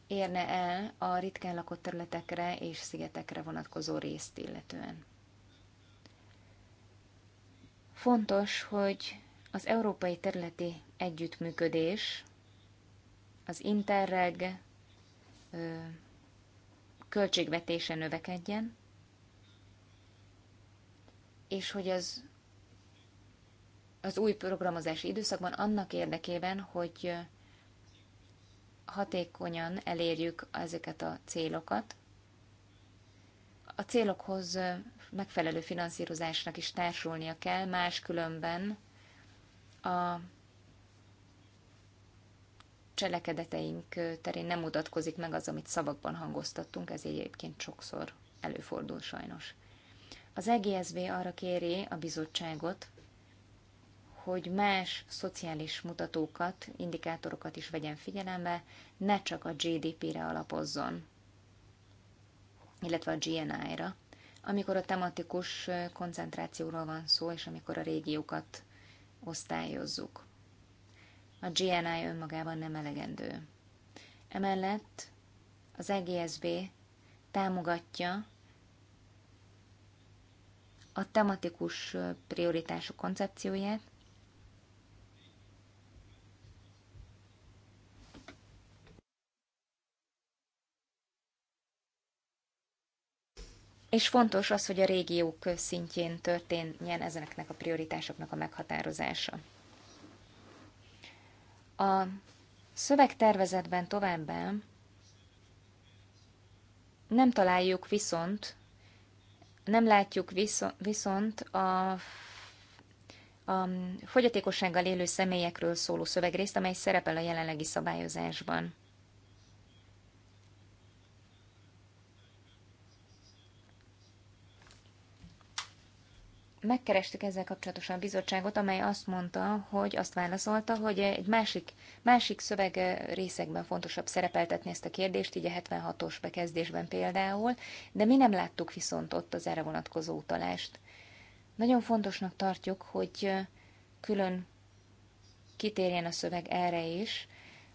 érne el a ritkán lakott területekre és szigetekre vonatkozó részt illetően. Fontos, hogy az európai területi együttműködés az Interreg költségvetése növekedjen, és hogy az, az új programozási időszakban annak érdekében, hogy hatékonyan elérjük ezeket a célokat, a célokhoz megfelelő finanszírozásnak is társulnia kell, máskülönben a cselekedeteink terén nem mutatkozik meg az, amit szavakban hangoztattunk, ez egyébként sokszor előfordul sajnos. Az EGSB arra kéri a bizottságot, hogy más szociális mutatókat, indikátorokat is vegyen figyelembe, ne csak a GDP-re alapozzon, illetve a GNI-ra, amikor a tematikus koncentrációról van szó, és amikor a régiókat osztályozzuk a GNI önmagában nem elegendő. Emellett az EGSB támogatja a tematikus prioritások koncepcióját, És fontos az, hogy a régiók szintjén történjen ezeknek a prioritásoknak a meghatározása. A szövegtervezetben továbbá nem találjuk viszont, nem látjuk viszont a, a fogyatékossággal élő személyekről szóló szövegrészt, amely szerepel a jelenlegi szabályozásban. megkerestük ezzel kapcsolatosan a bizottságot, amely azt mondta, hogy azt válaszolta, hogy egy másik, másik szöveg részekben fontosabb szerepeltetni ezt a kérdést, így a 76-os bekezdésben például, de mi nem láttuk viszont ott az erre vonatkozó utalást. Nagyon fontosnak tartjuk, hogy külön kitérjen a szöveg erre is,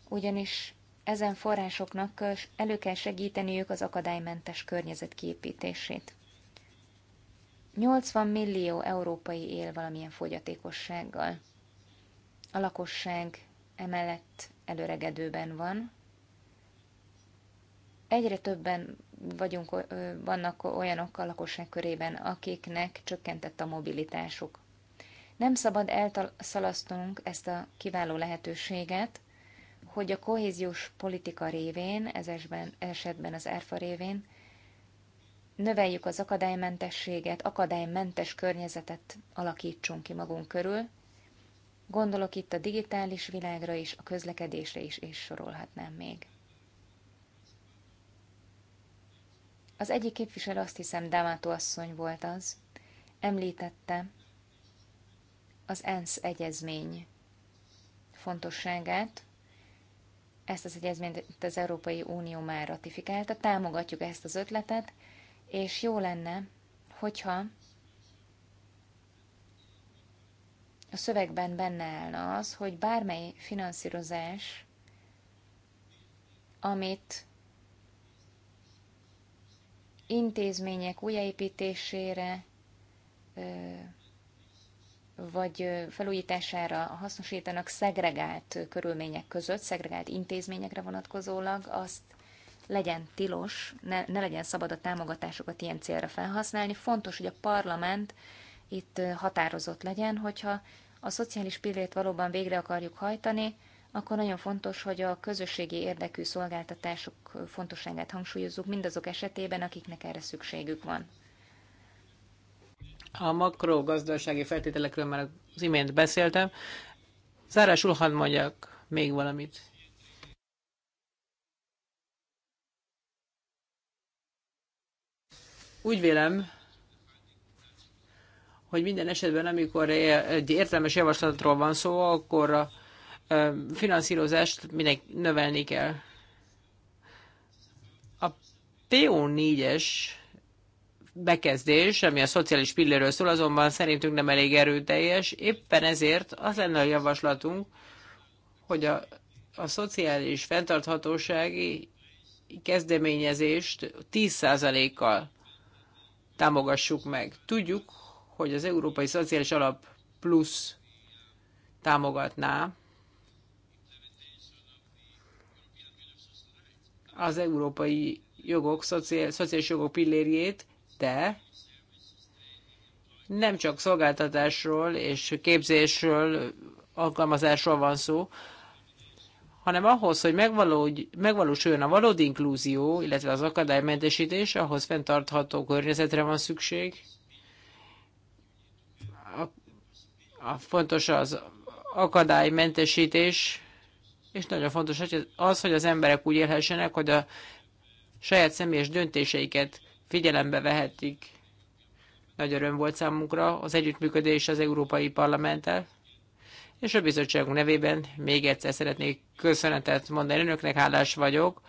ugyanis ezen forrásoknak elő kell segíteniük az akadálymentes környezet kiépítését. 80 millió európai él valamilyen fogyatékossággal. A lakosság emellett előregedőben van. Egyre többen vagyunk, vannak olyanok a lakosság körében, akiknek csökkentett a mobilitásuk. Nem szabad elszalasztanunk ezt a kiváló lehetőséget, hogy a kohéziós politika révén, ez esetben az ERFA révén növeljük az akadálymentességet, akadálymentes környezetet alakítsunk ki magunk körül. Gondolok itt a digitális világra is, a közlekedésre is, és sorolhatnám még. Az egyik képviselő azt hiszem Damato asszony volt az, említette az ENSZ egyezmény fontosságát. Ezt az egyezményt az Európai Unió már ratifikálta, támogatjuk ezt az ötletet, és jó lenne, hogyha a szövegben benne állna az, hogy bármely finanszírozás, amit intézmények újjáépítésére, vagy felújítására hasznosítanak szegregált körülmények között, szegregált intézményekre vonatkozólag, azt legyen tilos, ne, ne legyen szabad a támogatásokat ilyen célra felhasználni. Fontos, hogy a parlament itt határozott legyen, hogyha a szociális pillét valóban végre akarjuk hajtani, akkor nagyon fontos, hogy a közösségi érdekű szolgáltatások fontosságát hangsúlyozzuk mindazok esetében, akiknek erre szükségük van. A makrogazdasági feltételekről már az imént beszéltem. Zárásul hadd mondjak még valamit. Úgy vélem, hogy minden esetben, amikor egy értelmes javaslatról van szó, akkor a finanszírozást minek növelni kell. A PO4-es bekezdés, ami a szociális pilléről szól, azonban szerintünk nem elég erőteljes. Éppen ezért az lenne a javaslatunk, hogy a, a szociális fenntarthatósági kezdeményezést 10%-kal támogassuk meg. Tudjuk, hogy az Európai Szociális Alap Plusz támogatná az európai jogok, szociális jogok pillérjét, de nem csak szolgáltatásról és képzésről, alkalmazásról van szó, hanem ahhoz, hogy megvalósuljon a valódi inklúzió, illetve az akadálymentesítés, ahhoz fenntartható környezetre van szükség. A, a fontos az akadálymentesítés, és nagyon fontos hogy az, hogy az emberek úgy élhessenek, hogy a saját személyes döntéseiket figyelembe vehetik. Nagy öröm volt számunkra az együttműködés az Európai Parlamenttel és a bizottságunk nevében még egyszer szeretnék köszönetet mondani önöknek, hálás vagyok,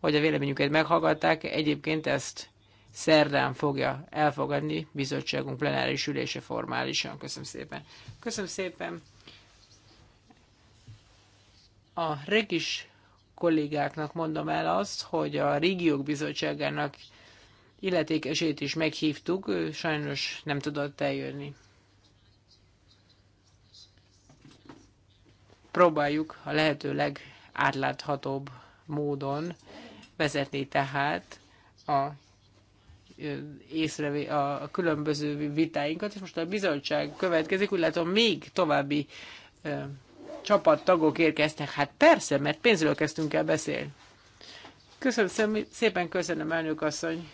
hogy a véleményüket meghallgatták, egyébként ezt szerdán fogja elfogadni bizottságunk plenáris ülése formálisan. Köszönöm szépen. Köszönöm szépen. A regis kollégáknak mondom el azt, hogy a régiók bizottságának illetékesét is meghívtuk, sajnos nem tudott eljönni. próbáljuk a lehető legátláthatóbb módon vezetni tehát a észrevé a különböző vitáinkat, és most a bizottság következik, úgy látom még további ö, csapattagok érkeztek. Hát persze, mert pénzről kezdtünk el beszélni. Köszönöm szépen, köszönöm elnök asszony,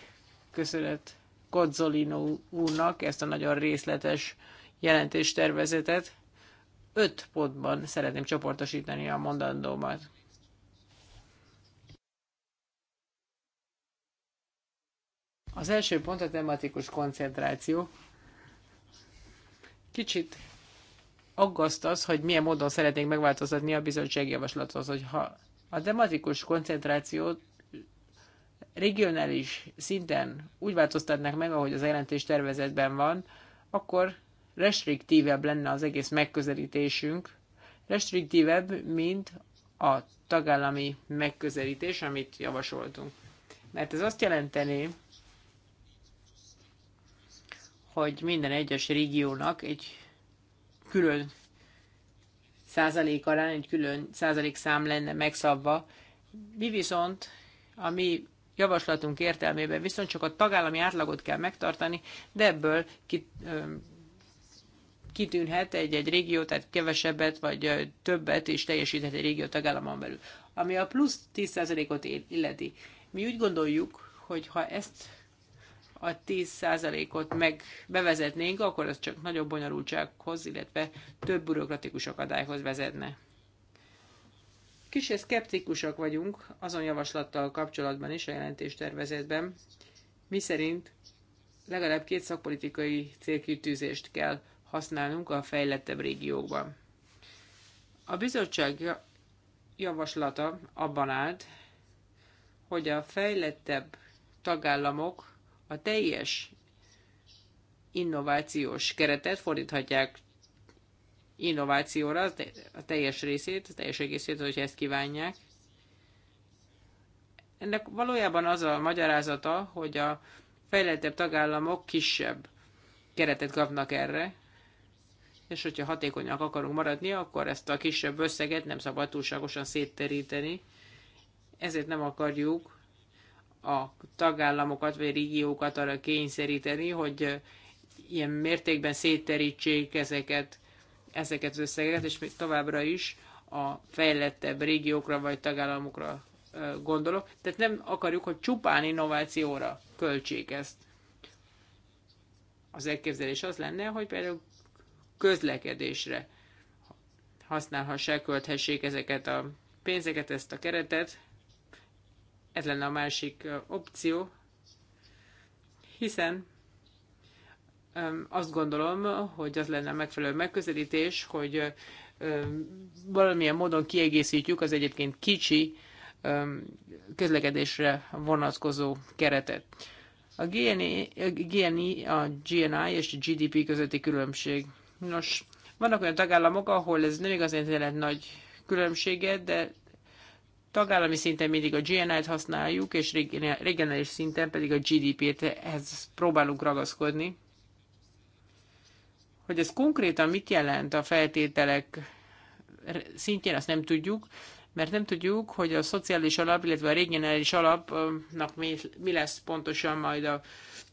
köszönet Gozzolino úrnak ezt a nagyon részletes jelentéstervezetet öt pontban szeretném csoportosítani a mondandómat. Az első pont a tematikus koncentráció. Kicsit aggaszt az, hogy milyen módon szeretnénk megváltoztatni a bizottsági javaslatot, hogy ha a tematikus koncentrációt regionális szinten úgy változtatnak meg, ahogy az jelentés tervezetben van, akkor restriktívebb lenne az egész megközelítésünk, restriktívebb, mint a tagállami megközelítés, amit javasoltunk. Mert ez azt jelenteni, hogy minden egyes régiónak egy külön százalék arány, egy külön százalék szám lenne megszabva. Mi viszont a mi javaslatunk értelmében viszont csak a tagállami átlagot kell megtartani, de ebből ki, ö, kitűnhet egy-egy régió, tehát kevesebbet vagy többet is teljesíthet egy régió tagállamon belül. Ami a plusz 10%-ot illeti. Mi úgy gondoljuk, hogy ha ezt a 10%-ot meg bevezetnénk, akkor az csak nagyobb bonyolultsághoz, illetve több bürokratikus akadályhoz vezetne. Kicsit szkeptikusak vagyunk azon javaslattal kapcsolatban is a jelentéstervezetben, miszerint legalább két szakpolitikai célkitűzést kell használnunk a fejlettebb régiókban. A bizottság javaslata abban állt, hogy a fejlettebb tagállamok a teljes innovációs keretet fordíthatják innovációra, a teljes részét, a teljes egészét, hogyha ezt kívánják. Ennek valójában az a magyarázata, hogy a fejlettebb tagállamok kisebb keretet kapnak erre, és hogyha hatékonyak akarunk maradni, akkor ezt a kisebb összeget nem szabad túlságosan szétteríteni. Ezért nem akarjuk a tagállamokat vagy régiókat arra kényszeríteni, hogy ilyen mértékben szétterítsék ezeket, ezeket az összegeket, és még továbbra is a fejlettebb régiókra vagy tagállamokra gondolok. Tehát nem akarjuk, hogy csupán innovációra költsék ezt. Az elképzelés az lenne, hogy például közlekedésre használhassák, költhessék ezeket a pénzeket, ezt a keretet. Ez lenne a másik opció, hiszen azt gondolom, hogy az lenne a megfelelő megközelítés, hogy valamilyen módon kiegészítjük az egyébként kicsi közlekedésre vonatkozó keretet. A GNI, a GNI, a GNI és a GDP közötti különbség Nos, vannak olyan tagállamok, ahol ez nem igazán jelent nagy különbséget, de tagállami szinten mindig a GNI-t használjuk, és regionális szinten pedig a GDP-t, ehhez próbálunk ragaszkodni. Hogy ez konkrétan mit jelent a feltételek szintjén, azt nem tudjuk, mert nem tudjuk, hogy a szociális alap, illetve a regionális alapnak mi, lesz pontosan majd a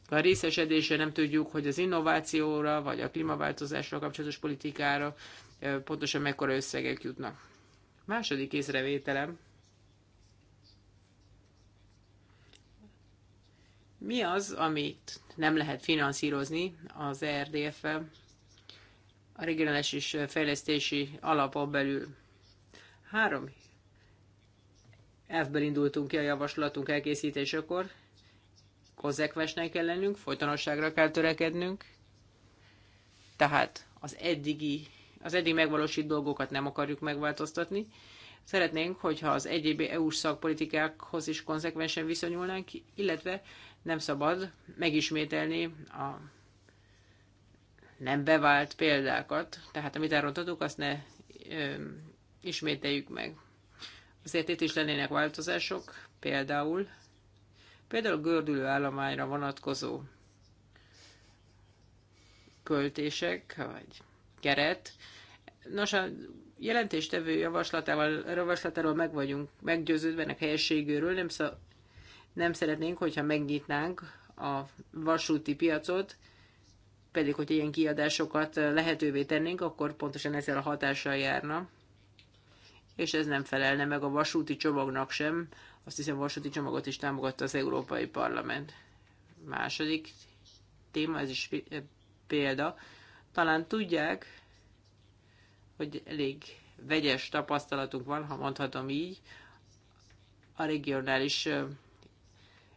a részesedése nem tudjuk, hogy az innovációra vagy a klímaváltozásra kapcsolatos politikára pontosan mekkora összegek jutnak. Második észrevételem. Mi az, amit nem lehet finanszírozni az erdf a regionális és fejlesztési alapon belül? Három elfben indultunk ki a javaslatunk elkészítésekor, konzekvensnek kell lennünk, folytonosságra kell törekednünk. Tehát az eddigi, az eddig megvalósít dolgokat nem akarjuk megváltoztatni. Szeretnénk, hogyha az egyéb EU-s szakpolitikákhoz is konzekvensen viszonyulnánk, illetve nem szabad megismételni a nem bevált példákat, tehát amit elrontottuk, azt ne ö, ismételjük meg. Azért itt is lennének változások, például Például a gördülő állományra vonatkozó költések, vagy keret. Nos, a jelentéstevő javaslatával, javaslatáról meg vagyunk meggyőződve, ennek helyességéről. Nem, szab, nem szeretnénk, hogyha megnyitnánk a vasúti piacot, pedig, hogy ilyen kiadásokat lehetővé tennénk, akkor pontosan ezzel a hatással járna és ez nem felelne meg a vasúti csomagnak sem. Azt hiszem, a vasúti csomagot is támogatta az Európai Parlament. Második téma, ez is eh, példa. Talán tudják, hogy elég vegyes tapasztalatunk van, ha mondhatom így, a regionális eh,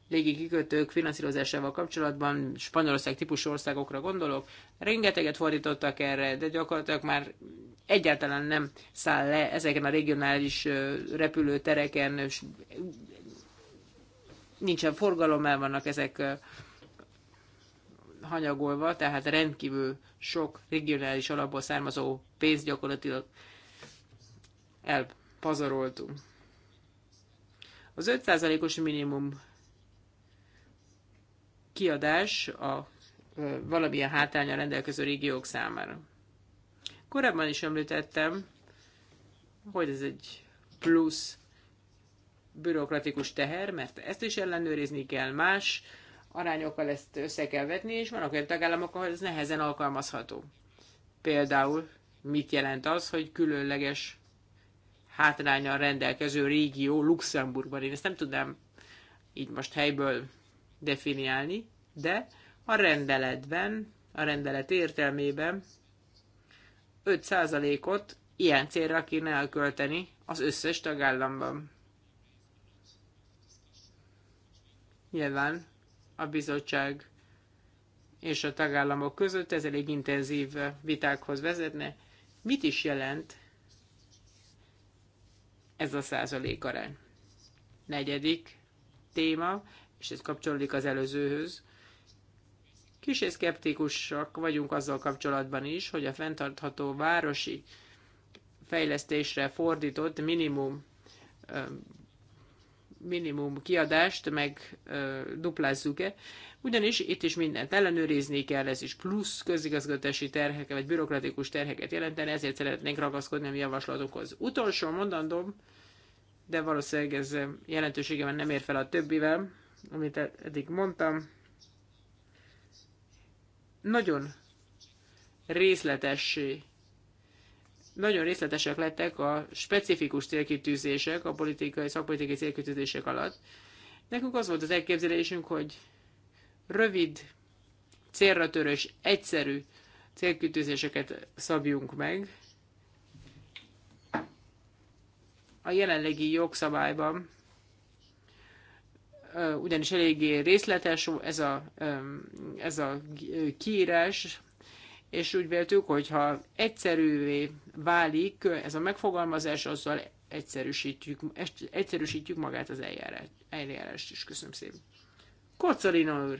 légi kikötők finanszírozásával kapcsolatban, Spanyolország típusú országokra gondolok, rengeteget fordítottak erre, de gyakorlatilag már egyáltalán nem száll le ezeken a regionális repülőtereken, nincsen forgalom, el vannak ezek hanyagolva, tehát rendkívül sok regionális alapból származó pénzt gyakorlatilag elpazaroltunk. Az 5%-os minimum kiadás a valamilyen hátánya rendelkező régiók számára. Korábban is említettem, hogy ez egy plusz bürokratikus teher, mert ezt is ellenőrizni kell más, arányokkal ezt össze kell vetni, és vannak olyan tagállamok, ahol ez nehezen alkalmazható. Például mit jelent az, hogy különleges hátrányal rendelkező régió Luxemburgban. Én ezt nem tudnám így most helyből definiálni, de a rendeletben, a rendelet értelmében 5%-ot ilyen célra kéne elkölteni az összes tagállamban. Nyilván a bizottság és a tagállamok között ez elég intenzív vitákhoz vezetne. Mit is jelent ez a százalék arány? Negyedik téma, és ez kapcsolódik az előzőhöz, és szkeptikusak vagyunk azzal kapcsolatban is, hogy a fenntartható városi fejlesztésre fordított minimum minimum kiadást meg duplázzuk-e, ugyanis itt is mindent ellenőrizni kell, ez is plusz közigazgatási terheket vagy bürokratikus terheket jelenteni, ezért szeretnénk ragaszkodni a javaslatokhoz. Utolsó mondandom, de valószínűleg ez jelentőségeben nem ér fel a többivel, amit eddig mondtam, nagyon részletessé nagyon részletesek lettek a specifikus célkitűzések, a politikai, szakpolitikai célkitűzések alatt. Nekünk az volt az elképzelésünk, hogy rövid, célra törös, egyszerű célkitűzéseket szabjunk meg. A jelenlegi jogszabályban ugyanis eléggé részletes ez a, ez a kiírás, és úgy véltük, hogyha egyszerűvé válik ez a megfogalmazás, azzal egyszerűsítjük, egyszerűsítjük magát az eljárást, eljárást is. Köszönöm szépen. Kocsalina úr!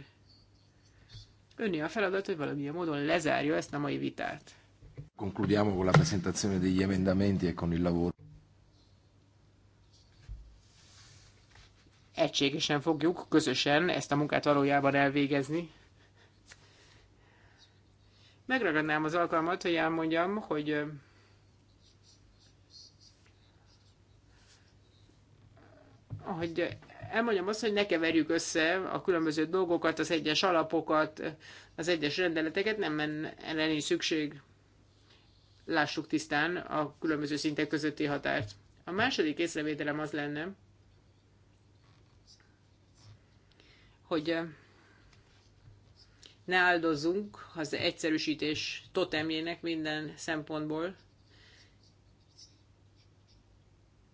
Önni a feladat, hogy valamilyen módon lezárja ezt a mai vitát. Concludiamo con la presentazione degli emendamenti e con il lavoro. egységesen fogjuk közösen ezt a munkát valójában elvégezni. Megragadnám az alkalmat, hogy elmondjam, hogy hogy elmondjam azt, hogy ne keverjük össze a különböző dolgokat, az egyes alapokat, az egyes rendeleteket, nem erre nincs szükség. Lássuk tisztán a különböző szintek közötti határt. A második észrevételem az lenne, hogy eh, ne áldozzunk az egyszerűsítés totemjének minden szempontból.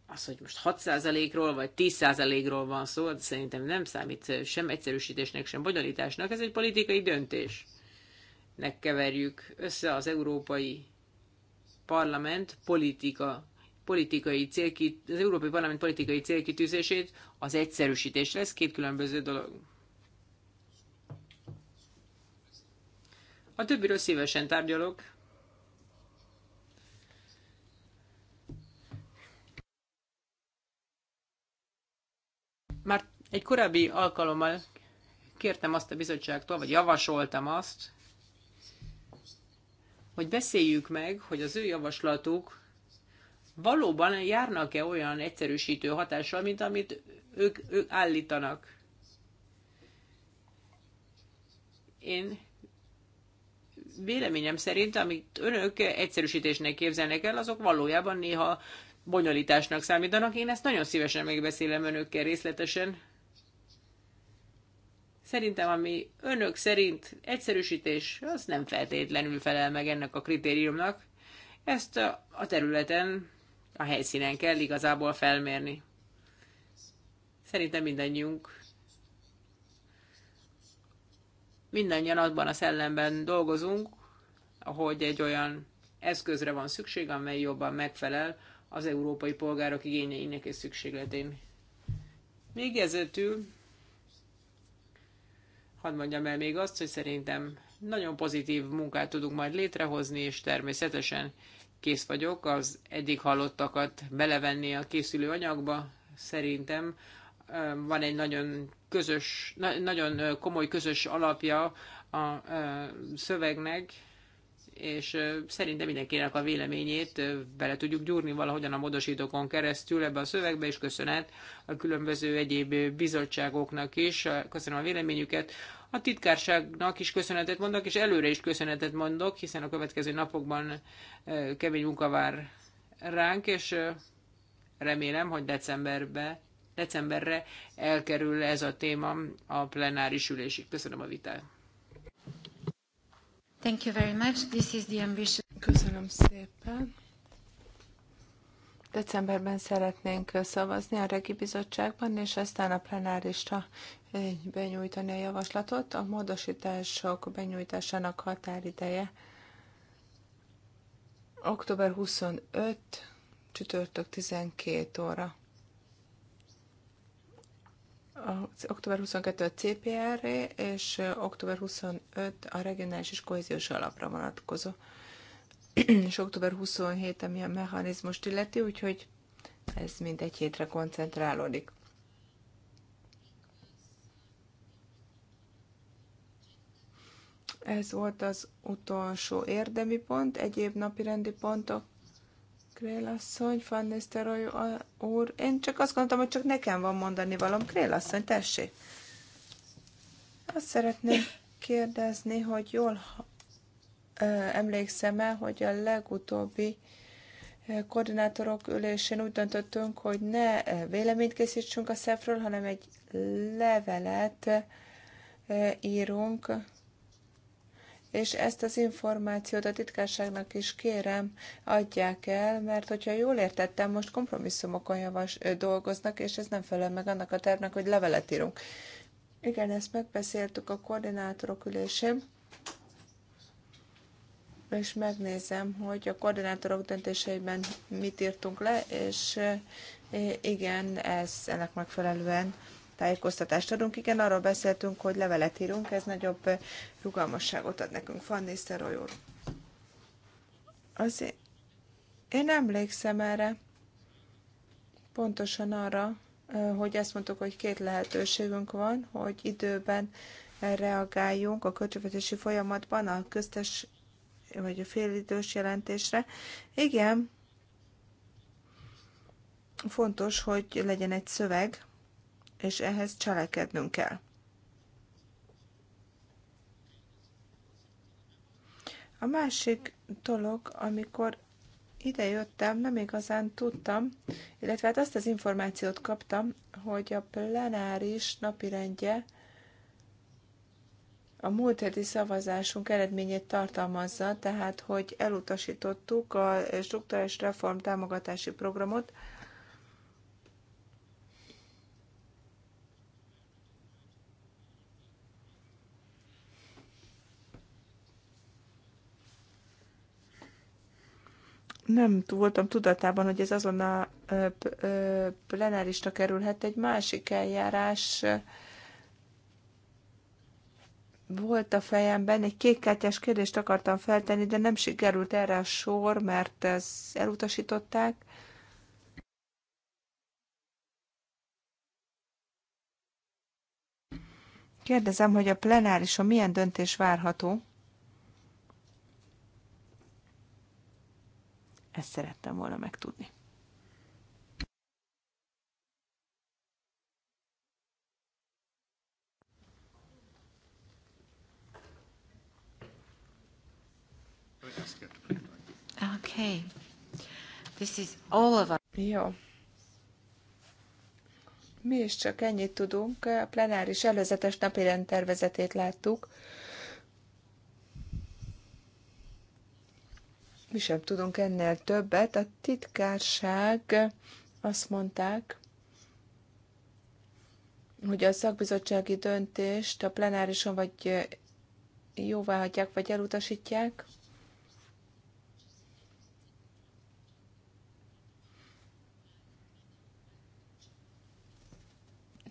Az, hogy most 6%-ról vagy 10%-ról van szó, az szerintem nem számít sem egyszerűsítésnek, sem bonyolításnak. Ez egy politikai döntés. Ne keverjük össze az európai parlament politika, politikai célkit, az Európai Parlament politikai célkitűzését az egyszerűsítésre. Ez két különböző dolog. A többiről szívesen tárgyalok. Már egy korábbi alkalommal kértem azt a bizottságtól, vagy javasoltam azt, hogy beszéljük meg, hogy az ő javaslatuk valóban járnak-e olyan egyszerűsítő hatással, mint amit ők, ők állítanak. Én véleményem szerint, amit önök egyszerűsítésnek képzelnek el, azok valójában néha bonyolításnak számítanak. Én ezt nagyon szívesen megbeszélem önökkel részletesen. Szerintem, ami önök szerint egyszerűsítés, az nem feltétlenül felel meg ennek a kritériumnak. Ezt a területen, a helyszínen kell igazából felmérni. Szerintem mindannyiunk mindannyian abban a szellemben dolgozunk, hogy egy olyan eszközre van szükség, amely jobban megfelel az európai polgárok igényeinek és szükségletén. Végezetül hadd mondjam el még azt, hogy szerintem nagyon pozitív munkát tudunk majd létrehozni, és természetesen kész vagyok az eddig hallottakat belevenni a készülő anyagba. Szerintem van egy nagyon közös, nagyon komoly közös alapja a szövegnek, és szerintem mindenkinek a véleményét bele tudjuk gyúrni valahogyan a módosítókon keresztül ebbe a szövegbe, és köszönet a különböző egyéb bizottságoknak is, köszönöm a véleményüket. A titkárságnak is köszönetet mondok, és előre is köszönetet mondok, hiszen a következő napokban kemény munka vár ránk, és remélem, hogy decemberben decemberre elkerül ez a téma a plenáris ülésig. Köszönöm a vitát. Thank you very much. This is the ambition. Köszönöm szépen. Decemberben szeretnénk szavazni a Regi Bizottságban, és aztán a plenárisra eh, benyújtani a javaslatot. A módosítások benyújtásának határideje október 25, csütörtök 12 óra az október 22 a CPR és október 25 a regionális és kohéziós alapra vonatkozó, és október 27, ami a mechanizmust illeti, úgyhogy ez mind egy hétre koncentrálódik. Ez volt az utolsó érdemi pont, egyéb napi rendi pontok Krélasszony, asszony, Van Nistelrooy úr, én csak azt gondoltam, hogy csak nekem van mondani valam. Krélasszony, tessék! Azt szeretném kérdezni, hogy jól emlékszem-e, hogy a legutóbbi koordinátorok ülésén úgy döntöttünk, hogy ne véleményt készítsünk a szefről, hanem egy levelet írunk és ezt az információt a titkárságnak is kérem, adják el, mert hogyha jól értettem, most kompromisszumokon javas, dolgoznak, és ez nem felel meg annak a tervnek, hogy levelet írunk. Igen, ezt megbeszéltük a koordinátorok ülésén, és megnézem, hogy a koordinátorok döntéseiben mit írtunk le, és igen, ez ennek megfelelően tájékoztatást adunk. Igen, arról beszéltünk, hogy levelet írunk, ez nagyobb eh, rugalmasságot ad nekünk. Fanny Nisztelrooy úr. Azért én emlékszem erre, pontosan arra, eh, hogy ezt mondtuk, hogy két lehetőségünk van, hogy időben reagáljunk a költségvetési folyamatban a köztes vagy a félidős jelentésre. Igen, fontos, hogy legyen egy szöveg, és ehhez cselekednünk kell. A másik dolog, amikor ide jöttem, nem igazán tudtam, illetve hát azt az információt kaptam, hogy a plenáris napirendje a múlt heti szavazásunk eredményét tartalmazza, tehát hogy elutasítottuk a struktúrális reform támogatási programot, nem voltam tudatában, hogy ez azon a plenárista kerülhet egy másik eljárás volt a fejemben, egy kékkártyás kérdést akartam feltenni, de nem sikerült erre a sor, mert ezt elutasították. Kérdezem, hogy a plenárison milyen döntés várható? Ezt szerettem volna megtudni. Okay. This is all of us. Jó. Mi is csak ennyit tudunk. A plenáris előzetes napirend tervezetét láttuk. Mi sem tudunk ennél többet. A titkárság azt mondták, hogy a szakbizottsági döntést a plenárison vagy jóváhagyják, vagy elutasítják.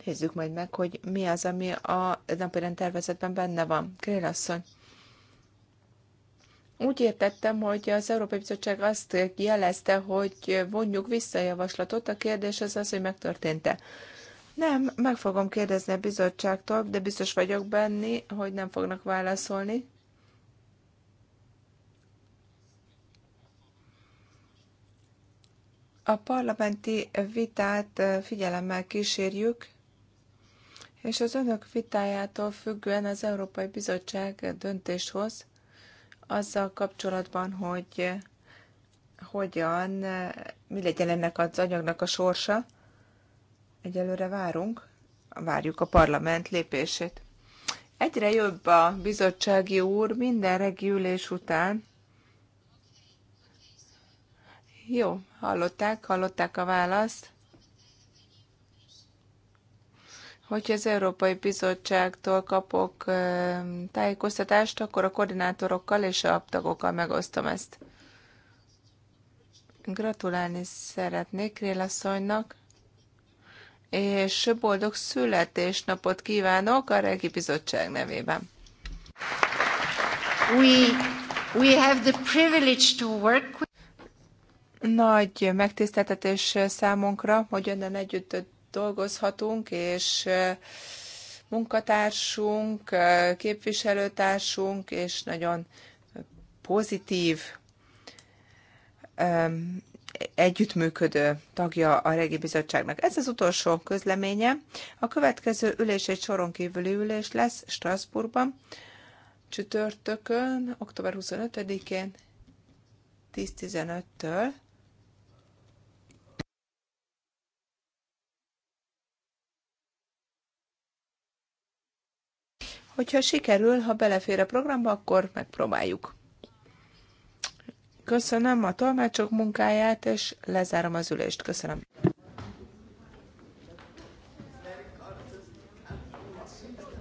Nézzük majd meg, hogy mi az, ami a napirend tervezetben benne van. Krél asszony. Úgy értettem, hogy az Európai Bizottság azt jelezte, hogy vonjuk vissza a javaslatot. A kérdés az az, hogy megtörtént-e. Nem, meg fogom kérdezni a bizottságtól, de biztos vagyok benni, hogy nem fognak válaszolni. A parlamenti vitát figyelemmel kísérjük, és az önök vitájától függően az Európai Bizottság döntéshoz. hoz azzal kapcsolatban, hogy hogyan, mi legyen ennek az anyagnak a sorsa. Egyelőre várunk, várjuk a parlament lépését. Egyre jobb a bizottsági úr minden reggülés után. Jó, hallották, hallották a választ. Hogyha az Európai Bizottságtól kapok tájékoztatást, akkor a koordinátorokkal és a tagokkal megosztom ezt. Gratulálni szeretnék Rélasszonynak, és boldog születésnapot kívánok a Regi Bizottság nevében. We, we have the privilege to work with... Nagy megtiszteltetés számunkra, hogy önnel együtt dolgozhatunk, és munkatársunk, képviselőtársunk, és nagyon pozitív, együttműködő tagja a Regi Bizottságnak. Ez az utolsó közleménye. A következő ülés egy soron kívüli ülés lesz Strasbourgban, csütörtökön, október 25-én 10-15-től Hogyha sikerül, ha belefér a programba, akkor megpróbáljuk. Köszönöm a tolmácsok munkáját, és lezárom az ülést. Köszönöm.